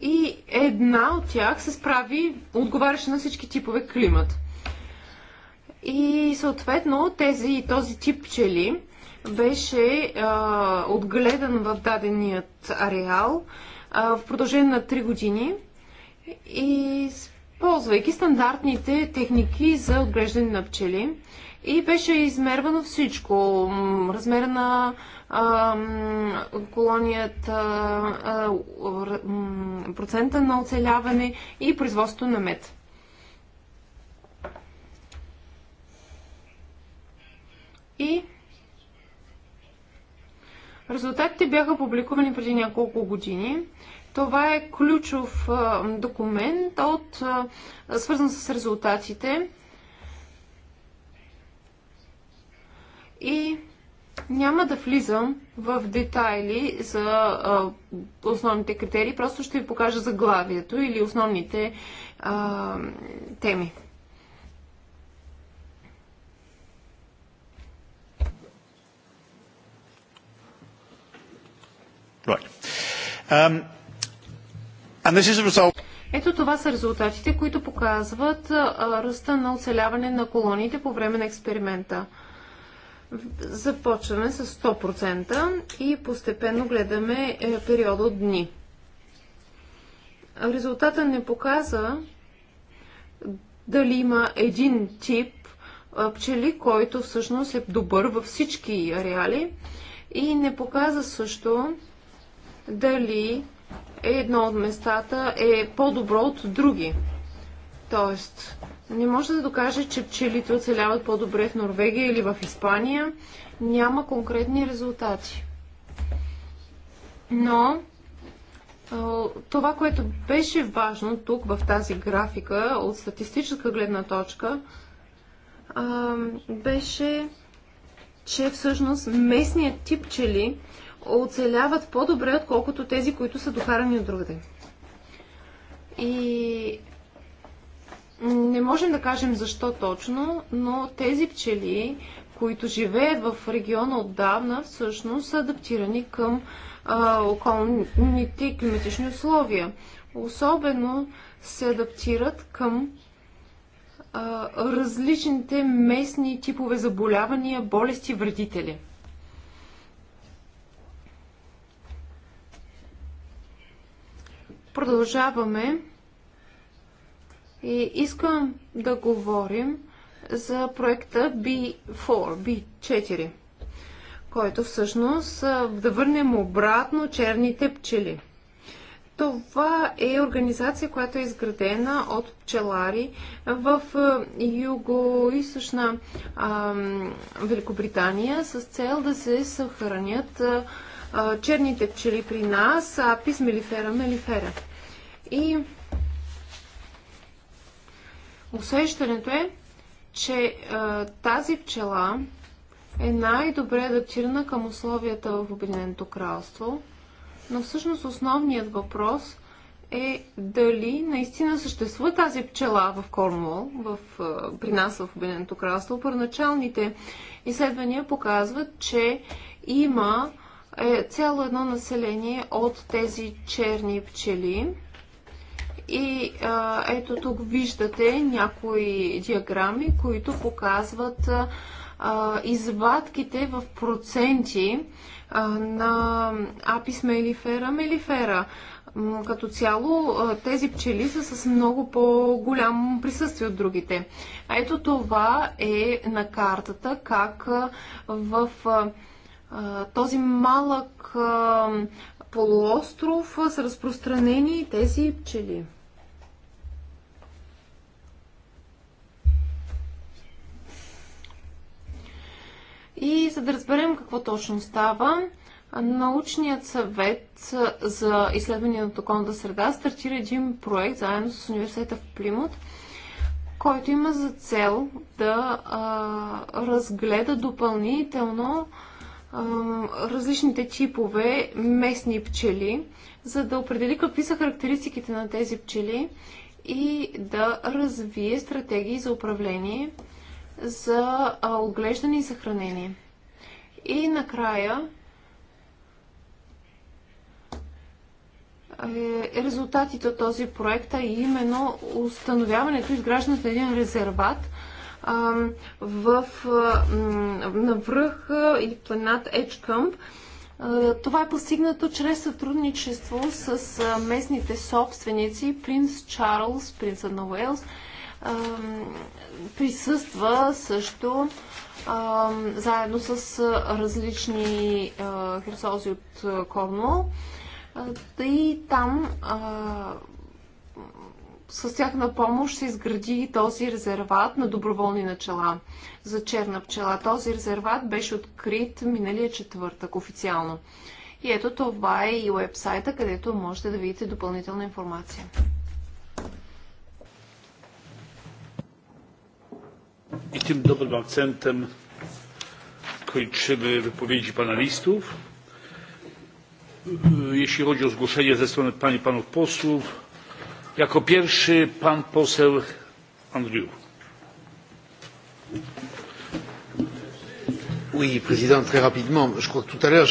И една от тях се справи, отговаряше на всички типове климат. И съответно тези, този тип пчели беше а, отгледан в даденият ареал а, в продължение на 3 години и ползвайки стандартните техники за отглеждане на пчели. И беше измервано всичко. Размера на а, колонията, а, процента на оцеляване и производството на мед. И Резултатите бяха публикувани преди няколко години. Това е ключов документ, от, свързан с резултатите. И няма да влизам в детайли за основните критерии, просто ще ви покажа заглавието или основните теми. Ето това са резултатите, които показват ръста на оцеляване на колониите по време на експеримента. Започваме с 100% и постепенно гледаме е, периода от дни. Резултата не показа дали има един тип пчели, който всъщност е добър във всички ареали и не показа също дали едно от местата е по-добро от други. Тоест, не може да докаже, че пчелите оцеляват по-добре в Норвегия или в Испания. Няма конкретни резултати. Но това, което беше важно тук в тази графика от статистическа гледна точка, беше, че всъщност местният тип пчели оцеляват по-добре, отколкото тези, които са докарани от другаде. И не можем да кажем защо точно, но тези пчели, които живеят в региона отдавна, всъщност са адаптирани към а, околните климатични условия. Особено се адаптират към а, различните местни типове заболявания, болести, вредители. Продължаваме и искам да говорим за проекта B4, B4, който всъщност да върнем обратно черните пчели. Това е организация, която е изградена от пчелари в юго-источна Великобритания с цел да се съхранят а, черните пчели при нас, а мелифера мелифера. И усещането е, че а, е, тази пчела е най-добре адаптирана към условията в Обединеното кралство, но всъщност основният въпрос е дали наистина съществува тази пчела в Корнуол, в, е, при нас в Обединеното кралство. Първоначалните изследвания показват, че има е, цяло едно население от тези черни пчели – и а, ето тук виждате някои диаграми, които показват а, извадките в проценти а, на апис мелифера мелифера. Като цяло тези пчели са с много по-голямо присъствие от другите. А ето това е на картата как в а, този малък а, полуостров са разпространени тези пчели. И за да разберем какво точно става, научният съвет за изследване на околната среда стартира един проект заедно с университета в Плимут, който има за цел да а, разгледа допълнително а, различните типове местни пчели, за да определи какви са характеристиките на тези пчели и да развие стратегии за управление за оглеждане и съхранение. И накрая е, е резултатите от този проект, а именно установяването и изграждането на един резерват а, в, а, на връха и планат Ечкъмп. Това е постигнато чрез сътрудничество с а, местните собственици, принц Чарлз, принца на Уелс, присъства също а, заедно с различни а, херсози от Корно. И там а, с тяхна помощ се изгради този резерват на доброволни начала за черна пчела. Този резерват беше открит миналия четвъртък официално. И ето това е и уебсайта, където можете да видите допълнителна информация. I tym dobrym akcentem kończymy wypowiedzi panelistów. Jeśli chodzi o zgłoszenie ze strony pań i panów posłów, jako pierwszy pan poseł Andrieu. Oui, Président, très rapidement. Je crois que tout à l'heure,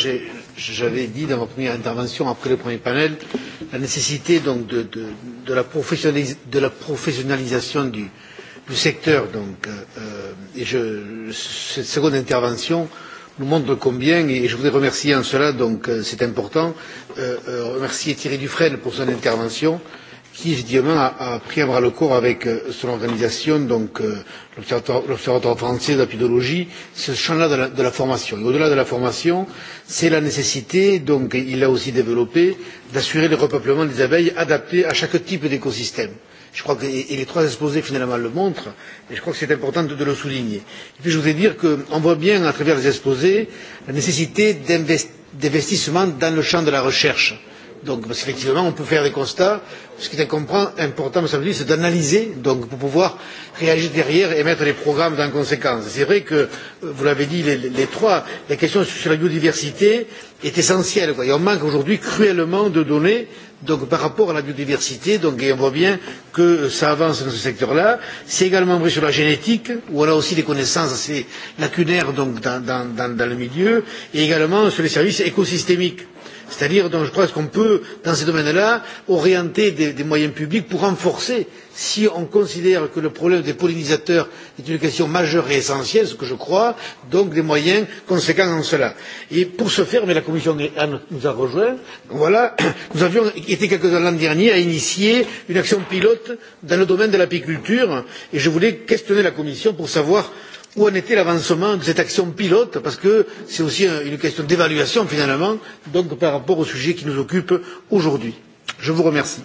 j'avais dit dans ma première intervention, après le premier panel, la nécessité donc de, de, de, la, professionnalisation du, du secteur. Donc, euh, et je, cette seconde intervention nous montre combien, et je voudrais remercier en cela, donc c'est important, euh, remercier Thierry Dufresne pour son intervention qui évidemment a, a pris à bras le corps avec son organisation, donc euh, l'Observatoire français de la pédologie, ce champ-là de, de la formation. Et au-delà de la formation, c'est la nécessité, donc il l'a aussi développé, d'assurer le repeuplement des abeilles adapté à chaque type d'écosystème. Euh, Je crois que et les trois exposés finalement le montrent, et je crois que c'est important de, de le souligner. Et puis je voudrais dire qu'on voit bien à travers les exposés la nécessité d'investissement dans le champ de la recherche. Euh, Donc, parce qu'effectivement, on peut faire des constats. Ce qui est important, me semble-t-il, c'est d'analyser, donc, pour pouvoir réagir derrière et mettre les programmes en conséquence. C'est vrai que, vous l'avez dit, les, les trois, la question sur la biodiversité est essentielle. Quoi. Et on manque aujourd'hui cruellement de données donc, par rapport à la biodiversité, donc, et on voit bien que ça avance dans ce secteur-là. C'est également vrai sur la génétique, où on a aussi des connaissances assez lacunaires donc, dans, dans, dans, dans le milieu, et également sur les services écosystémiques C'est-à-dire, je crois qu'on peut, dans ces domaines-là, orienter des, des moyens publics pour renforcer, si on considère que le problème des pollinisateurs est une question majeure et essentielle, ce que je crois, donc des moyens conséquents en cela. Et pour ce faire, mais la Commission nous a rejoints, voilà, nous avions été quelques-uns l'an dernier à initier une action pilote dans le domaine de l'apiculture, et je voulais questionner la Commission pour savoir où en était l'avancement de cette action pilote parce que c'est aussi une question d'évaluation finalement donc par rapport au sujet qui nous occupe aujourd'hui. Je vous remercie.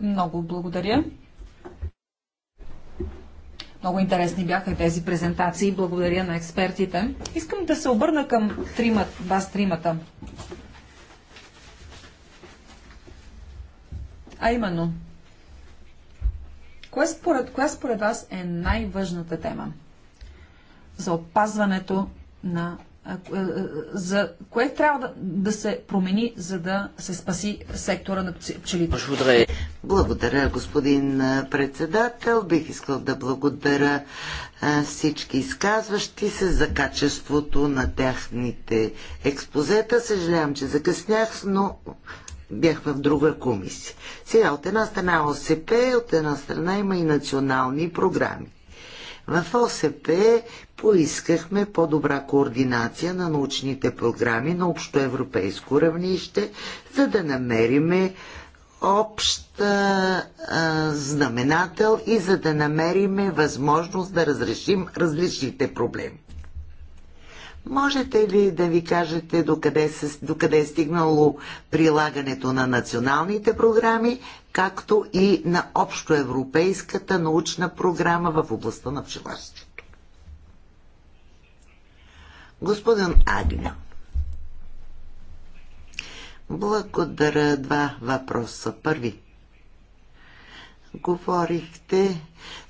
Много благодаря. Много интересни бяха тези презентации. Благодаря на експертите. Искам да се обърна към трима, вас тримата. А именно, коя според, коя според вас е най-важната тема за опазването на за кое трябва да, да се промени, за да се спаси сектора на пчелите? Благодаря, господин председател. Бих искал да благодаря всички изказващи се за качеството на тяхните експозета. Съжалявам, че закъснях, но бях в друга комисия. Сега от една страна ОСП, от една страна има и национални програми. В ОСП поискахме по-добра координация на научните програми на общоевропейско равнище, за да намериме общ а, знаменател и за да намериме възможност да разрешим различните проблеми. Можете ли да ви кажете докъде, докъде е стигнало прилагането на националните програми, както и на общоевропейската научна програма в областта на пчеларството? Господин Агня. Благодаря. Два въпроса. Първи. Говорихте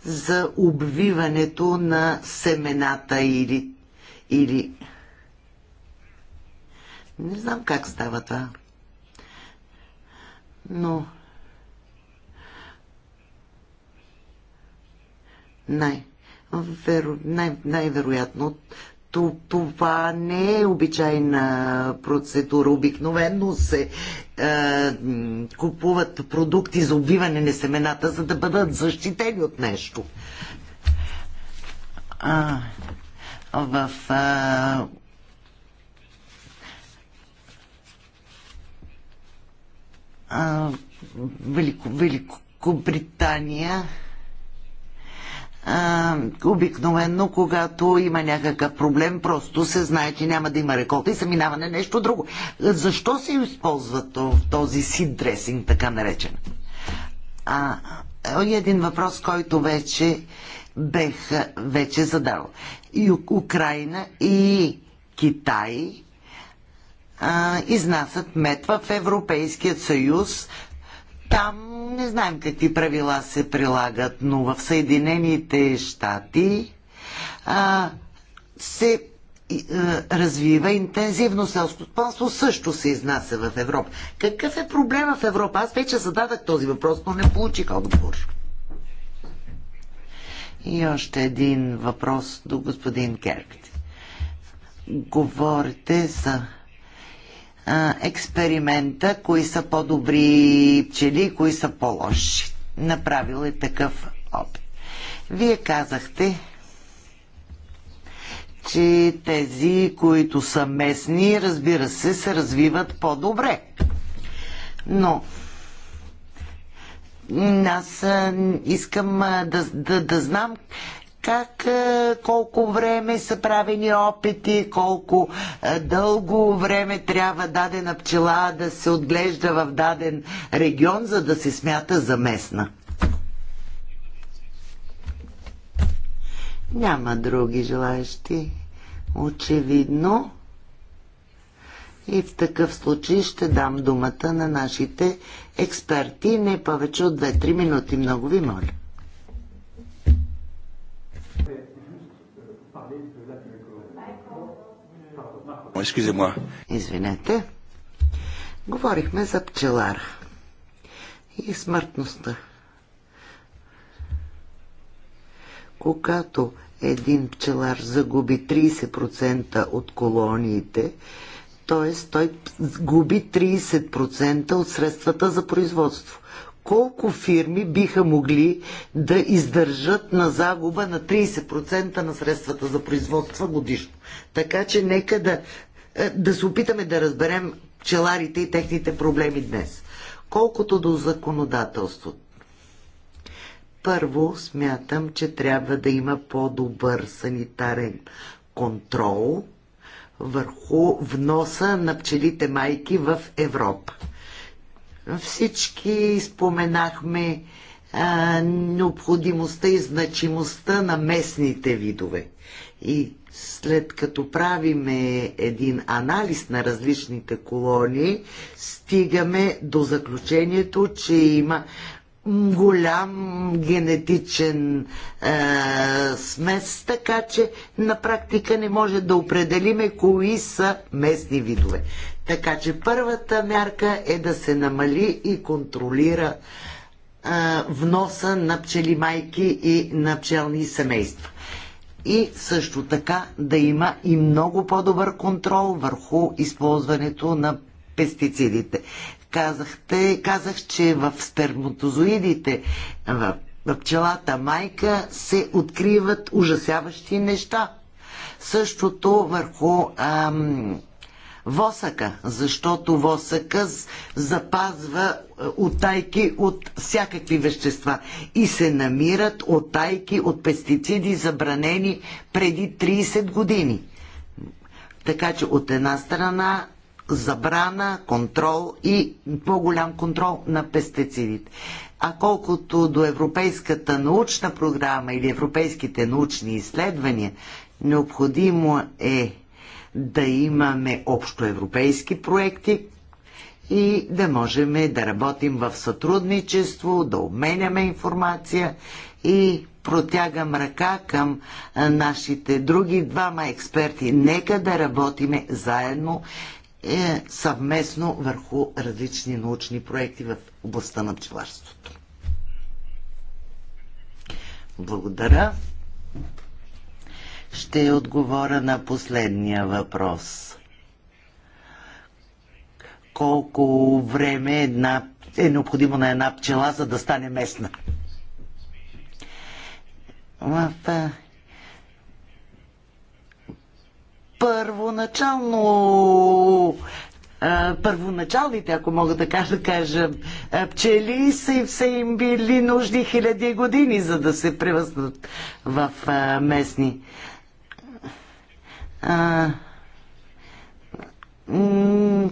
за обвиването на семената или или... Не знам как става това. Но... Най... Веро... Най... Най-вероятно това не е обичайна процедура. Обикновено се е, купуват продукти за убиване на семената, за да бъдат защитени от нещо. А, в а, а, Велико, Великобритания а, обикновено, когато има някакъв проблем, просто се знае, че няма да има реколта и се минава на нещо друго. Защо се използва този сид дресинг, така наречен? А, е, един въпрос, който вече бех вече задал. И Украина и Китай а, изнасят мед в Европейският съюз. Там не знаем какви правила се прилагат, но в Съединените щати а, се развива интензивно селско стопанство, също се изнася в Европа. Какъв е проблема в Европа? Аз вече зададах този въпрос, но не получих отговор. И още един въпрос до господин Керкет. Говорите за а, експеримента, кои са по-добри пчели, кои са по-лоши. Направил е такъв опит. Вие казахте, че тези, които са местни, разбира се, се развиват по-добре. Но аз искам да, да, да знам как, колко време са правени опити, колко дълго време трябва дадена пчела да се отглежда в даден регион, за да се смята за местна. Няма други желаящи. Очевидно. И в такъв случай ще дам думата на нашите експерти, не повече от 2-3 минути. Много ви моля. Извинете. Говорихме за пчелар и смъртността. Когато един пчелар загуби 30% от колониите, т.е. той губи 30% от средствата за производство. Колко фирми биха могли да издържат на загуба на 30% на средствата за производство годишно? Така че нека да, е, да се опитаме да разберем пчеларите и техните проблеми днес. Колкото до законодателството. Първо смятам, че трябва да има по-добър санитарен контрол върху вноса на пчелите майки в Европа. Всички споменахме а, необходимостта и значимостта на местните видове. И след като правиме един анализ на различните колонии, стигаме до заключението, че има голям генетичен е, смес, така че на практика не може да определиме кои са местни видове. Така че първата мярка е да се намали и контролира е, вноса на пчели майки и на пчелни семейства. И също така да има и много по-добър контрол върху използването на пестицидите казахте, казах, че в сперматозоидите, в, в пчелата майка се откриват ужасяващи неща. Същото върху ам, восъка, защото восъка запазва отайки е, от всякакви вещества и се намират отайки от пестициди, забранени преди 30 години. Така че от една страна забрана, контрол и по-голям контрол на пестицидите. А колкото до Европейската научна програма или Европейските научни изследвания, необходимо е да имаме общоевропейски проекти и да можем да работим в сътрудничество, да обменяме информация и протягам ръка към нашите други двама експерти. Нека да работиме заедно е, съвместно върху различни научни проекти в областта на пчеларството. Благодаря. Ще отговоря на последния въпрос. Колко време е една, е необходимо на една пчела, за да стане местна? В първоначално първоначалните, ако мога да кажа, пчели са, са им били нужни хиляди години, за да се превъзнат в а, местни. А,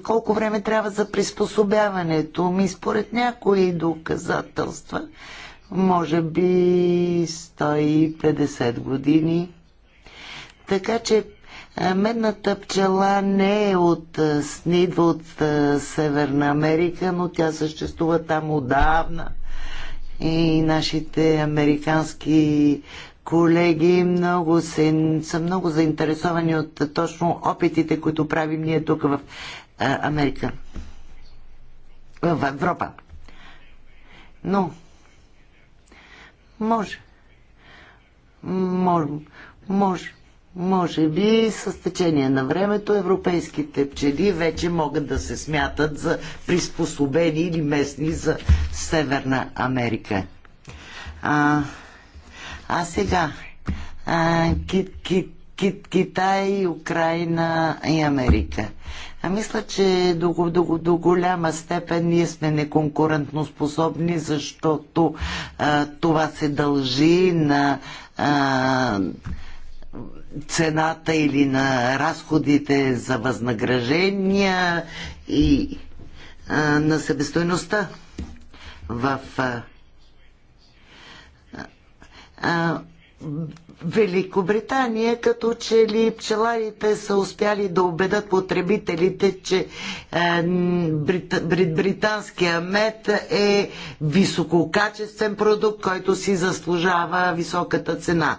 колко време трябва за приспособяването? Ми според някои доказателства, може би 150 години. Така че е, медната пчела не, е от, е, не идва от е, Северна Америка, но тя съществува там отдавна. И нашите американски колеги много се, са много заинтересовани от точно опитите, които правим ние тук в Америка. В Европа. Но, може. Може. Може. Може би с течение на времето европейските пчели вече могат да се смятат за приспособени или местни за Северна Америка. А, а сега а, Кит, Кит, Кит, Китай, Украина и Америка. А мисля, че до, до, до голяма степен ние сме неконкурентно способни, защото а, това се дължи на а, цената или на разходите за възнаграждения и а, на себестойността в а, а, Великобритания, като че ли пчеларите са успяли да убедат потребителите, че е, брит, брит, британския мед е висококачествен продукт, който си заслужава високата цена.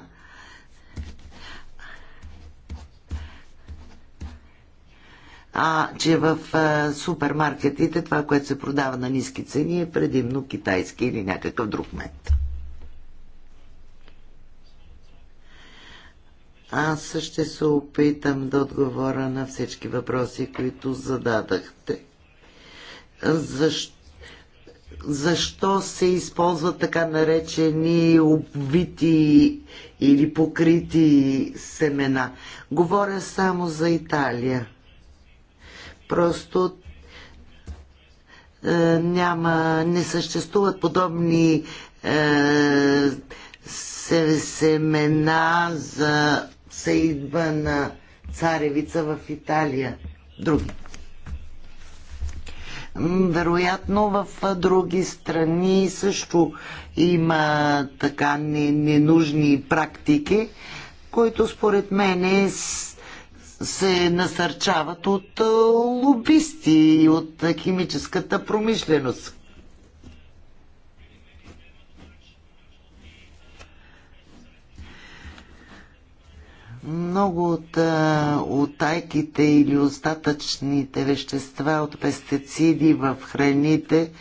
а че в а, супермаркетите това, което се продава на ниски цени е предимно китайски или някакъв друг мед. Аз ще се опитам да отговоря на всички въпроси, които зададахте. Защо защо се използват така наречени обвити или покрити семена. Говоря само за Италия. Просто е, няма, не съществуват подобни е, семена за съидба на царевица в Италия. Други. Вероятно в други страни също има така ненужни практики, които според мен е се насърчават от лобисти и от химическата промишленост. Много от, от тайките или остатъчните вещества от пестициди в храните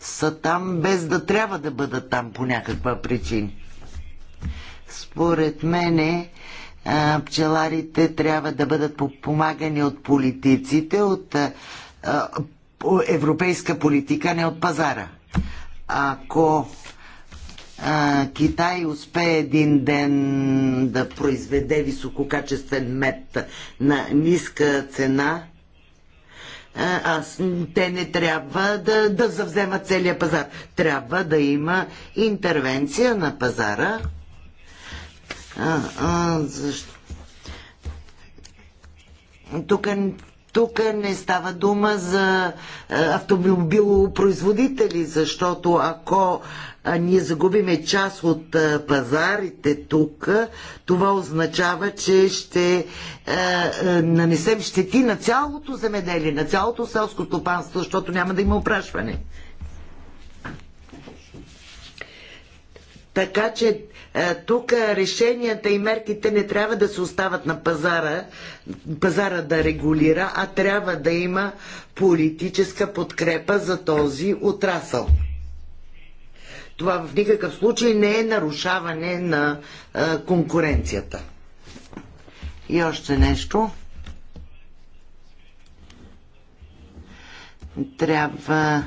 са там без да трябва да бъдат там по някаква причина. Според мене пчеларите трябва да бъдат помагани от политиците, от европейска политика, не от пазара. Ако Китай успее един ден да произведе висококачествен мед на ниска цена, аз, те не трябва да, да завземат целият пазар. Трябва да има интервенция на пазара защо? Тук, тук не става дума за е, автомобилопроизводители, защото ако ние загубиме част от е, пазарите тук, това означава, че ще е, нанесем щети на цялото земеделие, на цялото селско стопанство, защото няма да има опрашване. Така че е, тук решенията и мерките не трябва да се остават на пазара, пазара да регулира, а трябва да има политическа подкрепа за този отрасъл. Това в никакъв случай не е нарушаване на е, конкуренцията. И още нещо. Трябва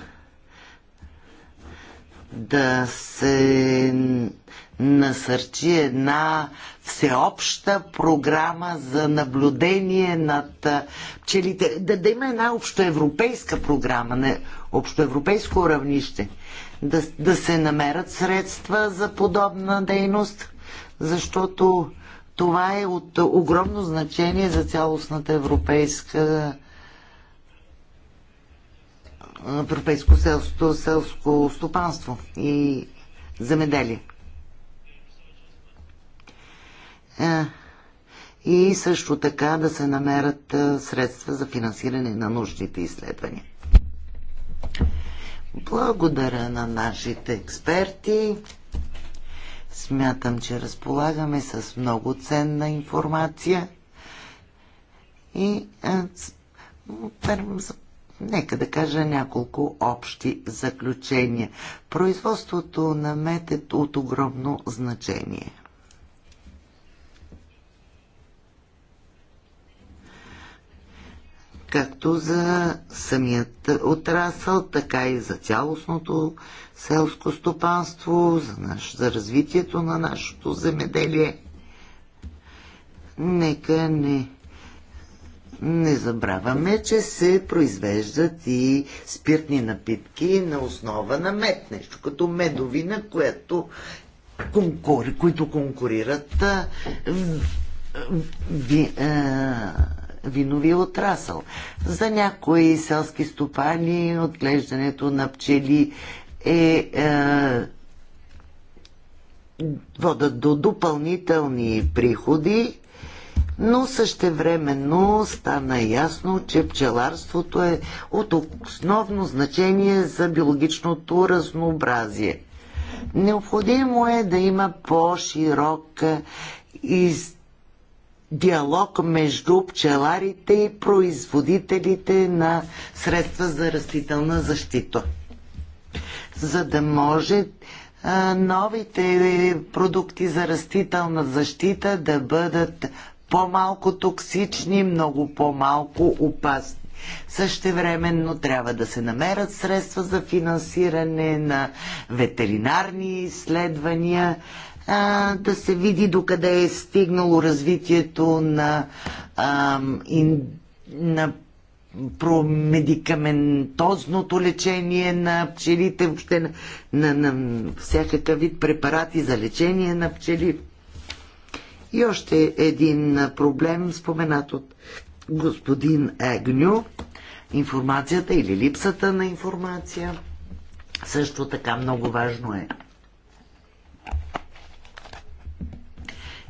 да се насърчи една всеобща програма за наблюдение над пчелите. Да, да има една общоевропейска програма, не, общоевропейско равнище. Да, да се намерят средства за подобна дейност, защото това е от огромно значение за цялостната европейска европейско селско, селско стопанство и земеделие. Е, и също така да се намерят е, средства за финансиране на нужните изследвания. Благодаря на нашите експерти. Смятам, че разполагаме с много ценна информация и е, нека да кажа няколко общи заключения. Производството на мед е от огромно значение – както за самият отрасъл, така и за цялостното селско стопанство, за, наш, за развитието на нашето земеделие. Нека не, не забравяме, че се произвеждат и спиртни напитки на основа на мед, нещо като медовина, което конкури, които конкурират ви, а, винови отрасъл. За някои селски стопани отглеждането на пчели е, е водат до допълнителни приходи, но същевременно стана ясно, че пчеларството е от основно значение за биологичното разнообразие. Необходимо е да има по-широк из диалог между пчеларите и производителите на средства за растителна защита. За да може новите продукти за растителна защита да бъдат по-малко токсични, много по-малко опасни. Същевременно трябва да се намерят средства за финансиране на ветеринарни изследвания, а, да се види докъде е стигнало развитието на, а, ин, на промедикаментозното лечение на пчелите, въобще на, на, на всякакъв вид препарати за лечение на пчели. И още един проблем, споменат от господин Егню, информацията или липсата на информация. Също така много важно е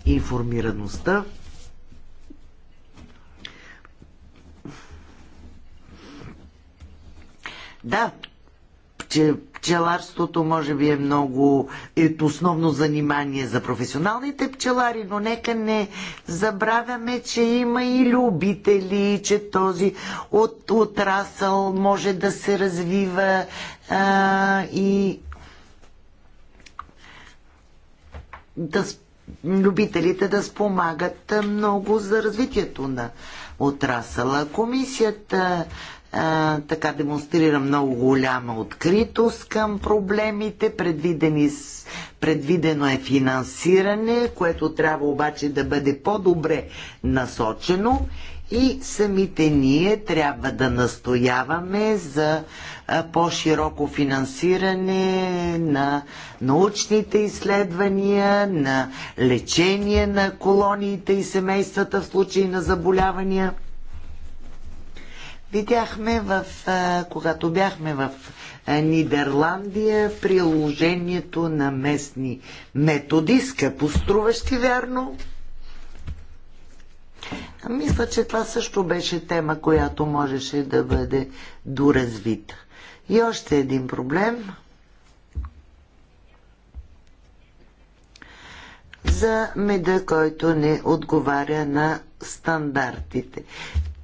информираността. Да, че пчеларството може би е много е основно занимание за професионалните пчелари, но нека не забравяме, че има и любители, че този от, отрасъл може да се развива а, и да, любителите да спомагат много за развитието на отрасъла. Комисията а, така демонстрира много голяма откритост към проблемите, предвидени, предвидено е финансиране, което трябва обаче да бъде по-добре насочено и самите ние трябва да настояваме за по-широко финансиране на научните изследвания, на лечение на колониите и семействата в случай на заболявания. Видяхме, в, когато бяхме в Нидерландия, приложението на местни методи, скъпо струващи, вярно, мисля, че това също беше тема, която можеше да бъде доразвита. И още един проблем. За меда, който не отговаря на стандартите.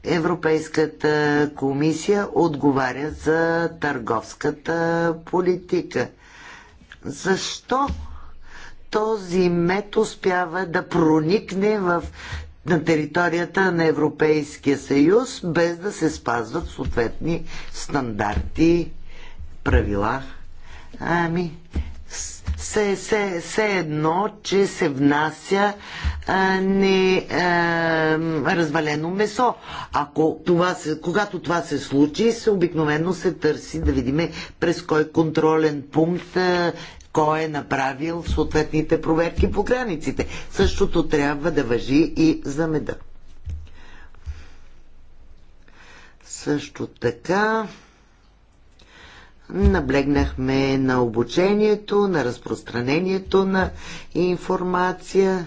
Европейската комисия отговаря за търговската политика. Защо този мед успява да проникне в на територията на Европейския съюз, без да се спазват съответни стандарти, правила. Ами, все, се, се едно, че се внася а, не а, развалено месо. Ако това се, когато това се случи, се обикновено се търси да видиме през кой контролен пункт а, кой е направил съответните проверки по границите. Същото трябва да въжи и за меда. Също така наблегнахме на обучението, на разпространението на информация,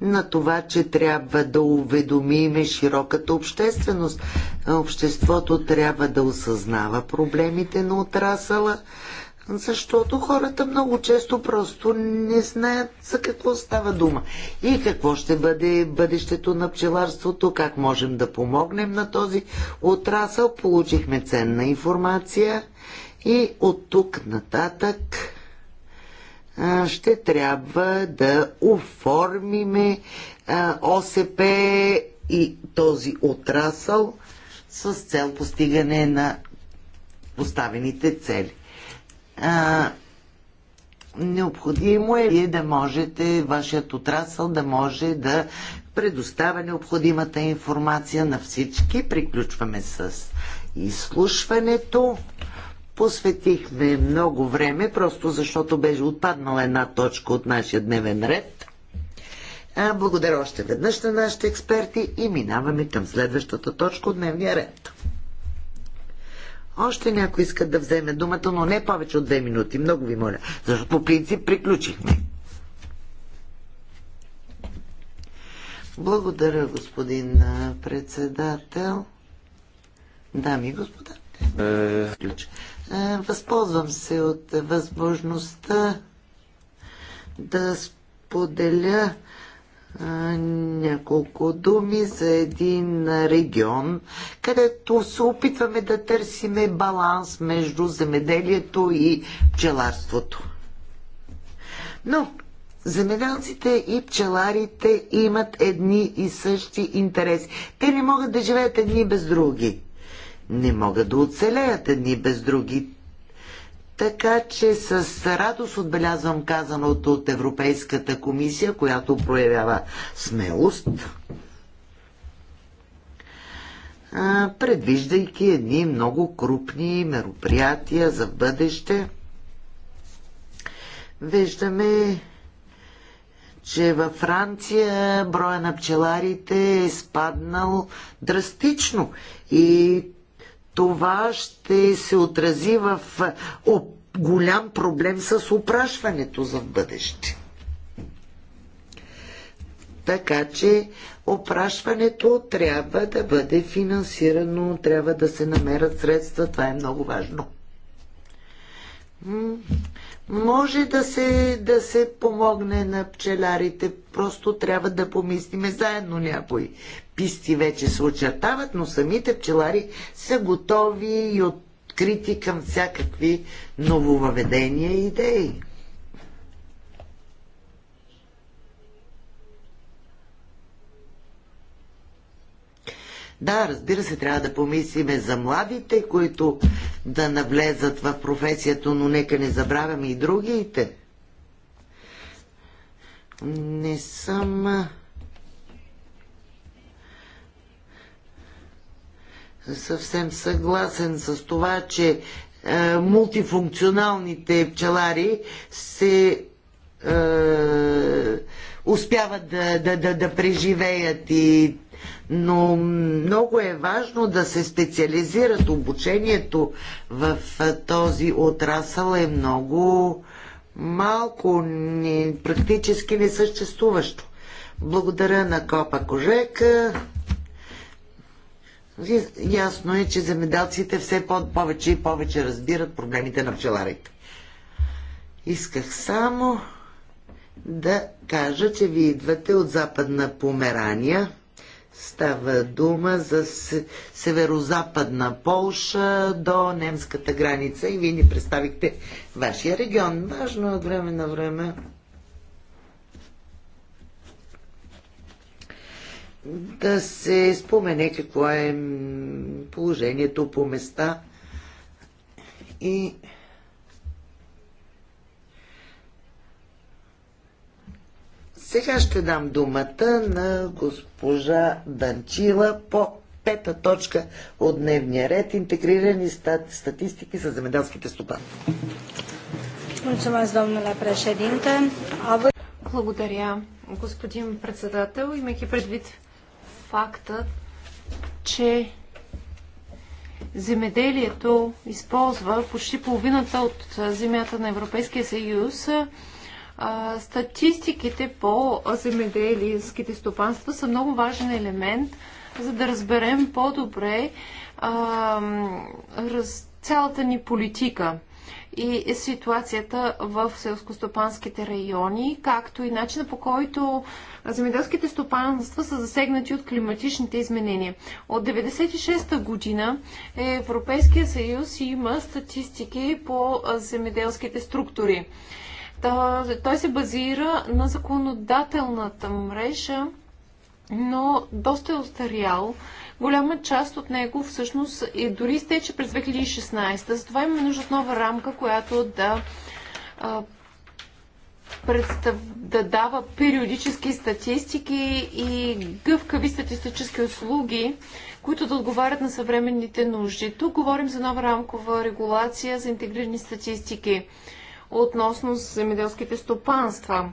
на това, че трябва да уведомиме широката общественост. Обществото трябва да осъзнава проблемите на отрасъла, защото хората много често просто не знаят за какво става дума и какво ще бъде бъдещето на пчеларството, как можем да помогнем на този отрасъл. Получихме ценна информация и от тук нататък ще трябва да оформиме ОСП и този отрасъл с цел постигане на поставените цели а, необходимо е вие да можете, вашият отрасъл да може да предоставя необходимата информация на всички. Приключваме с изслушването. Посветихме много време, просто защото беше отпаднала една точка от нашия дневен ред. благодаря още веднъж на нашите експерти и минаваме към следващата точка от дневния ред. Още някой иска да вземе думата, но не повече от две минути. Много ви моля. Защото по принцип приключихме. Благодаря, господин председател. Дами и господа. Е. Възползвам се от възможността да споделя няколко думи за един регион, където се опитваме да търсиме баланс между земеделието и пчеларството. Но земеделците и пчеларите имат едни и същи интереси. Те не могат да живеят едни без други. Не могат да оцелеят едни без други. Така че с радост отбелязвам казаното от Европейската комисия, която проявява смелост, предвиждайки едни много крупни мероприятия за бъдеще. Виждаме, че във Франция броя на пчеларите е спаднал драстично и това ще се отрази в е, голям проблем с опрашването за бъдеще. Така че опрашването трябва да бъде финансирано, трябва да се намерят средства, това е много важно. Може да се, да се помогне на пчеларите, просто трябва да помислиме заедно някой писти вече се очертават, но самите пчелари са готови и открити към всякакви нововъведения и идеи. Да, разбира се, трябва да помислиме за младите, които да навлезат в професията, но нека не забравяме и другите. Не съм съвсем съгласен с това, че е, мултифункционалните пчелари се е, успяват да, да, да, да преживеят и но много е важно да се специализират. Обучението в е, този отрасъл е много малко, не, практически несъществуващо. Благодаря на Копа Кожека. Ясно е, че земеделците все повече и повече разбират проблемите на пчеларите. Исках само да кажа, че ви идвате от Западна Померания. Става дума за северо-западна Полша до немската граница и вие ни представихте вашия регион. Важно е от време на време да се спомене какво е положението по места и сега ще дам думата на госпожа Данчила по пета точка от дневния ред интегрирани статистики за земеделските стопани. Благодаря, господин председател. Имайки предвид факта, че земеделието използва почти половината от земята на Европейския съюз. Статистиките по земеделийските стопанства са много важен елемент, за да разберем по-добре цялата ни политика и ситуацията в селскостопанските райони, както и начина по който земеделските стопанства са засегнати от климатичните изменения. От 1996 година Европейския съюз има статистики по земеделските структури. Той се базира на законодателната мрежа, но доста е устарял голяма част от него всъщност е дори стече през 2016. Затова имаме нужда от нова рамка, която да а, представ... да дава периодически статистики и гъвкави статистически услуги, които да отговарят на съвременните нужди. Тук говорим за нова рамкова регулация за интегрирани статистики относно земеделските стопанства.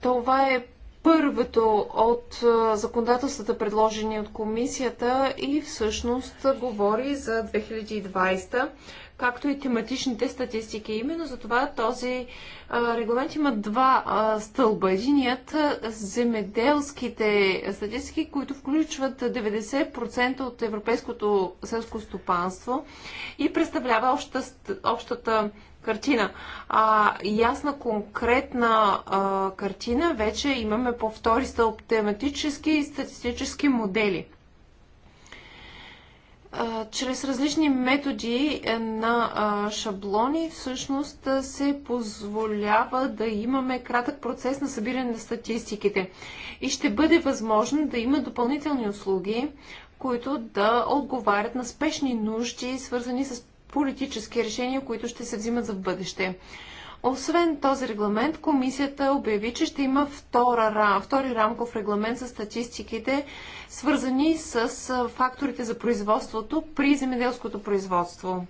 Това е първото от законодателствата, предложени от комисията и всъщност говори за 2020, както и тематичните статистики. Именно за това този регламент има два стълба. Единият – земеделските статистики, които включват 90% от европейското селско стопанство и представлява общата, общата картина. А ясна, конкретна а, картина вече имаме по втори стълб тематически и статистически модели. А, чрез различни методи е, на а, шаблони всъщност се позволява да имаме кратък процес на събиране на статистиките. И ще бъде възможно да има допълнителни услуги, които да отговарят на спешни нужди, свързани с политически решения, които ще се взимат за бъдеще. Освен този регламент, комисията обяви, че ще има втора, втори рамков регламент за статистиките, свързани с факторите за производството при земеделското производство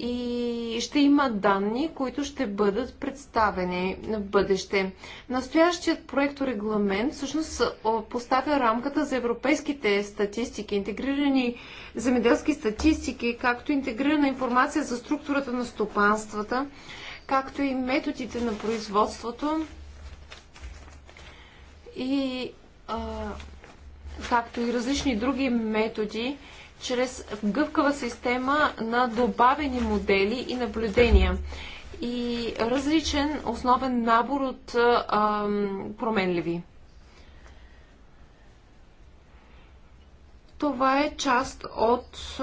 и ще има данни, които ще бъдат представени в бъдеще. Настоящият проект регламент всъщност поставя рамката за европейските статистики, интегрирани земеделски статистики, както интегрирана информация за структурата на стопанствата, както и методите на производството и а, както и различни други методи, чрез гъвкава система на добавени модели и наблюдения и различен основен набор от а, променливи. Това е част от,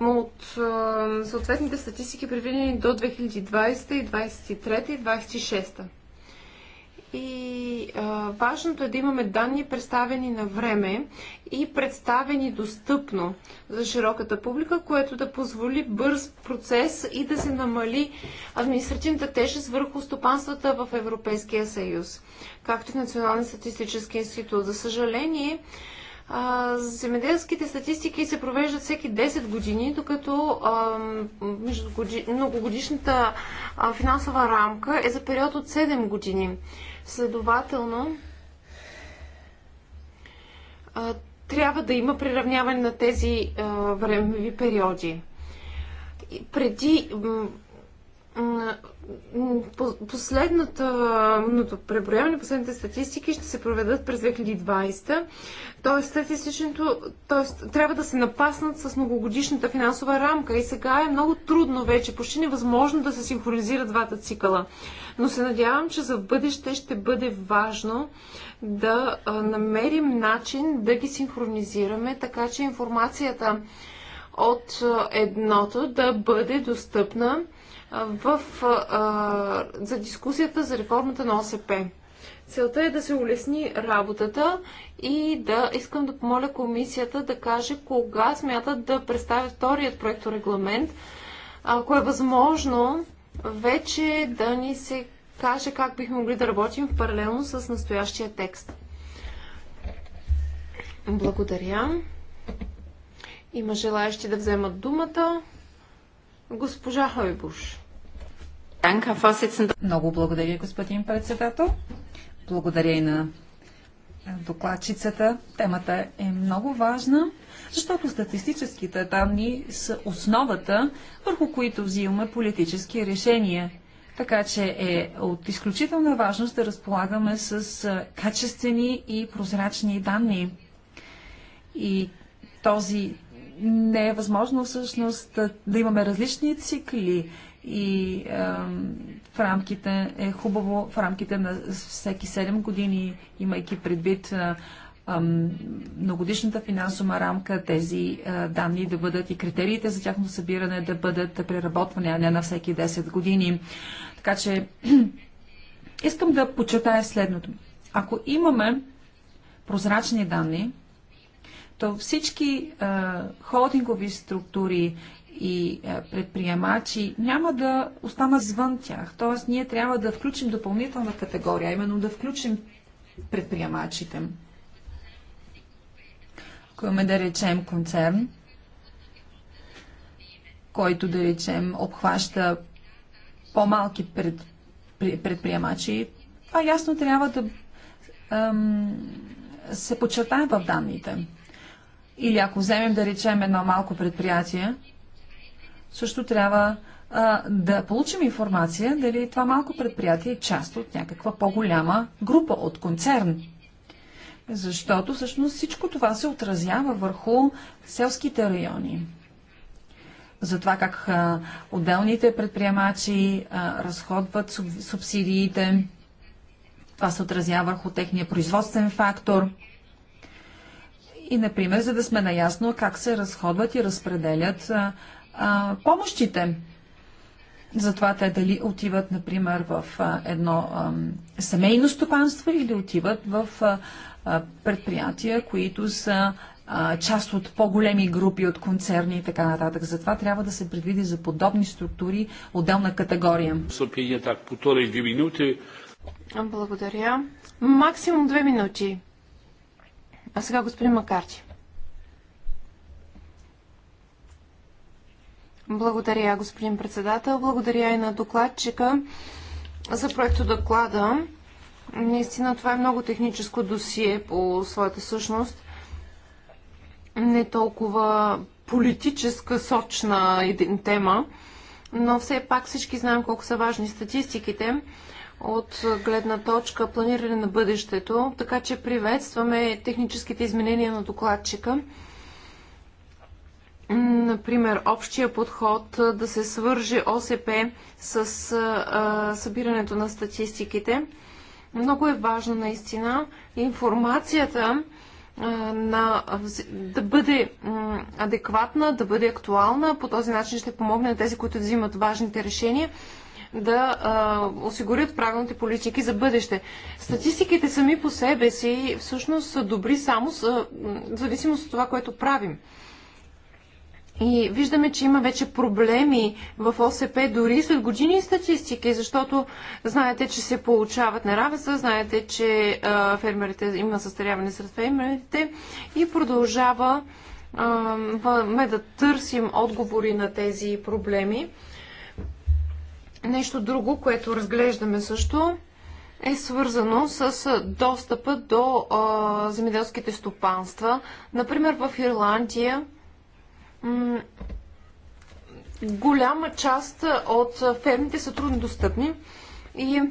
от съответните статистики, предвидени до 2020, 2023 и 2026. И а, важното е да имаме данни представени на време и представени достъпно за широката публика, което да позволи бърз процес и да се намали административната тежест върху стопанствата в Европейския съюз, както и в Националния статистически институт. За съжаление, земеделските статистики се провеждат всеки 10 години, докато а, многогодишната а, финансова рамка е за период от 7 години. Следователно, трябва да има приравняване на тези времеви периоди. Преди последното преброяване, последните статистики ще се проведат през 2020. Тоест, статистичното, тоест, трябва да се напаснат с многогодишната финансова рамка и сега е много трудно вече, почти невъзможно да се синхронизира двата цикъла. Но се надявам, че за бъдеще ще бъде важно да намерим начин да ги синхронизираме, така че информацията от едното да бъде достъпна в, а, за дискусията за реформата на ОСП. Целта е да се улесни работата и да искам да помоля комисията да каже кога смятат да представят вторият проекторегламент, ако е възможно вече да ни се каже как бихме могли да работим в паралелно с настоящия текст. Благодаря. Има желаящи да вземат думата. Госпожа Хойбуш. Много благодаря, господин председател. Благодаря и на докладчицата. Темата е много важна, защото статистическите данни са основата, върху които взимаме политически решения. Така че е от изключителна важност да разполагаме с качествени и прозрачни данни. И този не е възможно всъщност да имаме различни цикли и е, в рамките е хубаво в рамките на всеки 7 години, имайки предвид е, многодишната финансова рамка, тези е, данни да бъдат и критериите за тяхно събиране да бъдат преработвани, а не на всеки 10 години. Така че искам да подчертая следното. Ако имаме прозрачни данни, то всички а, холдингови структури и а, предприемачи няма да останат извън тях. Тоест, ние трябва да включим допълнителна категория, именно да включим предприемачите. Ако имаме да речем концерн, който да речем обхваща по-малки пред, предприемачи, това ясно трябва да ам, се подчертае в данните. Или ако вземем да речем едно малко предприятие, също трябва а, да получим информация дали това малко предприятие е част от някаква по-голяма група, от концерн. Защото всъщност всичко това се отразява върху селските райони. За това как а, отделните предприемачи а, разходват субсидиите, това се отразява върху техния производствен фактор – и, например, за да сме наясно как се разходват и разпределят а, а, помощите. Затова те дали отиват, например, в а, едно а, семейно стопанство или отиват в а, предприятия, които са част от по-големи групи от концерни и така нататък. Затова трябва да се предвиди за подобни структури отделна категория. Благодаря. Максимум две минути. А сега господин Макарти. Благодаря, господин председател. Благодаря и на докладчика за проекто доклада. Наистина това е много техническо досие по своята същност. Не толкова политическа, сочна тема, но все пак всички знаем колко са важни статистиките от гледна точка планиране на бъдещето, така че приветстваме техническите изменения на докладчика. Например, общия подход да се свърже ОСП с а, събирането на статистиките. Много е важно наистина информацията а, на, да бъде адекватна, да бъде актуална. По този начин ще помогне на тези, които взимат важните решения да а, осигурят правилните политики за бъдеще. Статистиките сами по себе си всъщност са добри само в зависимост от това, което правим. И виждаме, че има вече проблеми в ОСП дори след години статистики, защото знаете, че се получават неравенства, знаете, че а, фермерите има състаряване сред фермерите и продължава а, да търсим отговори на тези проблеми. Нещо друго, което разглеждаме също, е свързано с достъпа до а, земеделските стопанства. Например, в Ирландия голяма част от фермите са трудно достъпни и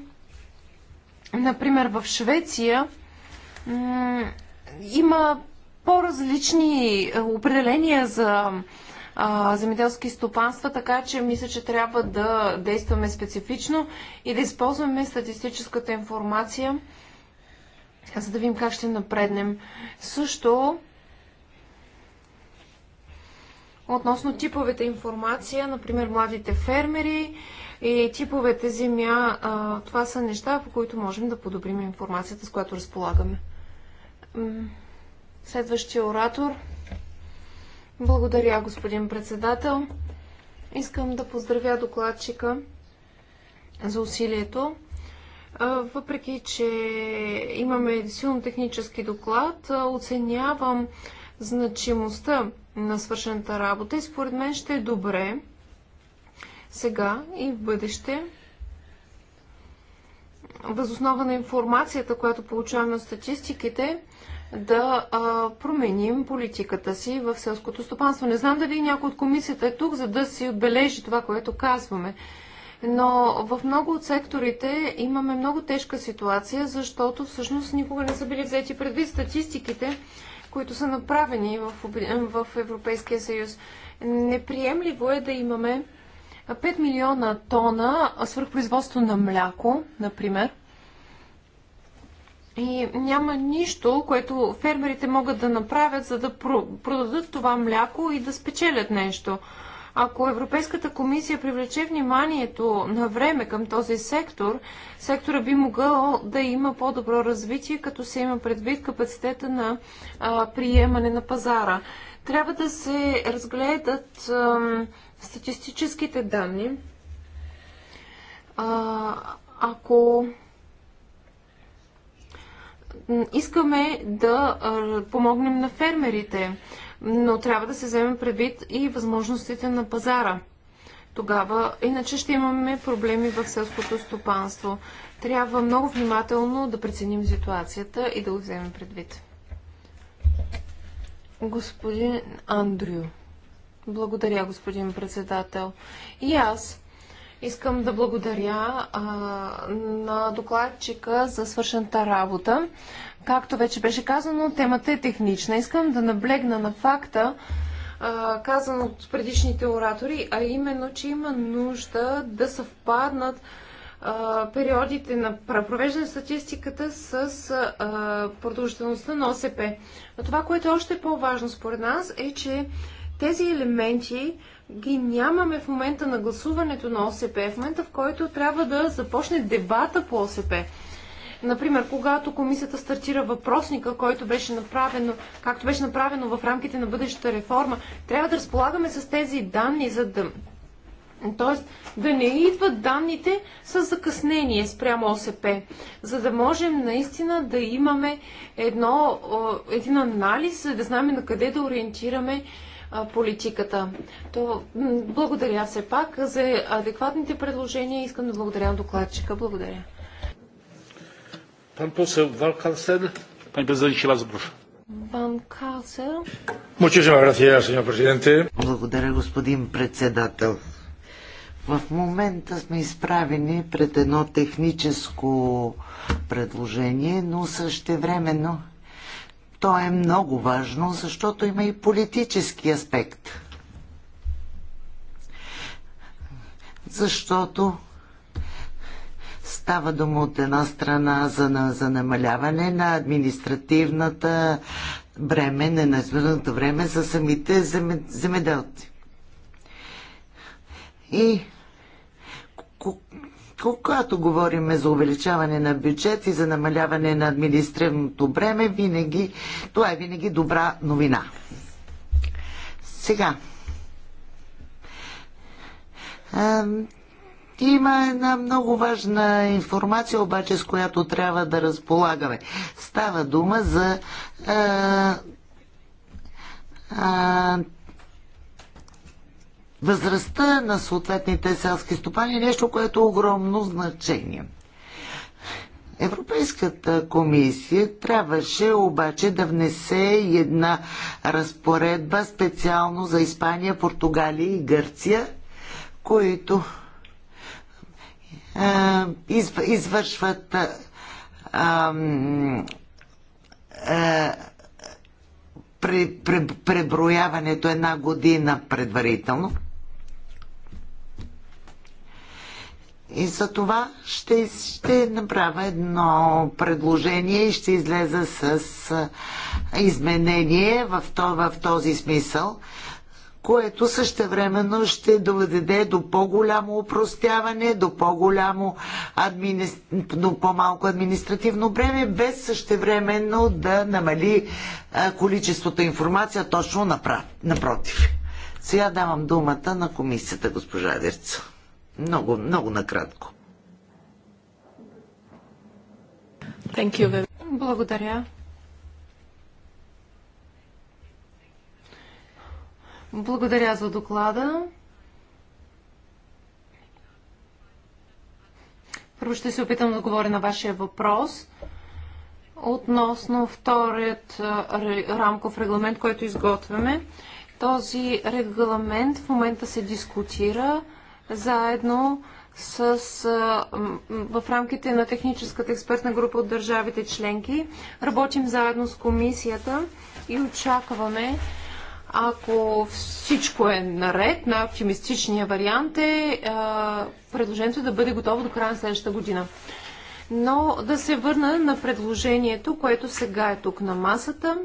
например в Швеция има по-различни определения за а, земеделски стопанства, така че мисля, че трябва да действаме специфично и да използваме статистическата информация, за да видим как ще напреднем. Също относно типовете информация, например младите фермери и типовете земя, а, това са неща, по които можем да подобрим информацията, с която разполагаме. Следващия оратор. Благодаря, господин председател. Искам да поздравя докладчика за усилието. Въпреки, че имаме силно технически доклад, оценявам значимостта на свършената работа и според мен ще е добре сега и в бъдеще възоснова на информацията, която получаваме от статистиките, да а, променим политиката си в селското стопанство. Не знам дали някой от комисията е тук, за да си отбележи това, което казваме. Но в много от секторите имаме много тежка ситуация, защото всъщност никога не са били взети предвид статистиките, които са направени в, в Европейския съюз. Неприемливо е да имаме 5 милиона тона свърхпроизводство на мляко, например – и няма нищо, което фермерите могат да направят, за да продадат това мляко и да спечелят нещо. Ако Европейската комисия привлече вниманието на време към този сектор, сектора би могъл да има по-добро развитие, като се има предвид капацитета на а, приемане на пазара. Трябва да се разгледат а, статистическите данни. А, ако искаме да помогнем на фермерите, но трябва да се вземе предвид и възможностите на пазара. Тогава, иначе ще имаме проблеми в селското стопанство. Трябва много внимателно да преценим ситуацията и да го вземем предвид. Господин Андрю. Благодаря, господин председател. И аз Искам да благодаря а, на докладчика за свършената работа. Както вече беше казано, темата е технична. Искам да наблегна на факта, а, казан от предишните оратори, а именно, че има нужда да съвпаднат а, периодите на провеждане статистиката с а, продължителността на ОСП. Но това, което е още по-важно според нас, е, че тези елементи ги нямаме в момента на гласуването на ОСП, в момента в който трябва да започне дебата по ОСП. Например, когато комисията стартира въпросника, който беше направено, както беше направено в рамките на бъдещата реформа, трябва да разполагаме с тези данни, за да Тоест да не идват данните с закъснение спрямо ОСП, за да можем наистина да имаме едно, един анализ, да знаем на къде да ориентираме политиката. То, благодаря все пак за адекватните предложения. Искам да благодаря на докладчика. Благодаря. Пан посел Walkansen. Panie prezydencie, bardzo proszę. Pan Kalsen. Muchísimas gracias, señor presidente. Благодаря, господин председател. В момента сме изправени пред едно техническо предложение, но същевременно времено то е много важно, защото има и политически аспект. Защото Става дума от една страна за, на, за намаляване на административната бреме, на административното време за самите земеделци. И когато говорим за увеличаване на бюджет и за намаляване на административното бреме, винаги, това е винаги добра новина. Сега. Има една много важна информация, обаче, с която трябва да разполагаме. Става дума за а, а, възрастта на съответните селски стопани е нещо, което е огромно значение. Европейската комисия трябваше обаче да внесе една разпоредба специално за Испания, Португалия и Гърция, които е, извършват е, е, преброяването една година предварително. И за това ще, ще направя едно предложение и ще излеза с изменение в, то, в този смисъл, което същевременно ще доведе до по-голямо упростяване, до по-голямо админи... до по-малко административно бреме, без същевременно да намали количеството информация точно напротив. Сега давам думата на комисията, госпожа Дерцо. Много, много накратко. Thank you. Благодаря. Благодаря за доклада. Първо ще се опитам да говоря на вашия въпрос относно вторият рамков регламент, който изготвяме. Този регламент в момента се дискутира заедно с, в рамките на техническата експертна група от държавите членки. Работим заедно с комисията и очакваме, ако всичко е наред, най оптимистичния вариант е предложението да бъде готово до края на следващата година. Но да се върна на предложението, което сега е тук на масата.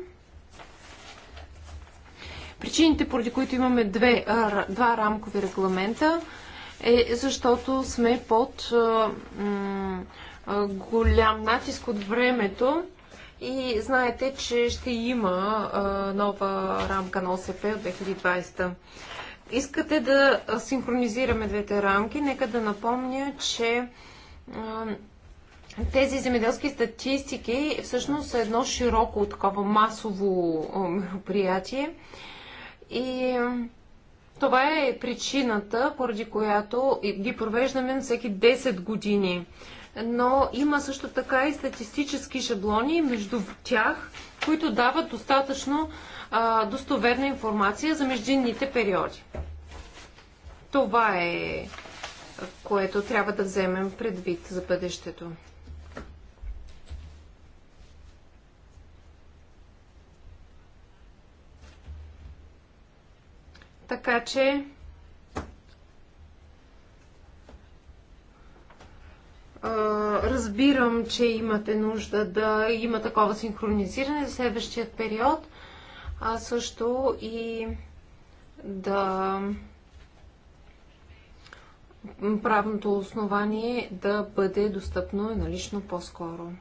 Причините, поради които имаме две, два рамкови регламента, е защото сме под голям натиск от времето и знаете, че ще има нова рамка на ОСП от 2020. Искате да синхронизираме двете рамки. Нека да напомня, че тези земеделски статистики всъщност са едно широко, такова масово мероприятие. И това е причината, поради която ги провеждаме на всеки 10 години. Но има също така и статистически шаблони между тях, които дават достатъчно а, достоверна информация за междинните периоди. Това е което трябва да вземем предвид за бъдещето. Така че разбирам, че имате нужда да има такова синхронизиране за следващия период, а също и да правното основание да бъде достъпно и налично по-скоро.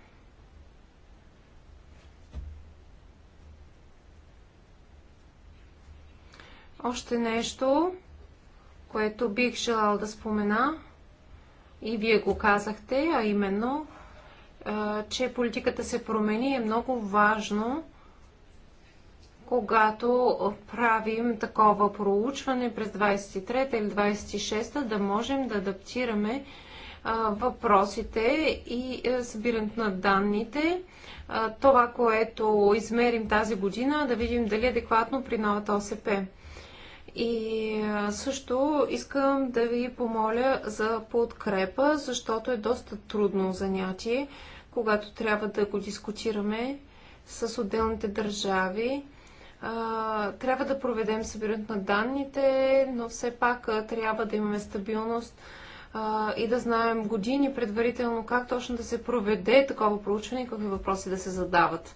Още нещо, което бих желал да спомена, и вие го казахте, а именно, че политиката се промени е много важно, когато правим такова проучване през 23 или 26 да можем да адаптираме въпросите и е, събирането на данните. Това, което измерим тази година, да видим дали е адекватно при новата ОСП. И също искам да ви помоля за подкрепа, защото е доста трудно занятие, когато трябва да го дискутираме с отделните държави. Трябва да проведем събирането на данните, но все пак трябва да имаме стабилност и да знаем години предварително как точно да се проведе такова проучване и какви въпроси да се задават.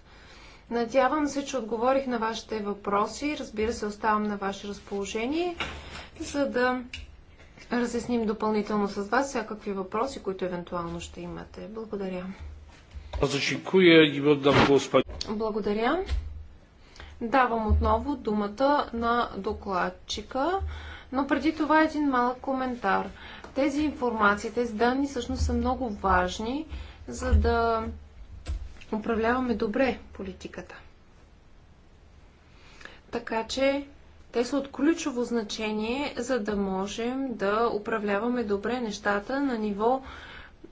Надявам се, че отговорих на вашите въпроси. Разбира се, оставам на ваше разположение, за да разясним допълнително с вас всякакви въпроси, които евентуално ще имате. Благодаря. Благодаря. Давам отново думата на докладчика, но преди това един малък коментар. Тези информации, тези данни всъщност са много важни, за да управляваме добре политиката. Така че те са от ключово значение, за да можем да управляваме добре нещата на ниво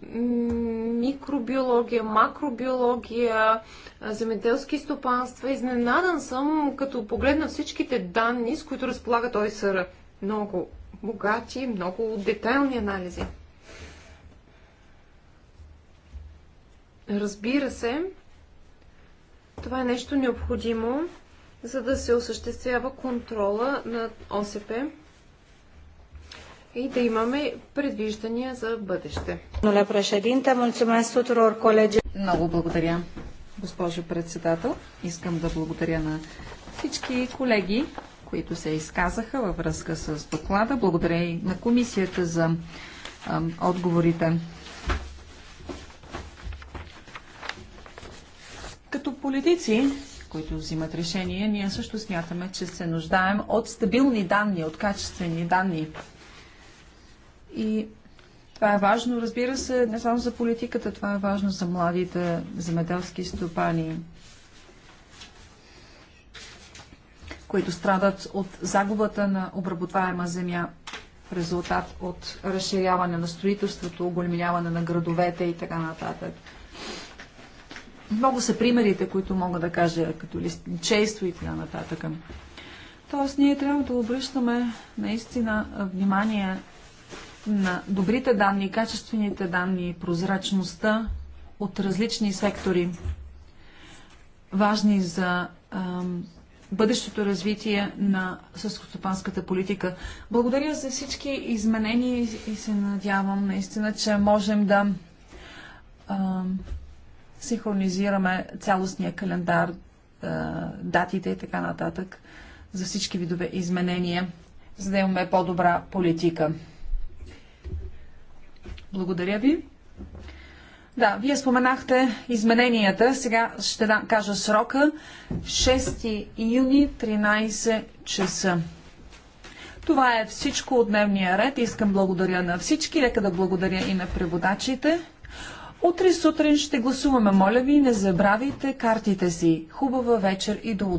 микробиология, макробиология, земеделски стопанства. Изненадан съм, като погледна всичките данни, с които разполага той ОИСР. Много богати, много детайлни анализи. Разбира се, това е нещо необходимо, за да се осъществява контрола на ОСП и да имаме предвиждания за бъдеще. Много благодаря, госпожо председател. Искам да благодаря на всички колеги, които се изказаха във връзка с доклада. Благодаря и на комисията за отговорите. Като политици, които взимат решение, ние също смятаме, че се нуждаем от стабилни данни, от качествени данни. И това е важно, разбира се, не само за политиката, това е важно за младите земеделски стопани, които страдат от загубата на обработваема земя в резултат от разширяване на строителството, оголемяване на градовете и така нататък. Много са примерите, които мога да кажа, като често и така нататък. Тоест, ние трябва да обръщаме наистина внимание на добрите данни, качествените данни, прозрачността от различни сектори, важни за ам, бъдещото развитие на съскостопанската политика. Благодаря за всички изменения и се надявам наистина, че можем да ам, синхронизираме цялостния календар, е, датите и така нататък за всички видове изменения, за да имаме по-добра политика. Благодаря ви. Да, вие споменахте измененията. Сега ще да, кажа срока. 6 юни, 13 часа. Това е всичко от дневния ред. Искам благодаря на всички. Нека да благодаря и на преводачите. Утре сутрин ще гласуваме. Моля ви, не забравяйте картите си. Хубава вечер и до утре.